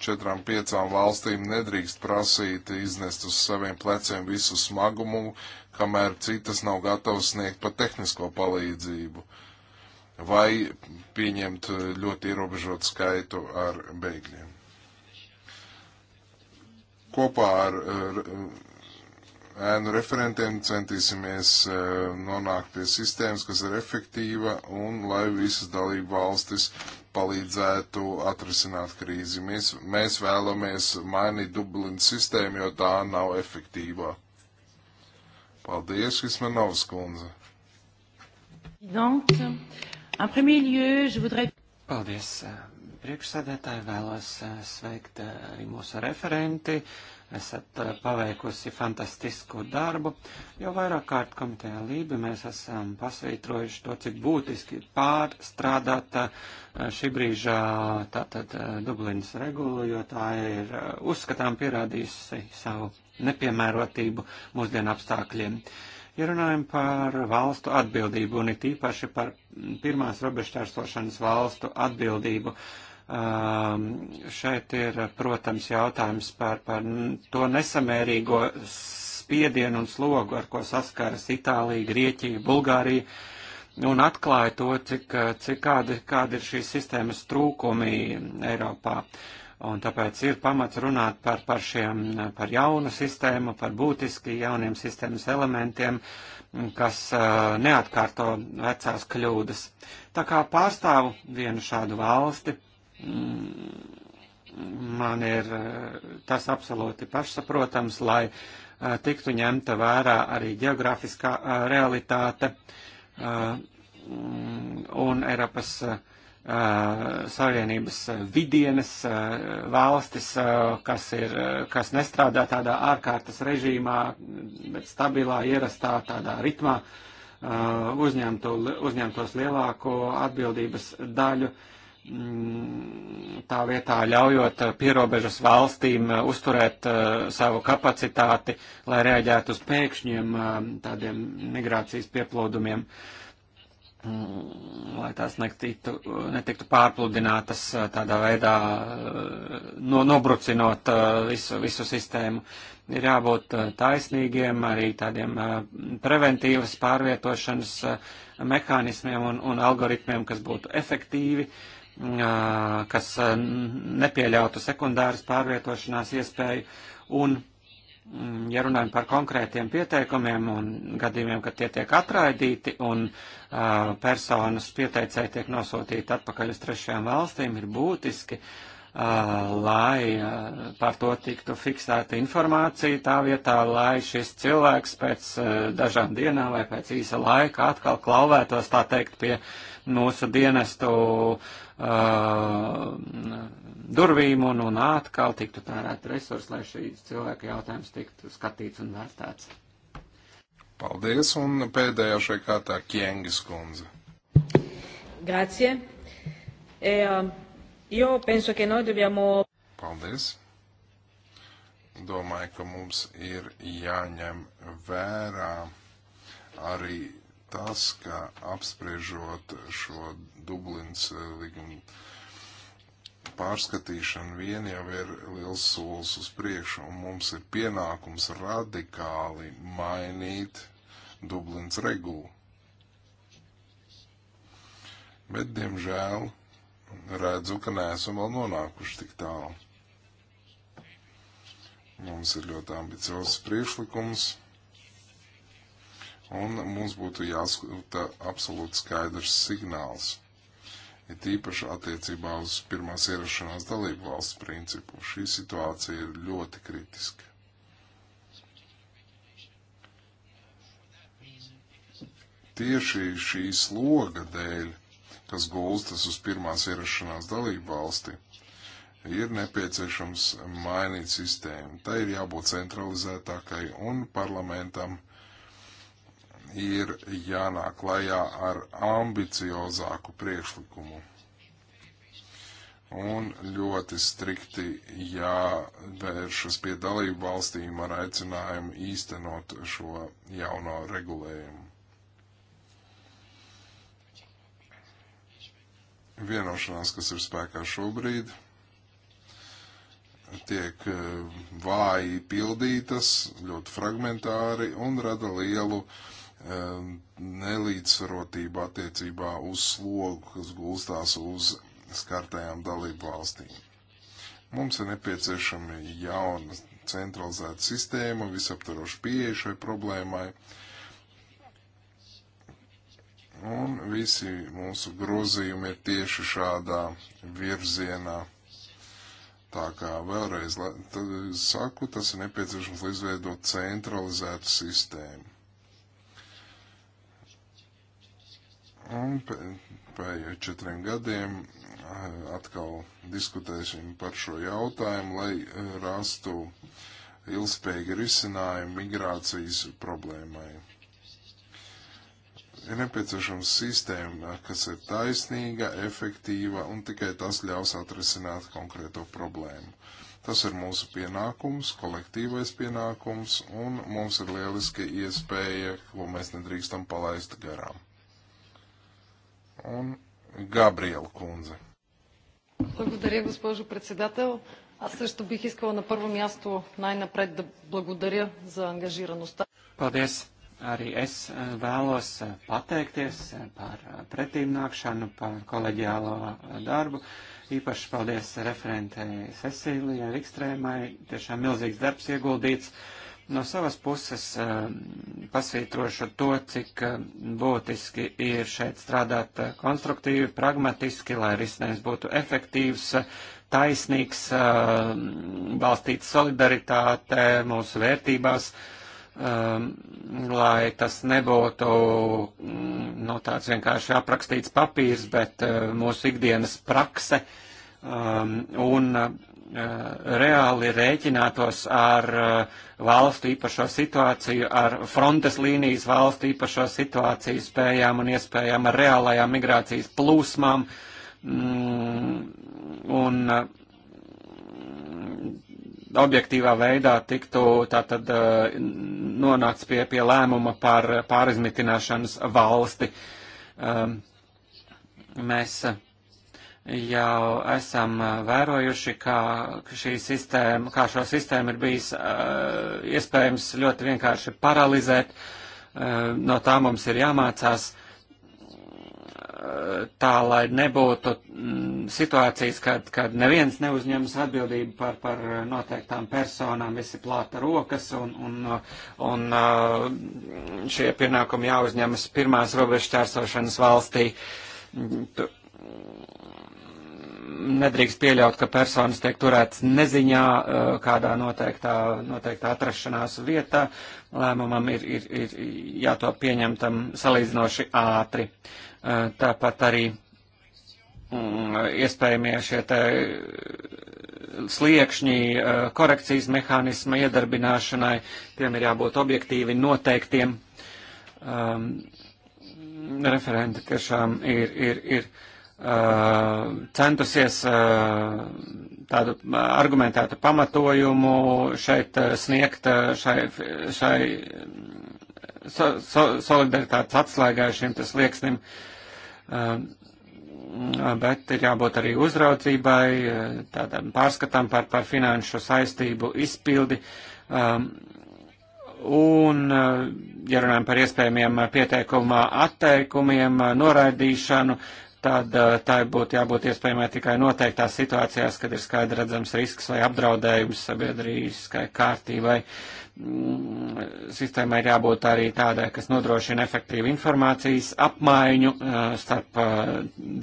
Speaker 2: četrām, piecām valstīm nedrīkst prasīt iznest uz saviem pleciem visu smagumu, kamēr citas nav gatavas sniegt pat tehnisko palīdzību vai pieņemt ļoti ierobežotu skaitu ar bēgļiem. Kopā ar, ar ēnu referentiem, centīsimies eh, nonākt pie sistēmas, kas ir efektīva un lai visas dalību valstis palīdzētu atrisināt krīzi. Mēs, mēs vēlamies mainīt Dublinas sistēmu, jo tā nav efektīva. Paldies, Ismanovs kundze. Paldies. Eh, priekšsēdētāji vēlos eh, sveikt
Speaker 1: arī mūsu referenti. Uh, esat eh, paveikusi fantastisku darbu. Jau vairāk kārt komitejā Lība mēs esam pasvītrojuši to, cik būtiski pārstrādāt eh, šī brīža tātad eh, Dublinas regulu, jo tā ir uzskatām pierādījusi savu nepiemērotību mūsdienu apstākļiem. Ja runājam par valstu atbildību un it īpaši par pirmās robežšķērsošanas valstu atbildību, uh, Ehm, šeit ir, protams, jautājums par, par to nesamērīgo spiedienu un slogu, ar ko saskaras Itālija, Grieķija, Bulgārija, un atklāja to, cik, cik kādi, kādi ir šīs sistēmas trūkumi Eiropā. Un tāpēc ir pamats runāt par, par, šiem, par jaunu sistēmu, par būtiski jauniem sistēmas elementiem, kas uh, neatkārto vecās kļūdas. Tā kā pārstāvu vienu šādu valsti, Mm, man ir eh, tas absolūti pašsaprotams, lai eh, tiktu ņemta vērā arī geogrāfiskā eh, realitāte un Eiropas Savienības vidienes valstis, kas, ir, kas nestrādā tādā ārkārtas režīmā, bet stabilā, ierastā tādā ritmā, uzņemtu, uzņemtos lielāko atbildības daļu. Uh, Mm, tā vietā ļaujot uh, pierobežas valstīm uh, uzturēt uh, savu kapacitāti, lai reaģētu uz pēkšņiem tādiem migrācijas pieplūdumiem, mm, lai tās netiktu, netiktu pārpludinātas tādā veidā, no, nobrucinot visu, visu sistēmu. Ir jābūt taisnīgiem, arī tādiem preventīvas pārvietošanas mehānismiem un, un algoritmiem, kas būtu efektīvi. Uh, kas nepieļautu sekundāras pārvietošanās iespēju. Un, mm, ja runājam par konkrētiem pieteikumiem un gadījumiem, kad tie tiek atraidīti un personas pieteicēji tiek nosūtīti atpakaļ uz trešajām valstīm, ir būtiski, lai par to tiktu fiksēta informācija tā vietā, lai šis cilvēks pēc dažām dienām vai pēc īsa laika atkal klauvētos, tā teikt, pie mūsu dienestu uh, Uh, durvīm un, un atkal tiktu tērēt resursi, lai šīs cilvēka jautājums tiktu skatīts un vērtēts.
Speaker 2: Paldies, un pēdējā šai kārtā Kjengis kundze.
Speaker 3: Grazie. E, jo um, penso, ka noi dobbiamo.
Speaker 2: Paldies. Domāju, ka mums ir jāņem vērā arī tas, ka apspriežot šo Dublins eh, līgumu pārskatīšana vien jau ir liels solis uz priekšu, un mums ir pienākums radikāli mainīt Dublins regulu. Bet, diemžēl, redzu, ka neesam vēl nonākuši tik tālu. Mums ir ļoti ambiciozs priekšlikums Un mums būtu jāskata absolūti skaidrs signāls, ir tīpaši attiecībā uz pirmās ierašanās dalību valsts principu. Šī situācija ir ļoti kritiska. Tieši šī sloga dēļ, kas gulstas uz pirmās ierašanās dalību valsti, ir nepieciešams mainīt sistēmu. Tā ir jābūt centralizētākai un parlamentam uh, ir jānāk lajā ar ambiciozāku priekšlikumu. Un ļoti strikti jāvēršas pie dalību valstīm ar aicinājumu īstenot šo jauno regulējumu. Vienošanās, kas ir spēkā šobrīd, tiek eh, vāji pildītas, ļoti fragmentāri un rada lielu uh, Um, nelīdzsvarotība attiecībā uz slogu, kas gulstās uz skartajām dalību valstīm. Mums ir nepieciešama jauna centralizēta sistēma, visaptvaroša pieeja šai problēmai. Un visi mūsu grozījumi ir tieši šādā virzienā. Tā kā vēlreiz saku, tas ir nepieciešams, lai izveidot centralizētu sistēmu. Un pēc četriem gadiem eh, atkal diskutēsim par šo jautājumu, lai eh, rastu ilgspējīgi risinājumu migrācijas problēmai. Ir nepieciešama sistēma, eh, kas ir taisnīga, efektīva un tikai tas ļaus atrisināt konkrēto problēmu. Tas ir mūsu pienākums, kolektīvais pienākums, un mums ir lieliski iespēja, ko mēs nedrīkstam palaist garām un Габриел Кунзе.
Speaker 3: Благодаря, госпожо председател. Аз също бих искала на първо място най-напред да благодаря за ангажираността.
Speaker 2: Paldies!
Speaker 1: Arī es vēlos pateikties par pretīmnākšanu, par kolēģiālo darbu. Īpaši paldies referentei Cecīlijai Rikstrēmai. Tiešām milzīgs darbs ieguldīts. Uh, No savas puses ehm, pasvītrošu to, cik ehm, būtiski ir šeit strādāt eh, konstruktīvi, pragmatiski, lai risinājums būtu efektīvs, taisnīgs, ehm, balstīts solidaritāte mūsu vērtībās lai tas nebūtu mm, nu, tāds vienkārši aprakstīts papīrs, bet eh, mūsu ikdienas prakse. Un Eh, reāli rēķinātos ar eh, valstu īpašo situāciju, ar frontes līnijas valstu īpašo situāciju spējām un iespējām ar reālajām migrācijas plūsmām. Mm, un eh, objektīvā veidā tiktu tātad nonākts pie, pie lēmuma par pārizmitināšanas valsti. Mēs jau esam uh, vērojuši, kā, sistēma, kā šo sistēmu ir bijis uh, iespējams ļoti vienkārši paralizēt. Uh, no tā mums ir jāmācās uh, tā, lai nebūtu mm, situācijas, kad, kad neviens neuzņemas atbildību par, par noteiktām personām, visi plāta rokas un, un, un uh, šie pienākumi jāuzņemas pirmās robežu čērsošanas valstī. Tu, nedrīkst pieļaut, ka personas tiek turētas neziņā eh, kādā noteiktā, noteiktā atrašanās vietā. Lēmumam ir, ir, ir jātop pieņemtam salīdzinoši ātri. Eh, tāpat arī mm, iespējamie šie te eh, sliekšņi korekcijas mehānisma iedarbināšanai, tiem ir jābūt objektīvi noteiktiem. Um, referenti tiešām ir, ir, ir Uh, centusies uh, tādu uh, argumentētu pamatojumu šeit sniegt šai, šai so, so, solidaritātes atslēgai šim tas lieksnim, um, bet ir jābūt arī uzraudzībai, tādam pārskatam par, par finanšu saistību izpildi. Um, un, ja runājam par iespējamiem pieteikumā atteikumiem, noraidīšanu, uh, tad eh, tai būtu jābūt iespējamai tikai noteiktās situācijās, kad ir skaidri redzams risks vai apdraudējums sabiedrīskai kārtībai. Mm, sistēmai ir jābūt arī tādai, kas nodrošina efektīvu informācijas apmaiņu eh, starp eh,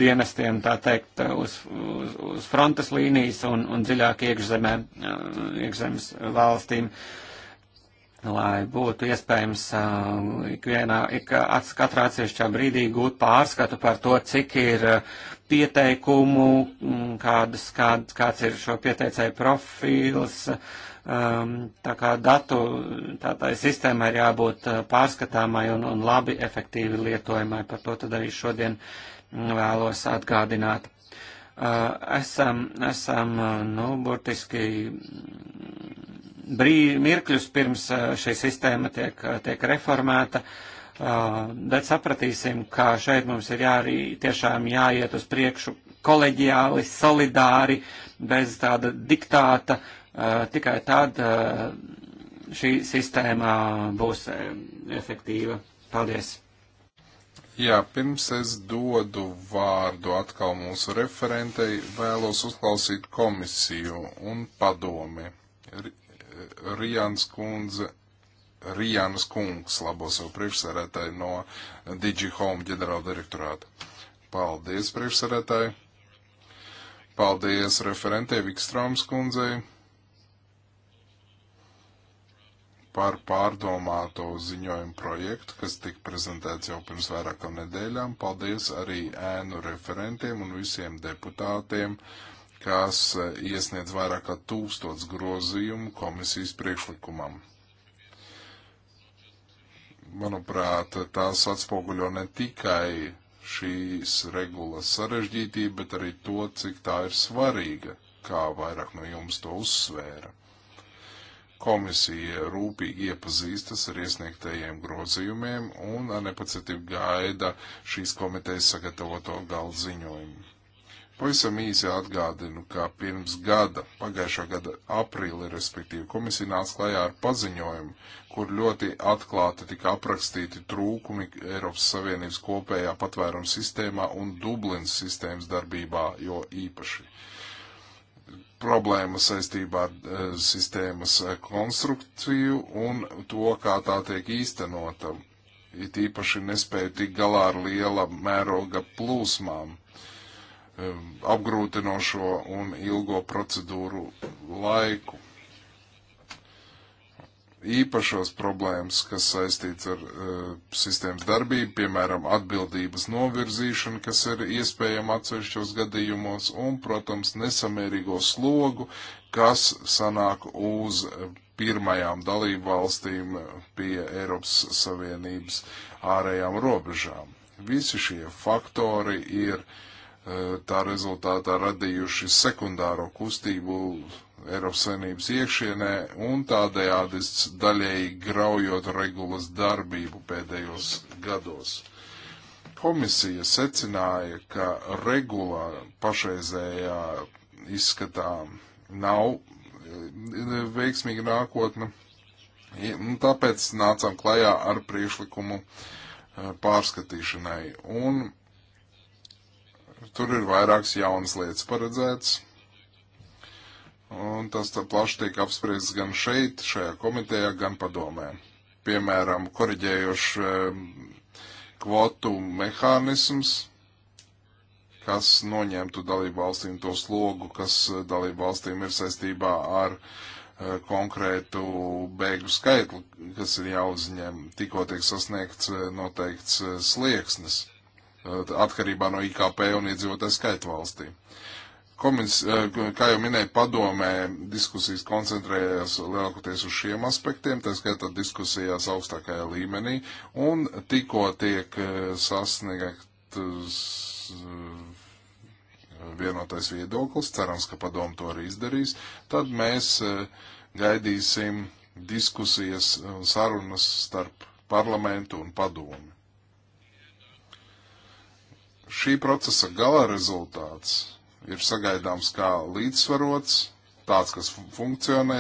Speaker 1: dienestiem, tā teikt, uz, uz, uz frontes līnijas un, un dziļāk iekšzemē, iekšzemes valstīm. Uh, lai būtu iespējams ikvienā, uh, ik katrā atsevišķā brīdī gūt pārskatu par to, cik ir uh, pieteikumu, mm, kādas, kād, kāds ir šo pieteicēju profils. Um, tā kā datu tādai sistēmai ir jābūt uh, pārskatāmai un, un labi efektīvi lietojamai. Par to tad arī šodien mm, vēlos atgādināt. Esam, esam nu, burtiski mm, brī, mirkļus pirms šī sistēma tiek, tiek reformēta, bet sapratīsim, ka šeit mums ir jārī, tiešām jāiet uz priekšu koleģiāli, solidāri, bez tāda diktāta, tikai tad šī sistēma būs efektīva. Paldies!
Speaker 2: Jā, pirms es dodu vārdu atkal mūsu referentei, vēlos uzklausīt komisiju un padomi. Rijāns kundze, Rijānas kungs, labo savu priekšsarētāju no Digi Home ģenerāla direktorāta. Paldies, priekšsarētāji! Paldies referentē Vikstrāms kundzei par pārdomāto ziņojumu projektu, kas tika prezentēts jau pirms vairākām nedēļām. Paldies arī ēnu referentiem un visiem deputātiem. Uh, kas e, iesniedz vairāk kā tūkstots grozījumu komisijas priekšlikumam manuprāt, tās atspoguļo ne tikai šīs regulas sarežģītību, bet arī to, cik tā ir svarīga, kā vairāk no jums to uzsvēra. Komisija rūpīgi iepazīstas ar iesniegtajiem grozījumiem un ar nepacietību gaida šīs komitejas sagatavoto galziņojumu. Pavisam īsi atgādinu, ka pirms gada, pagājušā gada aprīli, respektīvi, komisija nāca klajā ar paziņojumu, kur ļoti atklāti tika aprakstīti trūkumi Eiropas Savienības kopējā patvērums sistēmā un Dublins sistēmas darbībā, jo īpaši problēma saistībā ar e, sistēmas konstrukciju un to, kā tā tiek īstenota. It īpaši nespēja tik galā ar liela mēroga plūsmām Um, apgrūtinošo un ilgo procedūru laiku. Īpašos problēmas, kas saistīts ar uh, sistēmas darbību, piemēram, atbildības novirzīšana, kas ir iespējama atsevišķos gadījumos, un, protams, nesamērīgo slogu, kas sanāk uz pirmajām dalību valstīm pie Eiropas Savienības ārējām robežām. Visi šie faktori ir uh, Eh, tā rezultātā radījuši sekundāro kustību Eiropas Savienības iekšienē un tādējādi daļēji graujot regulas darbību pēdējos gados. Komisija secināja, ka regulā pašreizējā izskatā nav eh, veiksmīga nākotne, un tāpēc nācām klajā ar priešlikumu eh, pārskatīšanai. Un Tur ir vairākas jaunas lietas paredzētas. Un tas plaši tiek apspriests gan šeit, šajā komitejā, gan padomē. Piemēram, koriģējoši kvotu mehānisms, kas noņemtu dalību valstīm to slogu, kas eh, dalību valstīm ir saistībā ar eh, konkrētu bēgļu skaitli, kas ir jāuzņem, tikko tiek sasniegts eh, noteikts slieksnis atkarībā no IKP un iedzīvotāju skaitu valstī. Komis, eh, kā jau minēja padomē, diskusijas koncentrējās lielākoties uz šiem aspektiem, tā skaitā diskusijās augstākajā līmenī, un tikko tiek eh, sasniegtas eh, vienotais viedoklis, cerams, ka padomu to arī izdarīs, tad mēs gaidīsim diskusijas un sarunas starp parlamentu un padomi. Šī procesa gala rezultāts ir sagaidāms kā līdzsvarots, tāds, kas funkcionē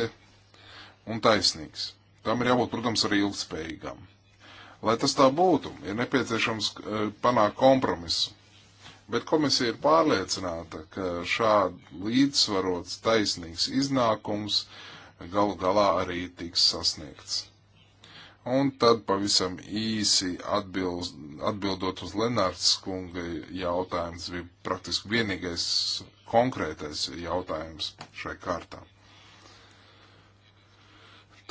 Speaker 2: un taisnīgs. Tam ir jābūt, protams, arī ilgspējīgam. Lai tas tā būtu, ir nepieciešams e, panākt kompromisu. Bet komisija ir pārliecināta, ka šāds līdzsvarots, taisnīgs iznākums galu galā arī tiks sasniegts. Un tad pavisam īsi atbilz, atbildot uz Lenārds kunga jautājums, bija praktiski vienīgais konkrētais jautājums šai kārtā.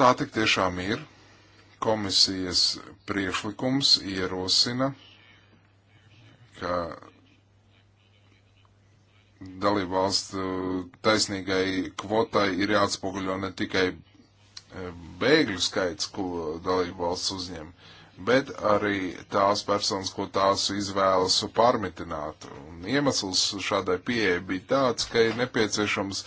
Speaker 2: Tā tik tiešām ir. Komisijas priekšlikums ierosina, ka dalībvalstu taisnīgai kvotai ir jāatspoguļo ne tikai bēgļu skaits, ko dalību valsts uzņem, bet arī tās personas, ko tās izvēlas pārmitināt. Un iemesls šādai pieeja bija tāds, ka ir nepieciešams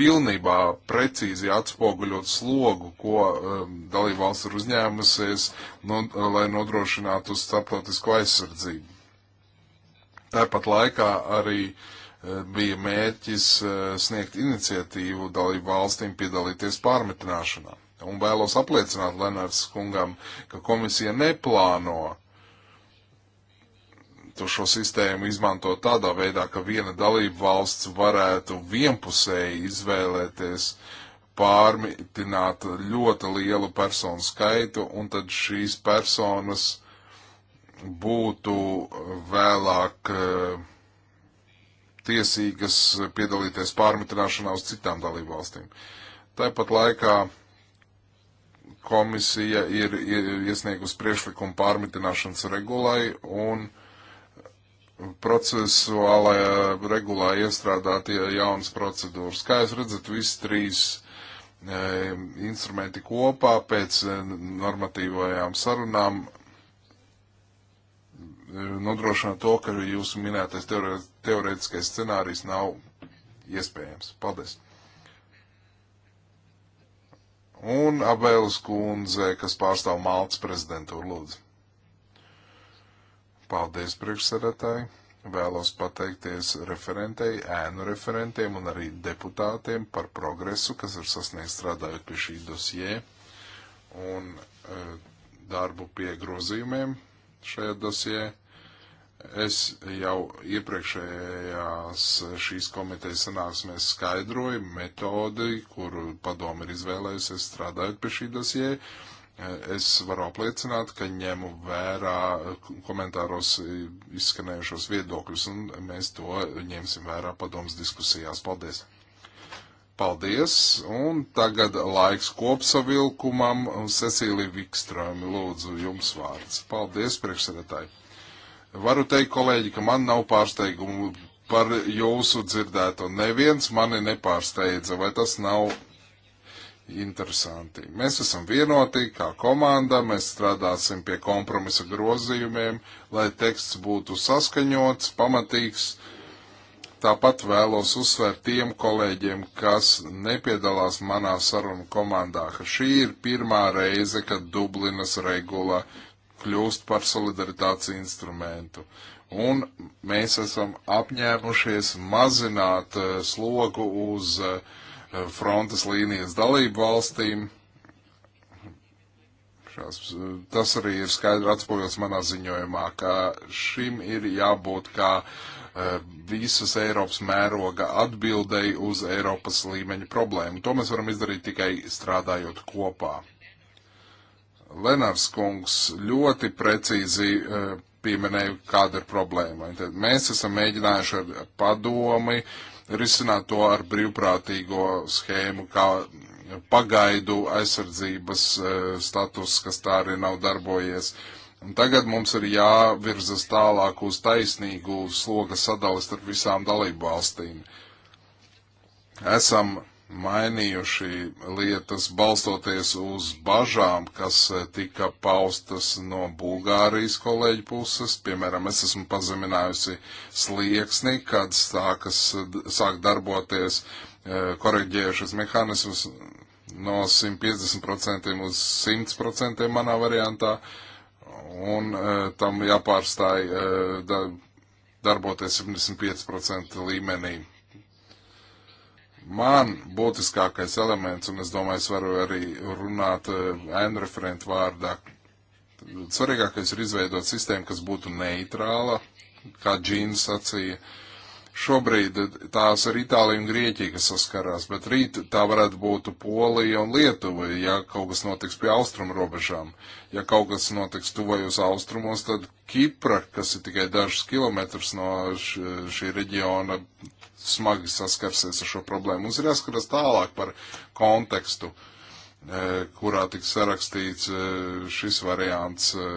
Speaker 2: pilnībā precīzi atspoguļot slogu, ko um, dalību valsts ir uzņēmusies, no, lai nodrošinātu starptautisko aizsardzību. Tāpat laikā arī uh, bija mērķis uh, sniegt iniciatīvu dalību valstīm piedalīties pārmetināšanā. Un vēlos apliecināt Lenārs kungam, ka komisija neplāno šo sistēmu izmantot tādā veidā, ka viena dalība valsts varētu vienpusēji izvēlēties pārmitināt ļoti lielu personu skaitu, un tad šīs personas būtu vēlāk eh, tiesīgas piedalīties pārmitināšanā uz citām dalību valstīm. Tāpat laikā komisija ir iesniegusi priekšlikumu pārmitināšanas regulai un procesuālajā regulā iestrādātie jaunas procedūras. Kā jūs redzat, visi trīs e, instrumenti kopā pēc e, normatīvajām sarunām e, nodrošina to, ka jūsu minētais teorētiskais scenārijs nav iespējams. Paldies! un Abēlas kundze, kas pārstāv Maltas prezidentūru, lūdzu. Paldies, priekšsēdētāji! Vēlos pateikties referentei, ēnu referentiem un arī deputātiem par progresu, kas ir sasniegts strādājot pie šī dosjē un e, darbu pie grozījumiem šajā dosjē. Es jau iepriekšējās šīs komitejas sanāksmēs skaidroju metodi, kuru padomu ir izvēlējusies strādājot pie šī dosie. Es varu apliecināt, ka ņemu vērā komentāros izskanējušos viedokļus, un mēs to ņemsim vērā padomas diskusijās. Paldies! Paldies! Un tagad laiks kopsavilkumam. Cecīlija Vikstrāmi, lūdzu, jums vārds. Paldies, priekšsēdētāji! Varu teikt, kolēģi, ka man nav pārsteigumu par jūsu dzirdēto. Neviens mani nepārsteidza, vai tas nav interesanti. Mēs esam vienoti kā komanda, mēs strādāsim pie kompromisa grozījumiem, lai teksts būtu saskaņots, pamatīgs. Tāpat vēlos uzsvērt tiem kolēģiem, kas nepiedalās manā sarunu komandā, ka šī ir pirmā reize, kad Dublinas regula uh, kļūst par solidaritātes instrumentu. Un mēs esam apņēmušies mazināt eh, slogu uz eh, frontes līnijas dalību valstīm. Eh, tas arī ir skaidri atspoguļots manā ziņojumā, ka šim ir jābūt kā visas Eiropas mēroga atbildei uz Eiropas līmeņa problēmu. To mēs varam izdarīt tikai strādājot kopā. Lenārs kungs ļoti precīzi e, pieminēja, kāda ir problēma. Tad mēs esam mēģinājuši ar padomi risināt to ar brīvprātīgo schēmu, kā pagaidu aizsardzības e, status, kas tā arī nav darbojies. Un tagad mums ir jāvirzas tālāk uz taisnīgu sloga sadali starp visām dalību valstīm. Esam mainījuši lietas balstoties uz bažām, kas eh, tika paustas no Bulgārijas kolēģi puses. Piemēram, es esmu pazeminājusi slieksni, kad sākas, sāk darboties eh, koreģējušas mehānismus no 150% uz 100% manā variantā, un eh, tam jāpārstāj darboties 75% līmenī man būtiskākais elements, un es domāju, es varu arī runāt eh, ēnu referentu vārdā, svarīgākais ir izveidot sistēmu, kas būtu neitrāla, kā Džīns sacīja, uh, Šobrīd tās ir Itālija un Grieķija, kas saskarās, bet rīt tā varētu būt Polija un Lietuva, ja kaut kas notiks pie austrumu robežām. Ja kaut kas notiks tuvajos austrumos, tad Kipra, kas ir tikai dažus kilometrus no šī reģiona, smagi saskarsies ar šo problēmu. Mums ir jāskatās tālāk par kontekstu, e, kurā tiks sarakstīts e, šis variants e,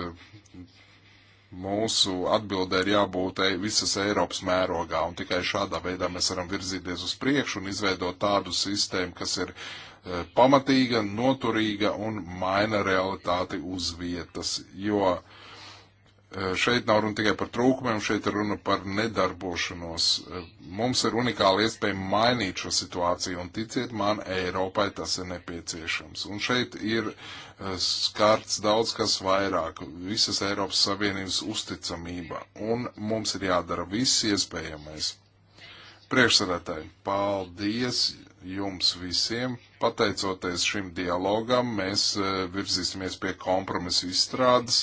Speaker 2: mūsu atbildē ir jābūt visas Eiropas mērogā, un tikai šādā veidā mēs varam virzīties uz priekšu un izveidot tādu sistēmu, kas ir e, pamatīga, noturīga un maina realitāti uz vietas, jo e, šeit nav runa tikai par trūkumiem, šeit ir runa par nedarbošanos. E, mums ir unikāla iespēja mainīt šo situāciju, un ticiet man, Eiropai tas ir nepieciešams. Un šeit ir uh, skarts daudz kas vairāk visas Eiropas Savienības uzticamība, un mums ir jādara viss iespējamais. Priekšsēdētāji, paldies jums visiem! Pateicoties šim dialogam, mēs e, virzīsimies pie kompromisu izstrādes,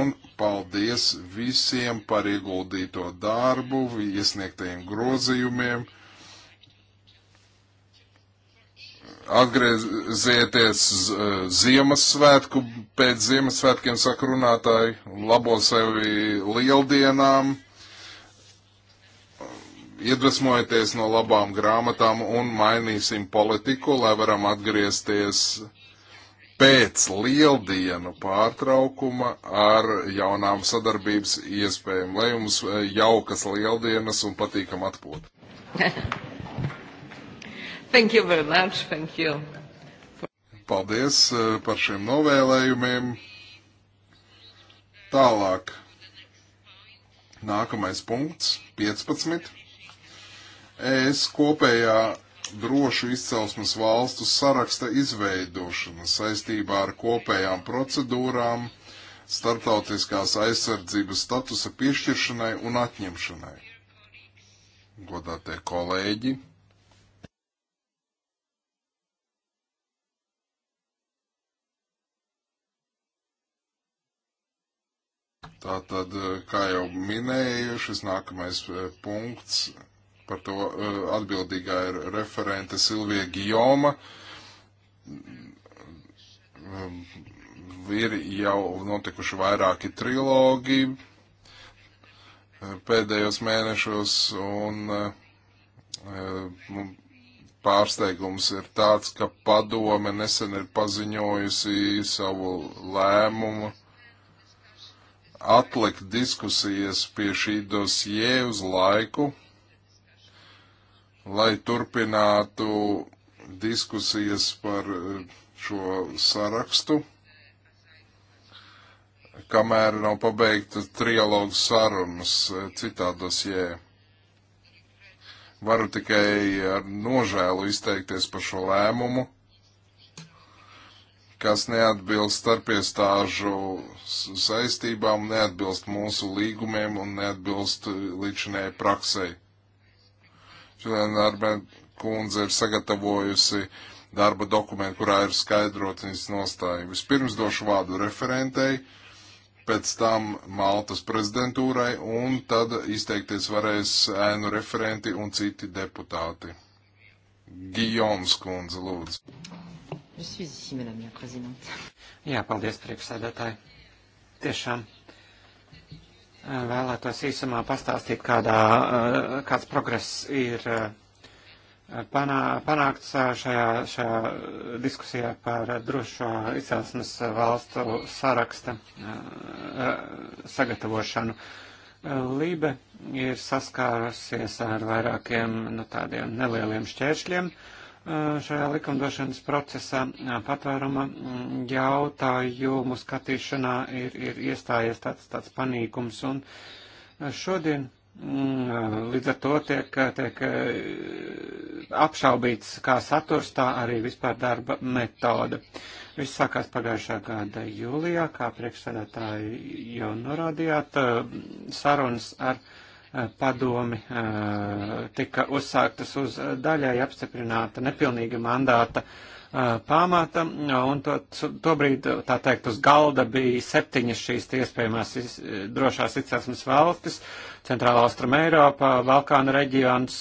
Speaker 2: un paldies visiem par ieguldīto darbu, iesniegtajiem grozījumiem. Atgriezieties e, Ziemassvētku, pēc Ziemassvētkiem saka runātāji, labo sevi lieldienām, iedvesmojieties no labām grāmatām un mainīsim politiku, lai varam atgriezties pēc lieldienu pārtraukuma ar jaunām sadarbības iespējām. Lai jums e, jaukas lieldienas un patīkam atpūta!
Speaker 3: Thank you very much. Thank you.
Speaker 2: Paldies eh, par šiem novēlējumiem. Tālāk. Nākamais punkts - 15. ES kopējā drošu izcelsmes valstu saraksta izveidošana saistībā ar kopējām procedūrām starptautiskās aizsardzības statusa piešķiršanai un atņemšanai. Godātie kolēģi, Tātad, eh, kā jau minēju, šis nākamais eh, punkts par to eh, atbildīgā ir referente Silvija Gijoma. Mm, mm, ir jau notikuši vairāki trilogi pēdējos mēnešos, un mm, pārsteigums ir tāds, ka padome nesen ir paziņojusi savu lēmumu atlikt diskusijas pie šī dosie uz laiku, lai turpinātu diskusijas par eh, šo sarakstu, kamēr nav pabeigta trialogu sarunas eh, citā dosjē. Varu tikai ar nožēlu izteikties par šo lēmumu kas neatbilst starpiestāžu saistībām, neatbilst mūsu līgumiem un neatbilst līdšanai praksei. Šodien Arben kundze ir sagatavojusi darba dokumentu, kurā ir skaidrot viņas nostāju. Vispirms došu vārdu referentei, pēc tam Maltas prezidentūrai un tad izteikties varēs ēnu referenti un citi deputāti. Gijoms kundze, lūdzu.
Speaker 1: Jā, paldies, priekšsēdētāji. Tiešām vēlētos īsumā pastāstīt, kādā, kāds progress ir panā, panākts šajā, šajā diskusijā par drošo izcelsmes valstu saraksta sagatavošanu. Lībe ir saskārusies ar vairākiem nu, tādiem nelieliem šķēršļiem. Uh, šajā likumdošanas procesā patvēruma mm, jautājumu skatīšanā ir, ir iestājies tāds, tāds panīkums. Un šodien mm, līdz ar to tiek, tiek apšaubīts kā saturs, tā arī vispār darba metode. Viss sākās pagājušā gada jūlijā, kā priekšsēdētāji jau norādījāt, sarunas ar. Eh, padomi eh, tika uzsāktas uz daļai apstiprināta nepilnīga mandāta eh, pamata, un to, to brīdi, tā teikt, uz galda bija septiņas šīs iespējamās iz, drošās izcelsmes valstis - Centrāla Austrum Eiropa, Balkāna reģions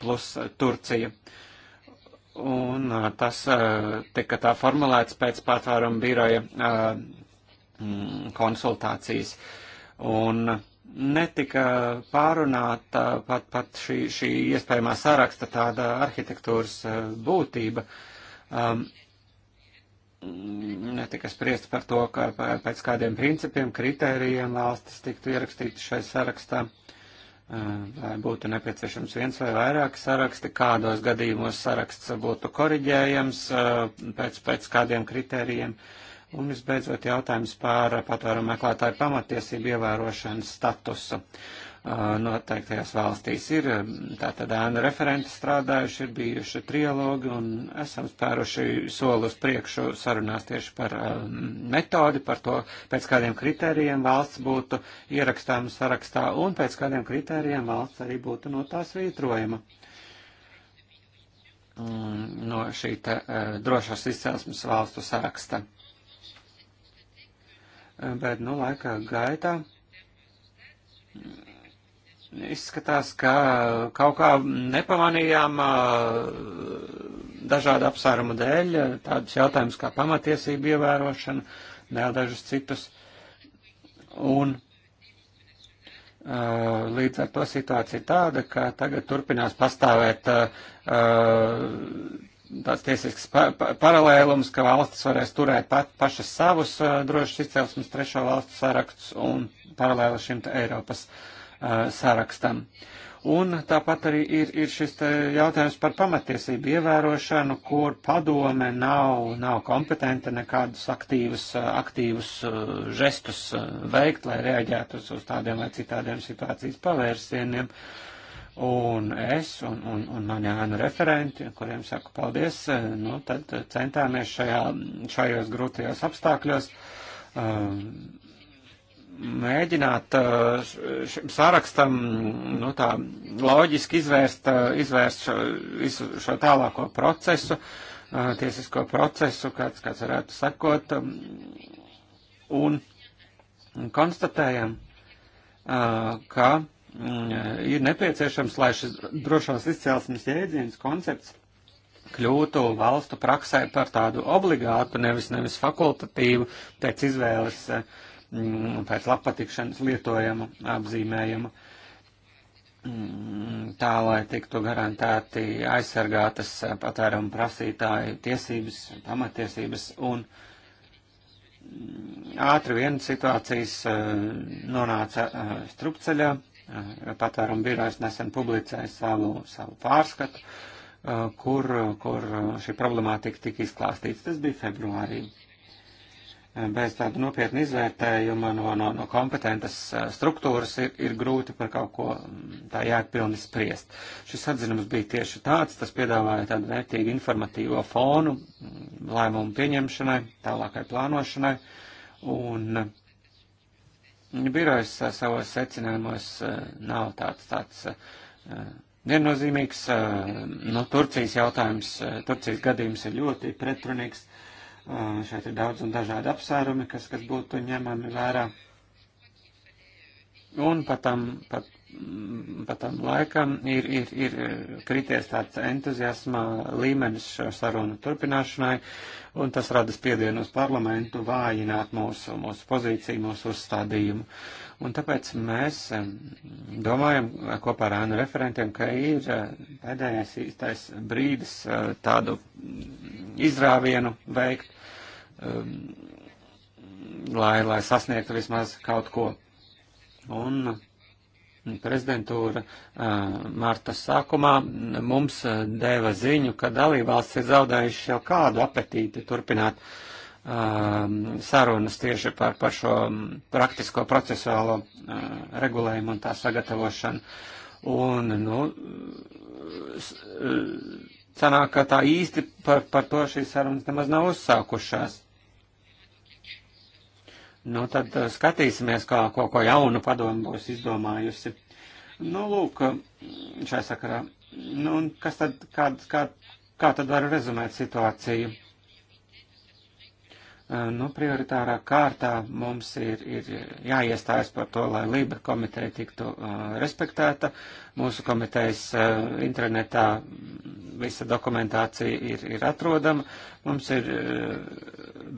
Speaker 1: plus Turcija. Un tas tika tā formulēts pēc pārtvērumu biroja mm, konsultācijas. Un netika pārunāta pat, pat šī, šī iespējamā saraksta tāda arhitektūras eh, būtība. Um, netika spriest par to, ka pēc kādiem principiem, kritērijiem valstis tiktu ierakstīti šai sarakstā, um, vai būtu nepieciešams viens vai vairāk saraksti, kādos gadījumos saraksts būtu koriģējams eh, pēc, pēc kādiem kritērijiem. Uh, Un visbeidzot jautājums par patvērumu meklētāju pamatiesību ievērošanas statusu uh, noteiktajās valstīs. Ir um, tātad ēna referenti strādājuši, ir bijuši trialogi un esam spēruši soli uz priekšu sarunās tieši par um, metodi, par to, pēc kādiem kritērijiem valsts būtu ierakstāma sarakstā un pēc kādiem kritērijiem valsts arī būtu no tās vītrojama. Um, no šī te, uh, drošās izcelsmes valstu saraksta. Eh, bet, nu, laika gaitā mm, izskatās, ka kaut kā nepamanījām eh, dažādu apsvērumu dēļ tādus jautājumus kā pamatiesību ievērošana, vēl dažus citus. Un eh, līdz ar to situācija ir tāda, ka tagad turpinās pastāvēt tāds tiesisks pa, pa, paralēlums, ka valstis varēs turēt pat pašas savus uh, drošas izcelsmes trešo valstu sarakstus un paralēli šim Eiropas uh, sarakstam. Un tāpat arī ir, ir šis jautājums par pamatiesību ievērošanu, kur padome nav, nav kompetenta nekādus aktīvus, aktīvus žestus veikt, lai reaģētu uz, uz tādiem vai citādiem situācijas pavērsieniem. Uh, Un es un, un, un mani ēnu referenti, kuriem saku paldies, eh, nu, tad eh, centāmies šajā, šajos grūtajos apstākļos um, mēģināt šim sārakstam nu, tā, loģiski izvērst, izvērst šo, visu šo tālāko procesu, tiesisko procesu, kāds, kāds varētu sakot, un konstatējam, ka Eh, ir nepieciešams, lai šis drošās izcelsmes jēdziens, koncepts kļūtu valstu praksē par tādu obligātu, nevis, nevis fakultatīvu, pēc izvēles, eh, mm, pēc labpatikšanas lietojamu apzīmējumu, mm, tā lai tiktu garantēti aizsargātas eh, patērumu prasītāju tiesības, pamatiesības un mm, ātri vien situācijas nonāca strupceļā Eh, patērumu birojs nesen publicēja savu, savu pārskatu, eh, kur, kur šī problemātika tika izklāstīta. Tas bija februārī. Eh, bez tāda nopietna izvērtējuma no, no, no kompetentas struktūras ir, ir grūti par kaut ko mm, tā jēgpilni spriest. Šis atzinums bija tieši tāds, tas piedāvāja tādu vērtīgu informatīvo fonu mm, lēmumu pieņemšanai, tālākai plānošanai. Un uh, Birojs savos secinājumos nav tāds tāds viennozīmīgs. No nu, Turcijas jautājums, Turcijas gadījums ir ļoti pretrunīgs. Šeit ir daudz un dažādi apsvērumi, kas, kas būtu ņemami vērā. Un pat, tam, pat, pa tam laikam ir, ir, ir krities tāds entuziasma līmenis šo sarunu turpināšanai, un tas rada spiedienu uz parlamentu vājināt mūsu, mūsu pozīciju, mūsu uzstādījumu. Un tāpēc mēs domājam kopā ar ēnu referentiem, ka ir eh, pēdējais īstais brīdis eh, tādu izrāvienu veikt, lai, lai sasniegtu vismaz kaut ko. Un Prezidentūra marta sākumā mums deva ziņu, ka dalībvalsts ir zaudējuši jau kādu apetīti turpināt sarunas tieši par, par šo praktisko procesuālo regulējumu un tā sagatavošanu. Un, nu, sanāk, ka tā īsti par, par to šīs sarunas nemaz nav uzsākušās. Nu, tad eh, skatīsimies, kā kaut ko jaunu padomu būs izdomājusi. Nu, lūk, šai sakarā. Nu, kas tad, kā, kā, kā tad var rezumēt situāciju? Eh, nu, prioritārā kārtā mums ir, ir jāiestājas par to, lai Lība komiteja tiktu uh, respektēta. Mūsu komitejas uh, internetā visa dokumentācija ir, ir atrodama. Mums ir uh,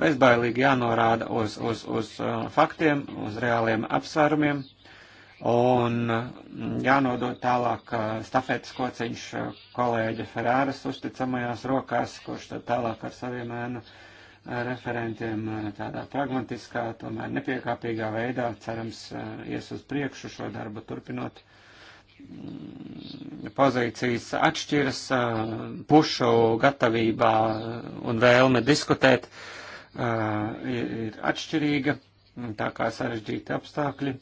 Speaker 1: bezbailīgi jānorāda uz, uz, uz uh, faktiem, uz reāliem apsvērumiem un mm, jānodod tālāk stafetes kociņš kolēģa Ferāras uzticamajās rokās, kurš tad tālāk ar saviem ēnu. Uh, referentiem eh, tādā pragmatiskā, tomēr nepiekāpīgā veidā, cerams, eh, ies uz priekšu šo darbu turpinot. Mm, pozīcijas atšķiras, eh, pušu gatavībā un vēlme diskutēt ir atšķirīga, tā kā sarežģīti apstākļi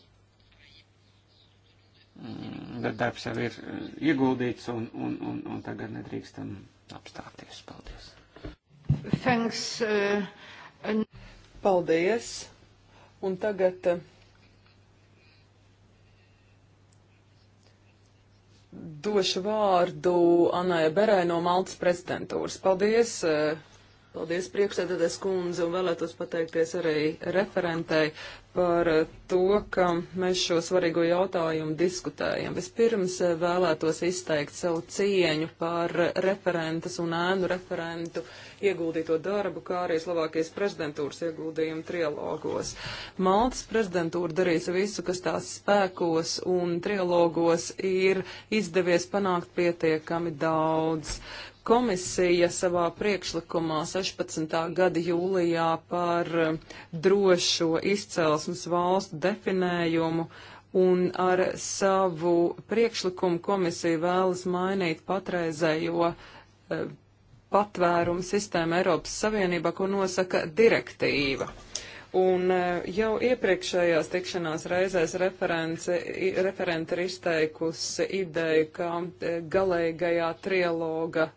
Speaker 1: bet mm, darbs jau ir ieguldīts un, un, un, un tagad nedrīkstam apstāties. Paldies!
Speaker 3: Thanks. Uh, and... Paldies. Un tagad uh, došu vārdu Anai Berē no Maltas prezidentūras. Paldies, uh, Paldies priekšsēdētājs kundze un vēlētos pateikties arī referentei par to, ka mēs šo svarīgo jautājumu diskutējam. Vispirms eh, vēlētos izteikt savu cieņu par referentas un ēnu referentu ieguldīto darbu, kā arī Slovākijas prezidentūras ieguldījumu trialogos. Maltas prezidentūra darīs visu, kas tās spēkos, un trialogos ir izdevies panākt pietiekami daudz. Komisija savā priekšlikumā 16. gada jūlijā par eh, drošo izcelsmes valstu definējumu un ar savu priekšlikumu komisija vēlas mainīt patreizējo eh, patvērumu sistēmu Eiropas Savienībā, ko nosaka direktīva. Un eh, jau iepriekšējās tikšanās reizēs referente ir izteikusi ideju, ka galīgajā trialoga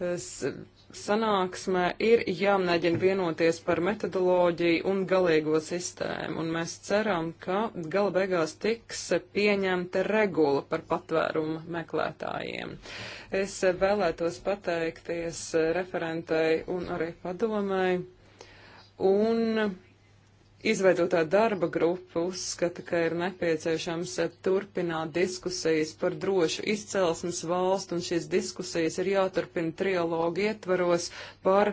Speaker 3: sanāksmē ir jāmēģina vienoties par metodoloģiju un galīgo sistēmu, un mēs ceram, ka gala beigās tiks pieņemta regula par patvērumu meklētājiem. Es vēlētos pateikties referentei un arī padomai, un Izveidotā darba grupa uzskata, ka ir nepieciešams eh, turpināt diskusijas par drošu izcelsmes valstu, un šīs diskusijas ir jāturpina trialogu ietvaros par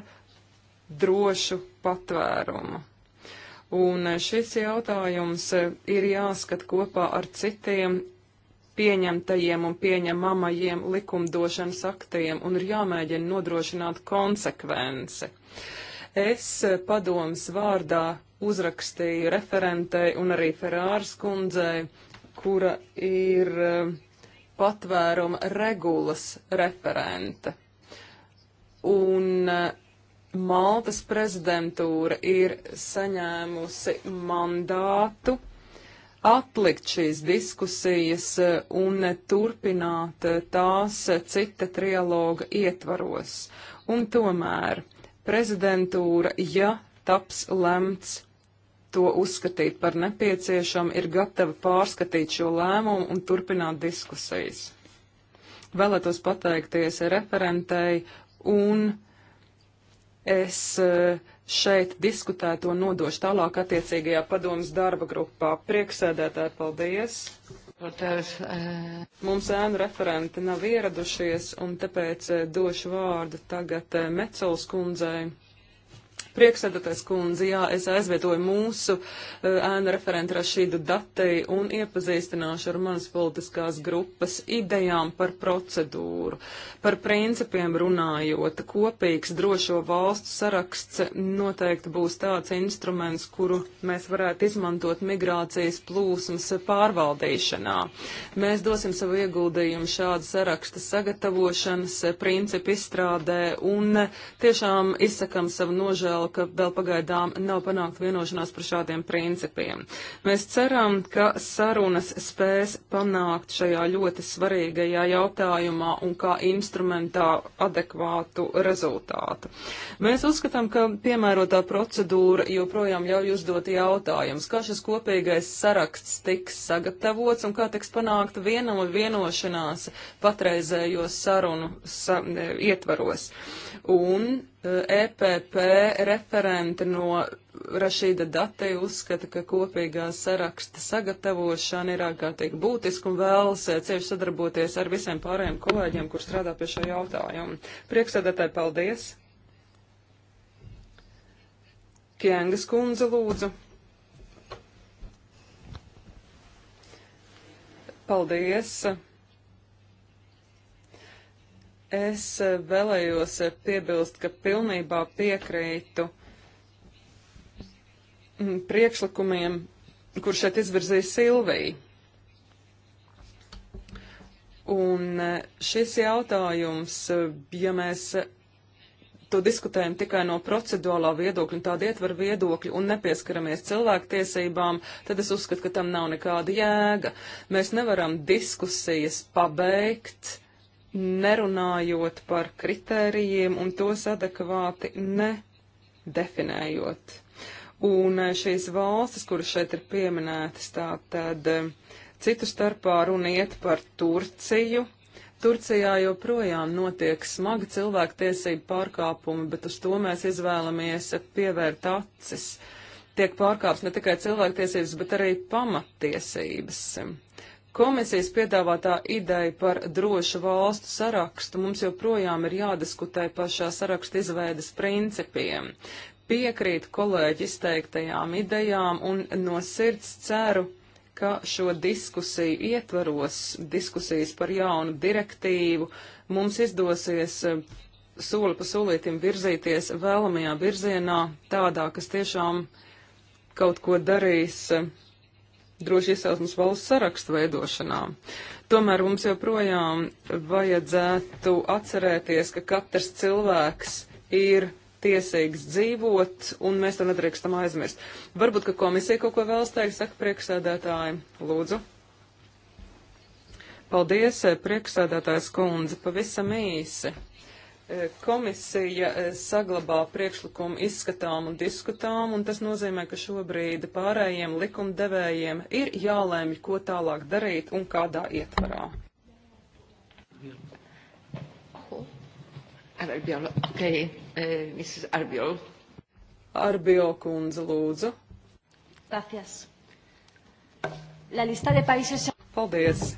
Speaker 3: drošu patvērumu. Un eh, šis jautājums eh, ir jāskat kopā ar citiem pieņemtajiem un pieņemamajiem likumdošanas aktiem, un ir jāmēģina nodrošināt konsekvenci. Es padomas vārdā uzrakstīju referentei un arī Ferāras kundzei, kura ir eh, patvēruma regulas referente. Un eh, Maltas prezidentūra ir saņēmusi mandātu atlikt šīs diskusijas eh, un turpināt tās cita trialoga ietvaros. Un tomēr prezidentūra, ja taps lemts to uzskatīt par nepieciešamu, ir gatava pārskatīt šo lēmumu un turpināt diskusijas. Vēlētos pateikties referentei un es eh, šeit diskutēto nodošu tālāk attiecīgajā padomas darba grupā. Prieksēdētāji, paldies! Eh, Mums ēnu referenti nav ieradušies, un tāpēc eh, došu vārdu tagad Mecols kundzei. Prieksēdētais kundze, jā, es aizvietoju mūsu eh, ēna uh, referentu Rašīdu Datei un iepazīstināšu ar manas politiskās grupas idejām par procedūru. Par principiem runājot, kopīgs drošo valstu saraksts noteikti būs tāds instruments, kuru mēs varētu izmantot migrācijas plūsmas pārvaldīšanā. Mēs dosim savu ieguldījumu šādu sarakstu sagatavošanas eh, principu izstrādē un eh, tiešām izsakam savu nožēlu žēl, ka vēl pagaidām nav panākt vienošanās par šādiem principiem. Mēs ceram, ka sarunas spēs panākt šajā ļoti svarīgajā jautājumā un kā instrumentā adekvātu rezultātu. Mēs uzskatām, ka piemērotā procedūra joprojām ļauj uzdot jautājumus, kā šis kopīgais saraksts tiks sagatavots un kā tiks panākt vienam un vienošanās patreizējos sarunu sa e, ietvaros. Un EPP referente no Rašīda Datei uzskata, ka kopīgā saraksta sagatavošana ir ārkārtīgi būtiska un vēlas eh, cieši sadarboties ar visiem pārējiem kolēģiem, kur strādā pie šā jautājuma. Prieksēdētāji, paldies! Kiengas kundze lūdzu. Paldies! Es eh, vēlējos eh, piebilst, ka pilnībā piekrītu mm, priekšlikumiem, kur šeit izvirzīja Silvija. Un eh, šis jautājums, ja mēs to diskutējam tikai no procedūrālā viedokļa un tāda ietvara viedokļa un nepieskaramies cilvēktiesībām, tad es uzskatu, ka tam nav nekāda jēga. Mēs nevaram diskusijas pabeigt nerunājot par kritērijiem un tos adekvāti nedefinējot. Un eh, šīs valstis, kuras šeit ir pieminētas, tātad eh, citu starpā runa iet par Turciju. Turcijā joprojām notiek smagi cilvēktiesību pārkāpumi, bet uz to mēs izvēlamies pievērt acis. Tiek pārkāps ne tikai cilvēktiesības, bet arī pamattiesības. Komisijas piedāvātā ideja par drošu valstu sarakstu mums joprojām ir jādiskutē par šā saraksta izveidas principiem. Piekrīt kolēģi izteiktajām idejām un no sirds ceru, ka šo diskusiju ietvaros, diskusijas par jaunu direktīvu, mums izdosies eh, soli pa solītim virzīties vēlamajā virzienā, tādā, kas tiešām kaut ko darīs eh, droši izcelsmes valsts sarakstu veidošanā. Tomēr mums joprojām vajadzētu atcerēties, ka katrs cilvēks ir tiesīgs dzīvot, un mēs to nedrīkstam aizmirst. Varbūt, ka komisija kaut ko vēlas teikt, saka priekšsēdētāji. Lūdzu. Paldies, priekšsēdētājs kundze, pavisam īsi. E, komisija e, saglabā priekšlikumu izskatām un diskutām, un tas nozīmē, ka šobrīd pārējiem likumdevējiem ir jālēmj, ko tālāk darīt un kādā ietvarā. Arbiola, okay. E, Mrs. Arbiola. Arbio kundze, lūdzu. Gracias. La lista de países... Paldies.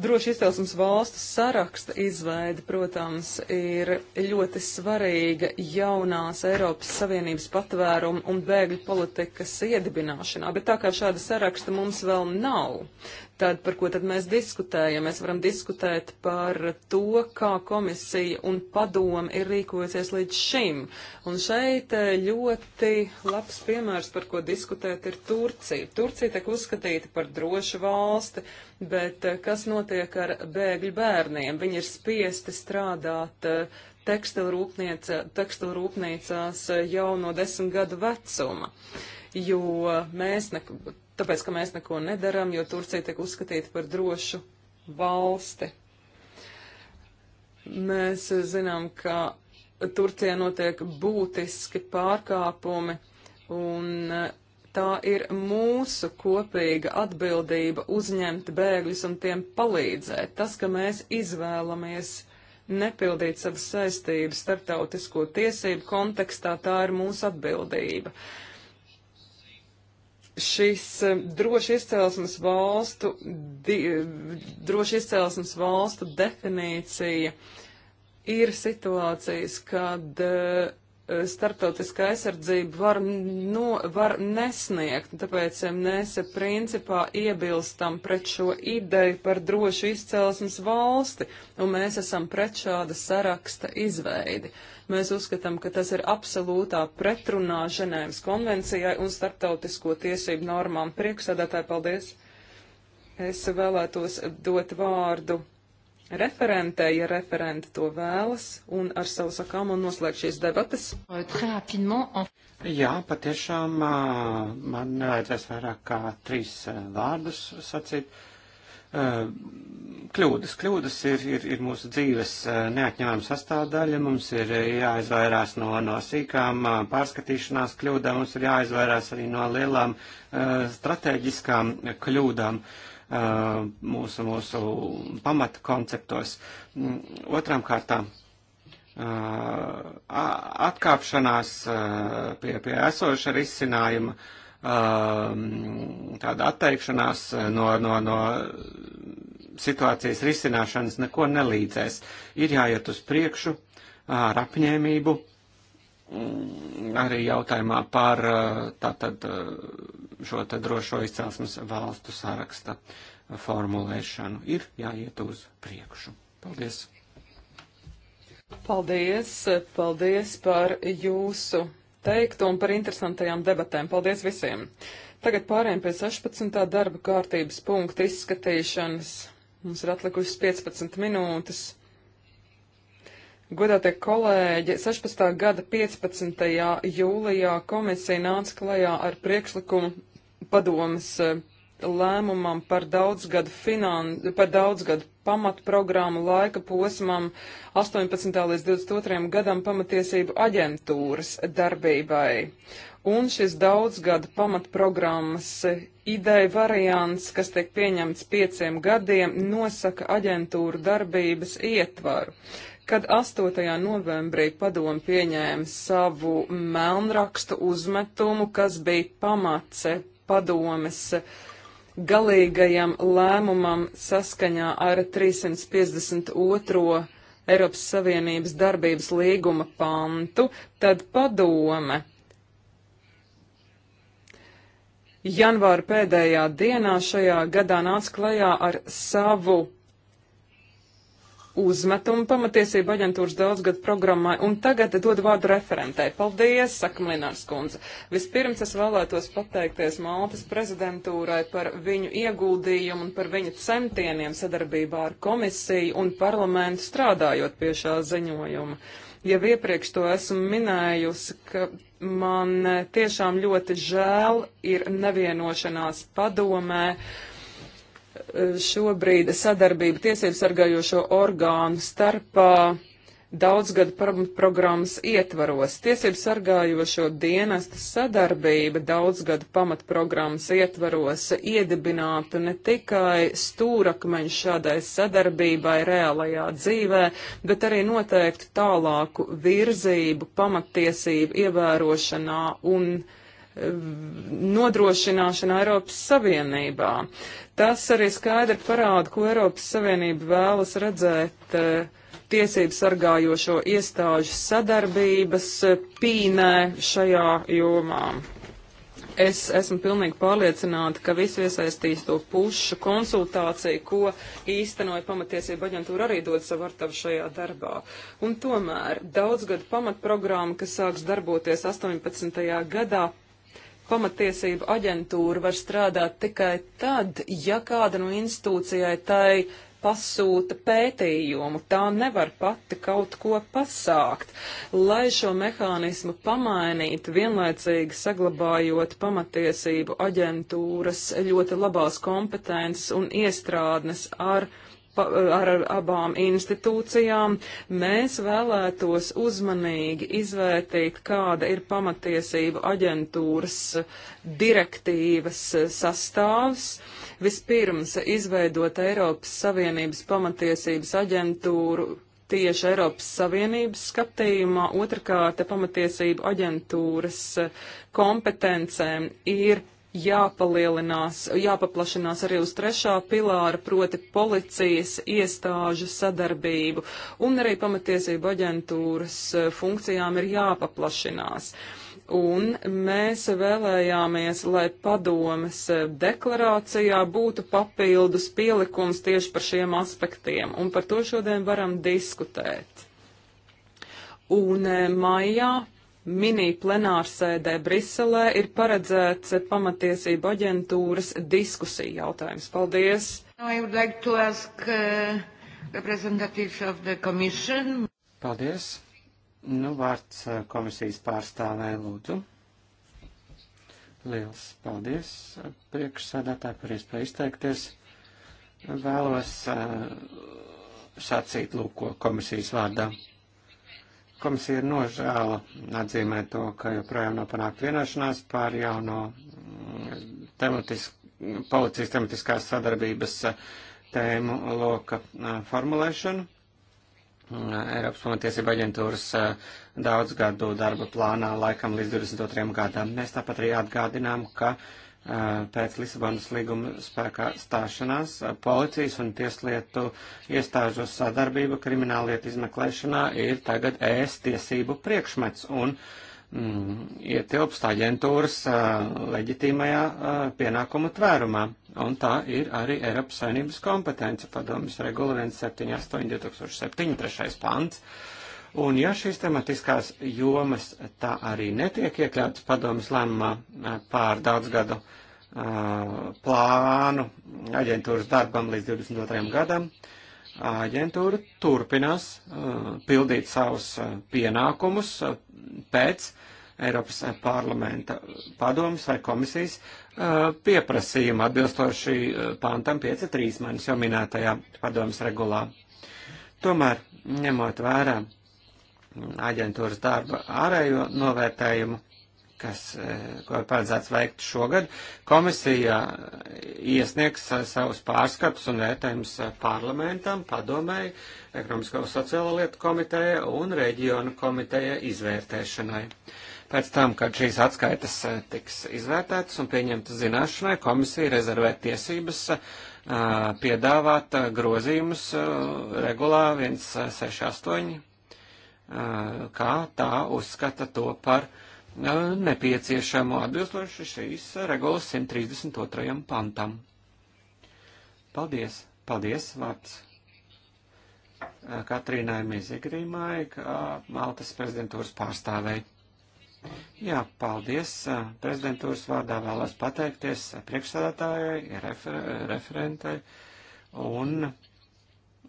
Speaker 3: Droši izcelsmes valstu saraksta izveida, protams, ir ļoti svarīga jaunās Eiropas Savienības patvērumu un bēgļu politikas iedibināšanā, bet tā kā šāda saraksta mums vēl nav, tad par ko tad mēs diskutējam? Mēs varam diskutēt par to, kā komisija un padoma ir rīkojusies līdz šim. Un šeit eh, ļoti labs piemērs, par ko diskutēt, ir Turcija. Turcija tiek uzskatīta par drošu valsti, bet eh, kas notiek ar bēgļu bērniem? Viņi ir spiesti strādāt eh, tekstilrūpniecās jau no desmit gadu vecuma jo mēs ne, tāpēc, ka mēs neko nedaram, jo Turcija tiek uzskatīta par drošu valsti. Mēs zinām, ka Turcijā notiek būtiski pārkāpumi, un eh, tā ir mūsu kopīga atbildība uzņemt bēgļus un tiem palīdzēt. Tas, ka mēs izvēlamies nepildīt savas saistības starptautisko tiesību kontekstā, tā ir mūsu atbildība. Uh, šis eh, droši izcelsmes valstu, di, droši izcelsmes valstu definīcija ir situācijas, kad eh, starptautiska aizsardzība var, no, var nesniegt, tāpēc eh, mēs principā iebilstam pret šo ideju par drošu izcelsmes valsti, un mēs esam pret šāda saraksta izveidi. Mēs uzskatām, ka tas ir absolūtā pretrunā Ženēvas konvencijai un starptautisko tiesību normām. Priekšsēdētāji, paldies! Es vēlētos dot vārdu referentē, ja referenti to vēlas, un ar savu sakām un noslēgt šīs debatas.
Speaker 1: Jā, patiešām man vajadzēs vairāk kā trīs vārdus sacīt. Eh, kļūdas. Kļūdas ir, ir, ir mūsu dzīves eh, neatņemama sastāvdaļa. Mums ir eh, jāizvairās no, no sīkām pārskatīšanās kļūdām, mums ir jāizvairās arī no lielām stratēģiskām kļūdām mūsu, mūsu pamata konceptos. Mm, Otram kārtām atkāpšanās pie, pie esoša risinājuma Um, tāda atteikšanās no, no, no situācijas risināšanas neko nelīdzēs. Ir jāiet uz priekšu ar apņēmību, mm, arī jautājumā par uh, tātad uh, šo te drošo izcelsmes valstu saraksta formulēšanu. Ir jāiet uz priekšu. Paldies!
Speaker 3: Paldies, paldies par jūsu teikto un par interesantajām debatēm. Paldies visiem! Tagad pārējiem pie 16. darba kārtības punkta izskatīšanas. Mums ir atlikušas 15 minūtes. Godātie kolēģi, 16. gada 15. jūlijā komisija nāca klajā ar priekšlikumu padomas eh, lēmumam par daudzgadu, finan... par daudzgadu pamatprogrammu laika posmam 18. līdz 22. gadam pamatiesību aģentūras darbībai. Un šis daudzgada pamatprogrammas ideja variants, kas tiek pieņemts pieciem gadiem, nosaka aģentūru darbības ietvaru. Kad 8. novembrī padomu pieņēma savu melnrakstu uzmetumu, kas bija pamats padomes uh, galīgajam lēmumam saskaņā ar 352. Eiropas Savienības darbības līguma pantu, tad padome janvāra pēdējā dienā šajā gadā nāca klajā ar savu uzmetumu pamatiesību aģentūras daudzgad programmai, un tagad dod vārdu referentei. Paldies, saka Linārs kundze. Vispirms es vēlētos pateikties Maltas prezidentūrai par viņu ieguldījumu un par viņu centieniem sadarbībā ar komisiju un parlamentu strādājot pie šā ziņojuma. Jau iepriekš to esmu minējusi, ka man tiešām ļoti žēl ir nevienošanās padomē šobrīd sadarbība tiesību sargājošo orgānu starpā daudzgadu pro programmas ietvaros. Tiesību sargājošo dienestu sadarbība daudzgadu pamatprogrammas ietvaros iedibinātu ne tikai stūrakmeņu šādai sadarbībai reālajā dzīvē, bet arī noteiktu tālāku virzību pamattiesību ievērošanā un ievērošanā nodrošināšana Eiropas Savienībā. Tas arī skaidri parāda, ko Eiropas Savienība vēlas redzēt eh, tiesību sargājošo iestāžu sadarbības eh, pīnē šajā jomā. Es esmu pilnīgi pārliecināta, ka visu iesaistīto pušu konsultāciju, ko īstenoja pamatiesība aģentūra, arī dod savu artavu šajā darbā. Un tomēr daudzgadu pamatprogramma, kas sāks darboties 18. gadā, pamatiesību aģentūra var strādāt tikai tad, ja kāda no institūcijai tai pasūta pētījumu, tā nevar pati kaut ko pasākt. Lai šo mehānismu pamainītu, vienlaicīgi saglabājot pamatiesību aģentūras ļoti labās kompetences un iestrādnes ar uh, ar abām institūcijām, mēs vēlētos uzmanīgi izvērtīt, kāda ir pamatiesību aģentūras direktīvas sastāvs. Vispirms izveidot Eiropas Savienības pamatiesības aģentūru tieši Eiropas Savienības skatījumā, otrkārt pamatiesību aģentūras kompetencēm ir jāpalielinās, jāpaplašinās arī uz trešā pilāra, proti policijas iestāžu sadarbību, un arī pamatiesību aģentūras eh, funkcijām ir jāpaplašinās. Un mēs vēlējāmies, lai padomes eh, deklarācijā būtu papildus pielikums tieši par šiem aspektiem, un par to šodien varam diskutēt. Un eh, maijā mini plenārsēdē Briselē ir paredzēts pamatiesību aģentūras diskusija jautājums. Paldies! Like ask, uh, Paldies! Nu,
Speaker 1: vārds uh, komisijas pārstāvē lūdzu. Liels paldies uh, priekšsādātāji par iespēju izteikties. Vēlos uh, sacīt lūko komisijas vārdā. Komisija ir nožēla atzīmē to, ka joprojām nav panākt vienošanās par jauno mm, tematisku, policijas tematiskās sadarbības eh, tēmu loka eh, formulēšanu. Mm, Eiropas pamatiesība aģentūras eh, daudzgadu darba plānā laikam līdz 22. gadam. Mēs tāpat arī atgādinām, ka uh, pēc Lisabonas līguma spēkā stāšanās policijas un tieslietu iestāžu sadarbība krimināllietu izmeklēšanā ir tagad ēs tiesību priekšmets un mm, ietilpst aģentūras leģitīmajā pienākumu tvērumā. Un tā ir arī Eiropas Savienības kompetence padomjas regula 178 2007 3. pants Un ja šīs tematiskās jomas tā arī netiek iekļautas padomjas lēmumā pār daudzgadu plānu aģentūras darbam līdz 22. gadam, aģentūra turpinās pildīt savus pienākumus pēc Eiropas parlamenta padomas vai komisijas pieprasījuma atbilstoši pantam 5.3. manis jau minētajā padomas regulā. Tomēr, ņemot vērā aģentūras darba ārējo novērtējumu, kas, e, ko ir paredzēts veikt šogad, komisija e, iesniegs e, savus pārskatus un vērtējumus parlamentam, padomēji, ekonomisko un sociālo lietu komiteja un reģionu komiteja izvērtēšanai. Pēc tam, kad šīs atskaitas tiks izvērtētas un pieņemtas zināšanai, komisija rezervē tiesības piedāvāt grozījumus regulā 168 kā tā uzskata to par nepieciešamo atbilstoši šīs regulas 132. pantam. Paldies, paldies, vārds Katrīnai Mizigrīmai, kā Maltas prezidentūras pārstāvei. Jā, paldies. Prezidentūras vārdā vēlos pateikties priekšsēdētājai, refer referentai un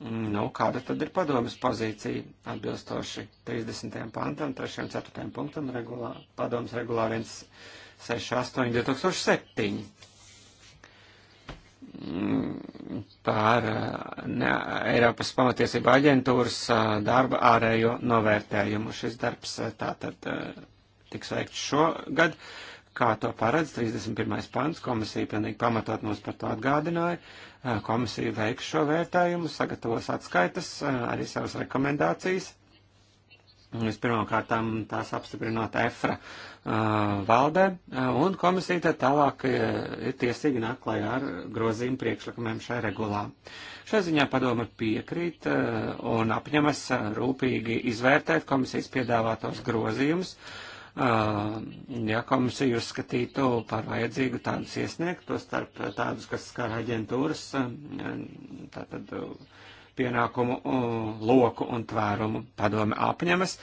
Speaker 1: Nu, kāda tad ir padomas pozīcija atbilstoši 30. pantam, 3. un 4. punktam regulā, padomas regulā 168 2007 par eh, ne, Eiropas pamatiesību aģentūras eh, darba ārējo novērtējumu. Šis darbs eh, tātad tiks veikts šogad, kā to paredz 31. pants, komisija pilnīgi pamatot mums par to atgādināja Eh, komisija veiks šo vērtējumu, sagatavos atskaitas, eh, arī savas rekomendācijas. Vispirmkārt, tās apstiprinot EFRA eh, valdē, un komisija tad tālāk ir tiesīgi nāk klajā ar grozījumu priekšlikumiem šai regulā. Šai ziņā padome piekrīt un apņemas rūpīgi izvērtēt komisijas piedāvātos grozījumus Uh, ja komisija uzskatītu par vajadzīgu tādus iesniegt, to starp tādus, kas skar aģentūras uh, tātad, uh, pienākumu loku un tvērumu padome apņemas,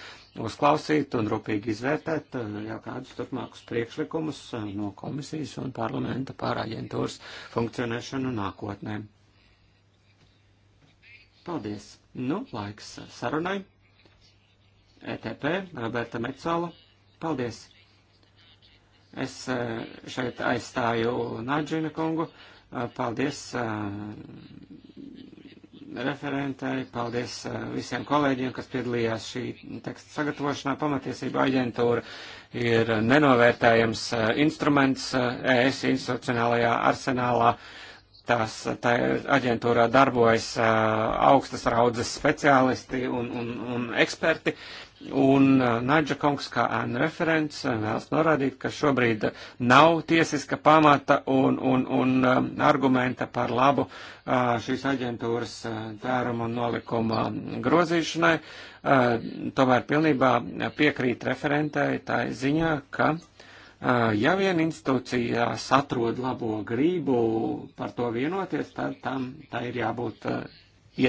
Speaker 1: uzklausīt un rūpīgi izvērtēt jau kādus turpmākus priekšlikumus no komisijas un parlamenta pār aģentūras funkcionēšanu nākotnē. Paldies! Nu, laiks sarunai. ETP, Roberta Mecola Paldies! Es eh, šeit aizstāju Nadžina kungu. Eh, paldies eh, referentai, paldies visiem kolēģiem, kas piedalījās šī teksta sagatavošanā. Pamatiesība aģentūra ir nenovērtējams instruments ES e institucionālajā arsenālā. Tās tā aģentūrā darbojas augstas raudzes speciālisti un, un, un eksperti. Uh, Un uh, Naidža kungs kā ēnu referents uh, vēlas norādīt, ka šobrīd uh, nav tiesiska pamata un, un, un um, argumenta par labu šīs aģentūras tērumu un nolikuma um, grozīšanai. Tomēr pilnībā piekrīt referentai tā ziņā, ka ja vien institūcijās atrod labo grību par to vienoties, tad tam tā ir jābūt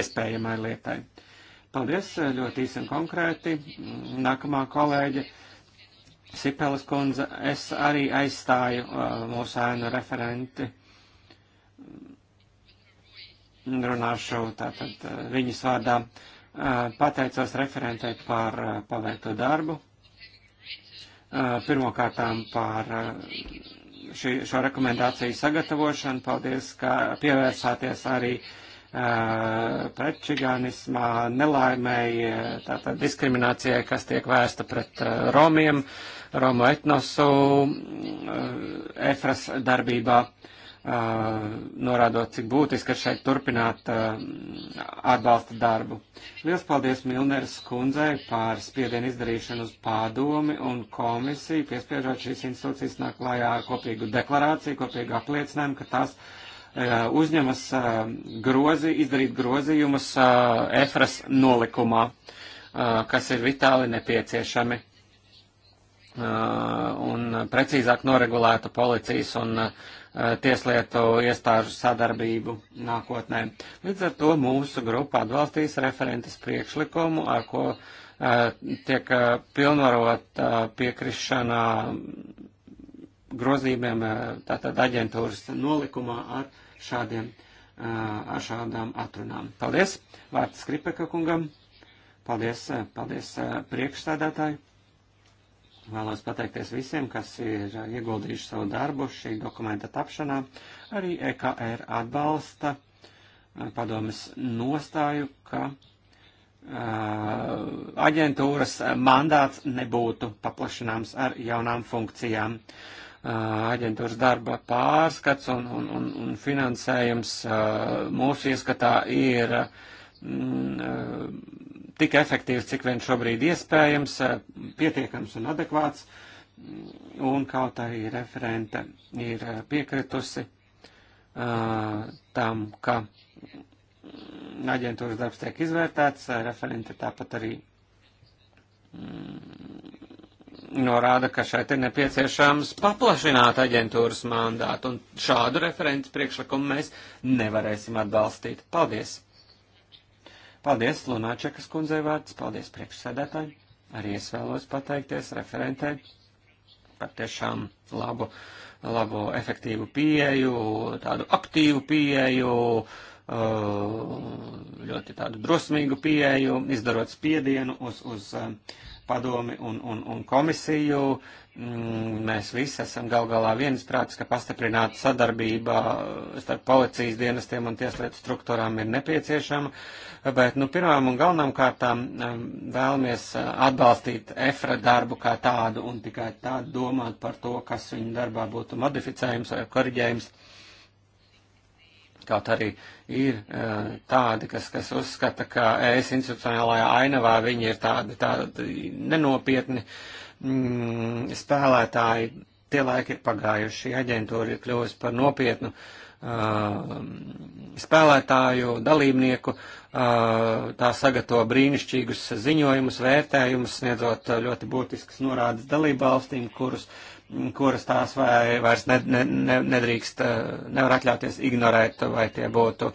Speaker 1: iespējamai lietai. Uh, Paldies, ļoti īsi un konkrēti. Nākamā kolēģe. Sipeles kundze, es arī aizstāju uh, mūsu ēnu referenti. Runāšu tātad uh, viņas vārdā. Uh, pateicos referentei par uh, paveikto darbu. Uh, pirmkārtām par uh, šī, šo rekomendāciju sagatavošanu. Paldies, ka pievērsāties arī uh, Eh, pret čigānismā, nelaimēji, tātad diskriminācijai, kas tiek vērsta pret eh, romiem, romu etnosu, eh, efras darbībā, norādot, cik būtiski ir šeit turpināt atbalsta darbu. Lielas paldies Milneres kundzei par spiedienu izdarīšanu uz pārdomi un komisiju, piespiežot šīs institūcijas nāk klājā kopīgu deklarāciju, kopīgu apliecinājumu, ka tās Eh, uzņemas eh, grozi, izdarīt grozījumus eh, EFRAS nolikumā, kas ir vitāli nepieciešami un precīzāk noregulētu policijas un tieslietu iestāžu sadarbību nākotnē. Līdz ar to mūsu grupa atbalstīs referentes priekšlikumu, ar ko tiek pilnvarot piekrišana grozījumiem tātad aģentūras nolikumā ar šādiem, ar šādām atrunām. Paldies! Vārds Skripeka kungam. Paldies, paldies priekšstādātāji. Vēlos pateikties visiem, kas ir ieguldījuši savu darbu šī dokumenta tapšanā. Arī EKR atbalsta padomas nostāju, ka aģentūras mandāts nebūtu paplašināms ar jaunām funkcijām. Uh, aģentūras darba pārskats un, un, un, un finansējums mūsu ieskatā ir m, mm, tik efektīvs, cik vien šobrīd iespējams, pietiekams un adekvāts, un kaut arī referente ir piekritusi tam, ka aģentūras darbs tiek izvērtēts, referente tāpat arī mm, norāda, ka šeit ir nepieciešams paplašināt aģentūras mandātu, un šādu referents priekšlikumu mēs nevarēsim atbalstīt. Paldies! Paldies, Lunāčekas kundzei vārds, paldies priekšsēdētāji. Arī es vēlos pateikties referentei par tiešām labu, labu efektīvu pieeju, tādu aktīvu pieeju, uh, ļoti tādu drosmīgu pieeju, izdarot spiedienu uz, uz uh, padomi un, un, un komisiju. Mm, mēs visi esam gal galā viensprāts, ka pastiprināta sadarbība starp policijas dienestiem un tieslietu struktūrām ir nepieciešama, bet nu, pirmām un galvenām kārtām mm, vēlamies eh, atbalstīt EFRA darbu kā tādu un tikai tādu domāt par to, kas viņa darbā būtu modificējums vai koriģējums. Kaut arī ir eh, tādi, kas, kas uzskata, ka es institucionālajā ainavā viņi ir tādi, tādi nenopietni mm, spēlētāji. Tie laiki ir pagājuši, aģentūra ir kļuvusi par nopietnu uh, spēlētāju, dalībnieku, uh, tā sagatavo brīnišķīgus ziņojumus, vērtējumus, sniedzot ļoti būtiskas norādes dalībvalstīm, kurus uh, kuras tās vai, vairs ne, ne, ne, nedrīkst, eh, nevar atļauties ignorēt, vai tie būtu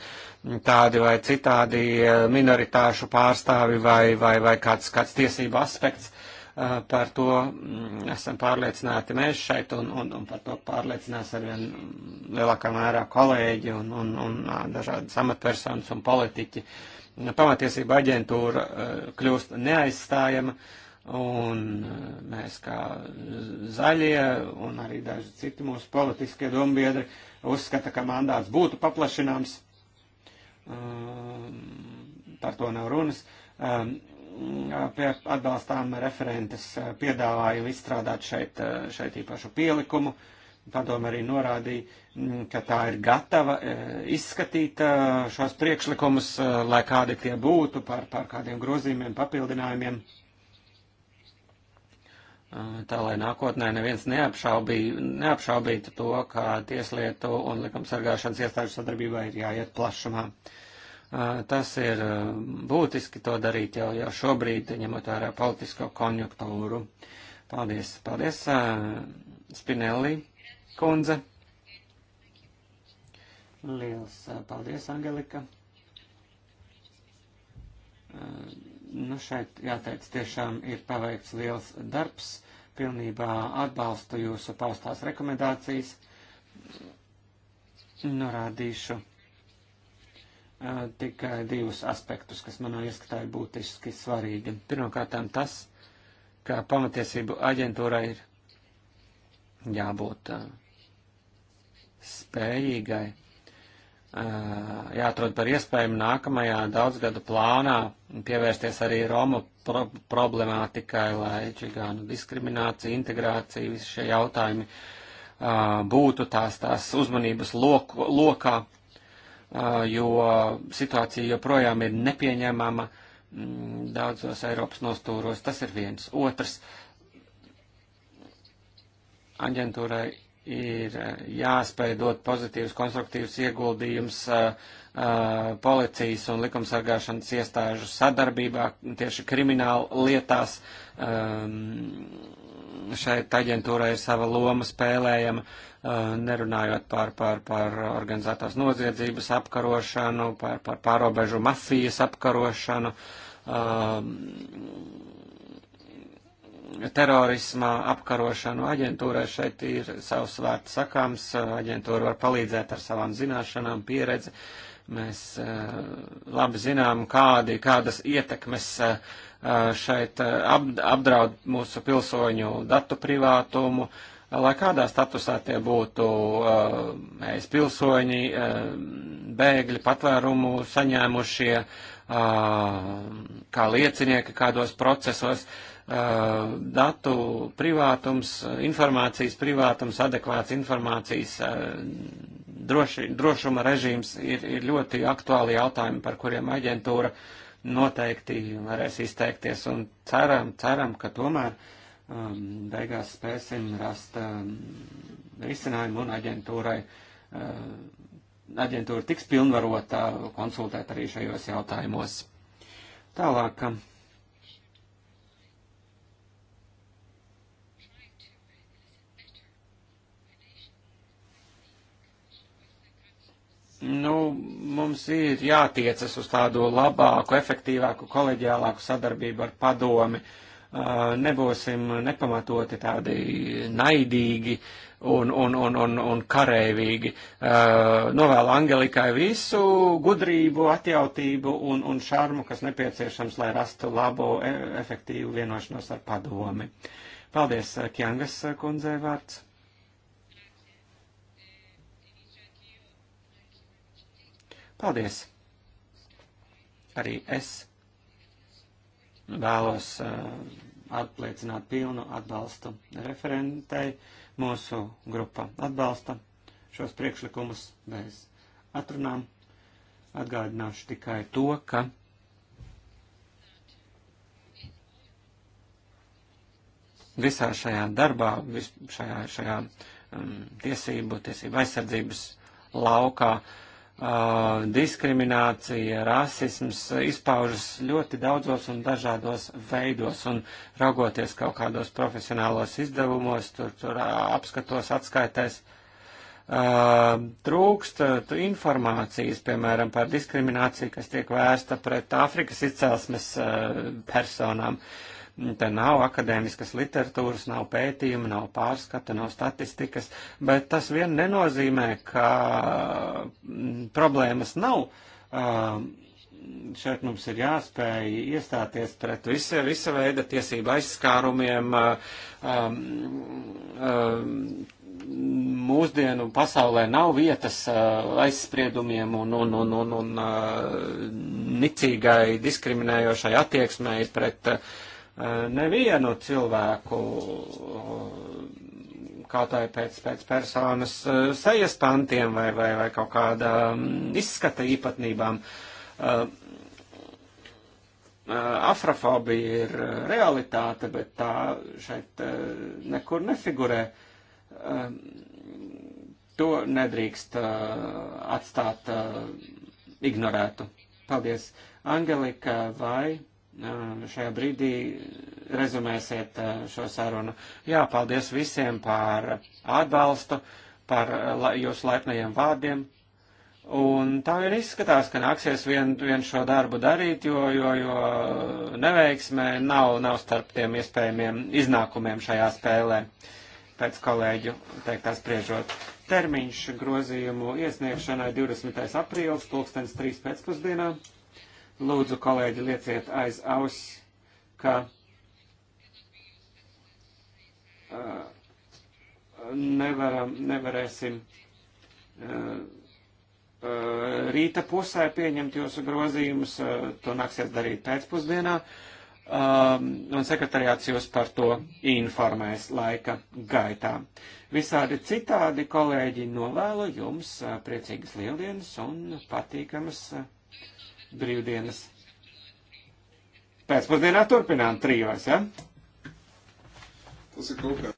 Speaker 1: tādi vai citādi eh, minoritāšu pārstāvi vai, vai, vai kāds, kāds tiesību aspekts. Eh, par to mm, esam pārliecināti mēs šeit, un, un, un par to pārliecinās arvien lielākā mērā kolēģi un, un, un dažādi amatpersonas un politiķi. Pamatiesība aģentūra kļūst neaizstājama. Uh, Un eh, mēs kā zaļie un arī daži citi mūsu politiskie dombiedri uzskata, ka mandāts būtu paplašināms. Eh, par to nav runas. Eh, pie atbalstām referentes piedāvāju izstrādāt šeit, šeit īpašu pielikumu. Padoma arī norādīja, mm, ka tā ir gatava izskatīt šos priekšlikumus, lai kādi tie būtu, par, par kādiem grozījumiem, papildinājumiem tā lai nākotnē neviens neapšaubī, neapšaubītu to, ka tieslietu un likumsargāšanas iestāžu sadarbībā ir jāiet plašumā. Tas ir būtiski to darīt jau, jau šobrīd, ņemot vērā politisko konjunktūru. Paldies, paldies, Spinelli kundze. Liels paldies, Angelika nu šeit jāteic, tiešām ir paveikts liels darbs pilnībā atbalstu jūsu paustās rekomendācijas. Norādīšu tikai divus aspektus, kas manā ieskatā ir būtiski svarīgi. Pirmkārt, tas, ka pamatiesību aģentūrai ir jābūt spējīgai Eh, jāatrod par iespējumu nākamajā daudzgadu plānā pievērsties arī Romu pro problemātikai, lai čigānu diskriminācija, integrācija, visi šie jautājumi eh, būtu tās, tās uzmanības loku, lokā, eh, jo situācija joprojām ir nepieņemama mm, daudzos Eiropas nostūros. Tas ir viens. Otrs, aģentūrai ir eh, jāspēj dot pozitīvs, konstruktīvs ieguldījums uh, eh, uh, eh, policijas un likumsargāšanas iestāžu sadarbībā tieši krimināla lietās. Um, šeit aģentūrai ir sava loma spēlējama, uh, nerunājot par, par, par organizētās noziedzības apkarošanu, par, par pārobežu mafijas apkarošanu. Um, terorisma apkarošanu aģentūrai šeit ir savs vārds sakāms. Aģentūra var palīdzēt ar savām zināšanām, pieredzi. Mēs eh, labi zinām, kādi, kādas ietekmes eh, šeit eh, apdraud mūsu pilsoņu datu privātumu. Lai kādā statusā tie būtu mēs pilsoņi, bēgļi, patvērumu saņēmušie, kā liecinieki kādos procesos, uh, Eh, datu privātums, eh, informācijas privātums, adekvāts informācijas eh, droši, drošuma režīms ir, ir ļoti aktuāli jautājumi, par kuriem aģentūra noteikti varēs izteikties un ceram, ceram ka tomēr um, beigās spēsim rast um, risinājumu un aģentūrai. Uh, aģentūra tiks pilnvarota konsultēt arī šajos jautājumos. Tālāk. Um, Nu, mums ir jātiecas uz tādu labāku, efektīvāku, koleģiālāku sadarbību ar padomi. Uh, nebūsim nepamatoti tādi naidīgi un, un, un, un, un karēvīgi. Uh, novēlu Angelikai visu gudrību, atjautību un, un šarmu, kas nepieciešams, lai rastu labu, e, efektīvu vienošanos ar padomi. Paldies, Kjangas kundzei vārds. Paldies! Arī es vēlos uh, apliecināt pilnu atbalstu referentei. Mūsu grupa atbalsta šos priekšlikumus bez atrunām. Atgādināšu tikai to, ka visā šajā darbā, vis, šajā, šajā um, tiesību, tiesību aizsardzības laukā uh, Uh, diskriminācija, rasisms izpaužas ļoti daudzos un dažādos veidos, un raugoties kaut kādos profesionālos izdevumos, tur, tur uh, apskatos, atskaitēs, uh, trūkst uh, informācijas, piemēram, par diskrimināciju, kas tiek vērsta pret Āfrikas izcelsmes uh, personām. Uh, Te nav akadēmiskas literatūras, nav pētījuma, nav pārskata, nav statistikas, bet tas vien nenozīmē, ka mm, problēmas nav. Um, šeit mums ir jāspēj iestāties pret visa, visa veida tiesību aizskārumiem, um, um, mūsdienu pasaulē nav vietas uh, aizspriedumiem un, un, un, un, un uh, nicīgai diskriminējošai attieksmei pret uh, Eh, nevienu cilvēku eh, kaut vai pēc, pēc personas eh, sejas pantiem vai, vai, vai kaut kāda mm, izskata īpatnībām. Afrofobija ir realitāte, bet tā šeit nekur nefigurē. To nedrīkst atstāt ignorētu. Paldies, Angelika, vai Nu, šajā brīdī rezumēsiet eh, šo sarunu. Jā, paldies visiem par atbalstu, par eh, jūsu laipnajiem vārdiem. Un tā vien izskatās, ka nāksies vien, vien šo darbu darīt, jo, jo, jo neveiksmē nav, nav starp tiem iespējamiem iznākumiem šajā spēlē, pēc kolēģu teiktās priežot. Termiņš grozījumu iesniegšanai 20. aprīlis, pulkstens 3 pēcpusdienā. Lūdzu, kolēģi, lieciet aiz aus, ka uh, nevaram, nevarēsim uh, rīta pusē pieņemt jūsu grozījumus, to nāksies darīt pēcpusdienā. Un sekretariāts jūs par to informēs laika gaitā. Visādi citādi kolēģi novēlu jums priecīgas lieldienas un patīkamas brīvdienas. Pēcpusdienā turpinām trijos, ja? Tas ir kaut kā.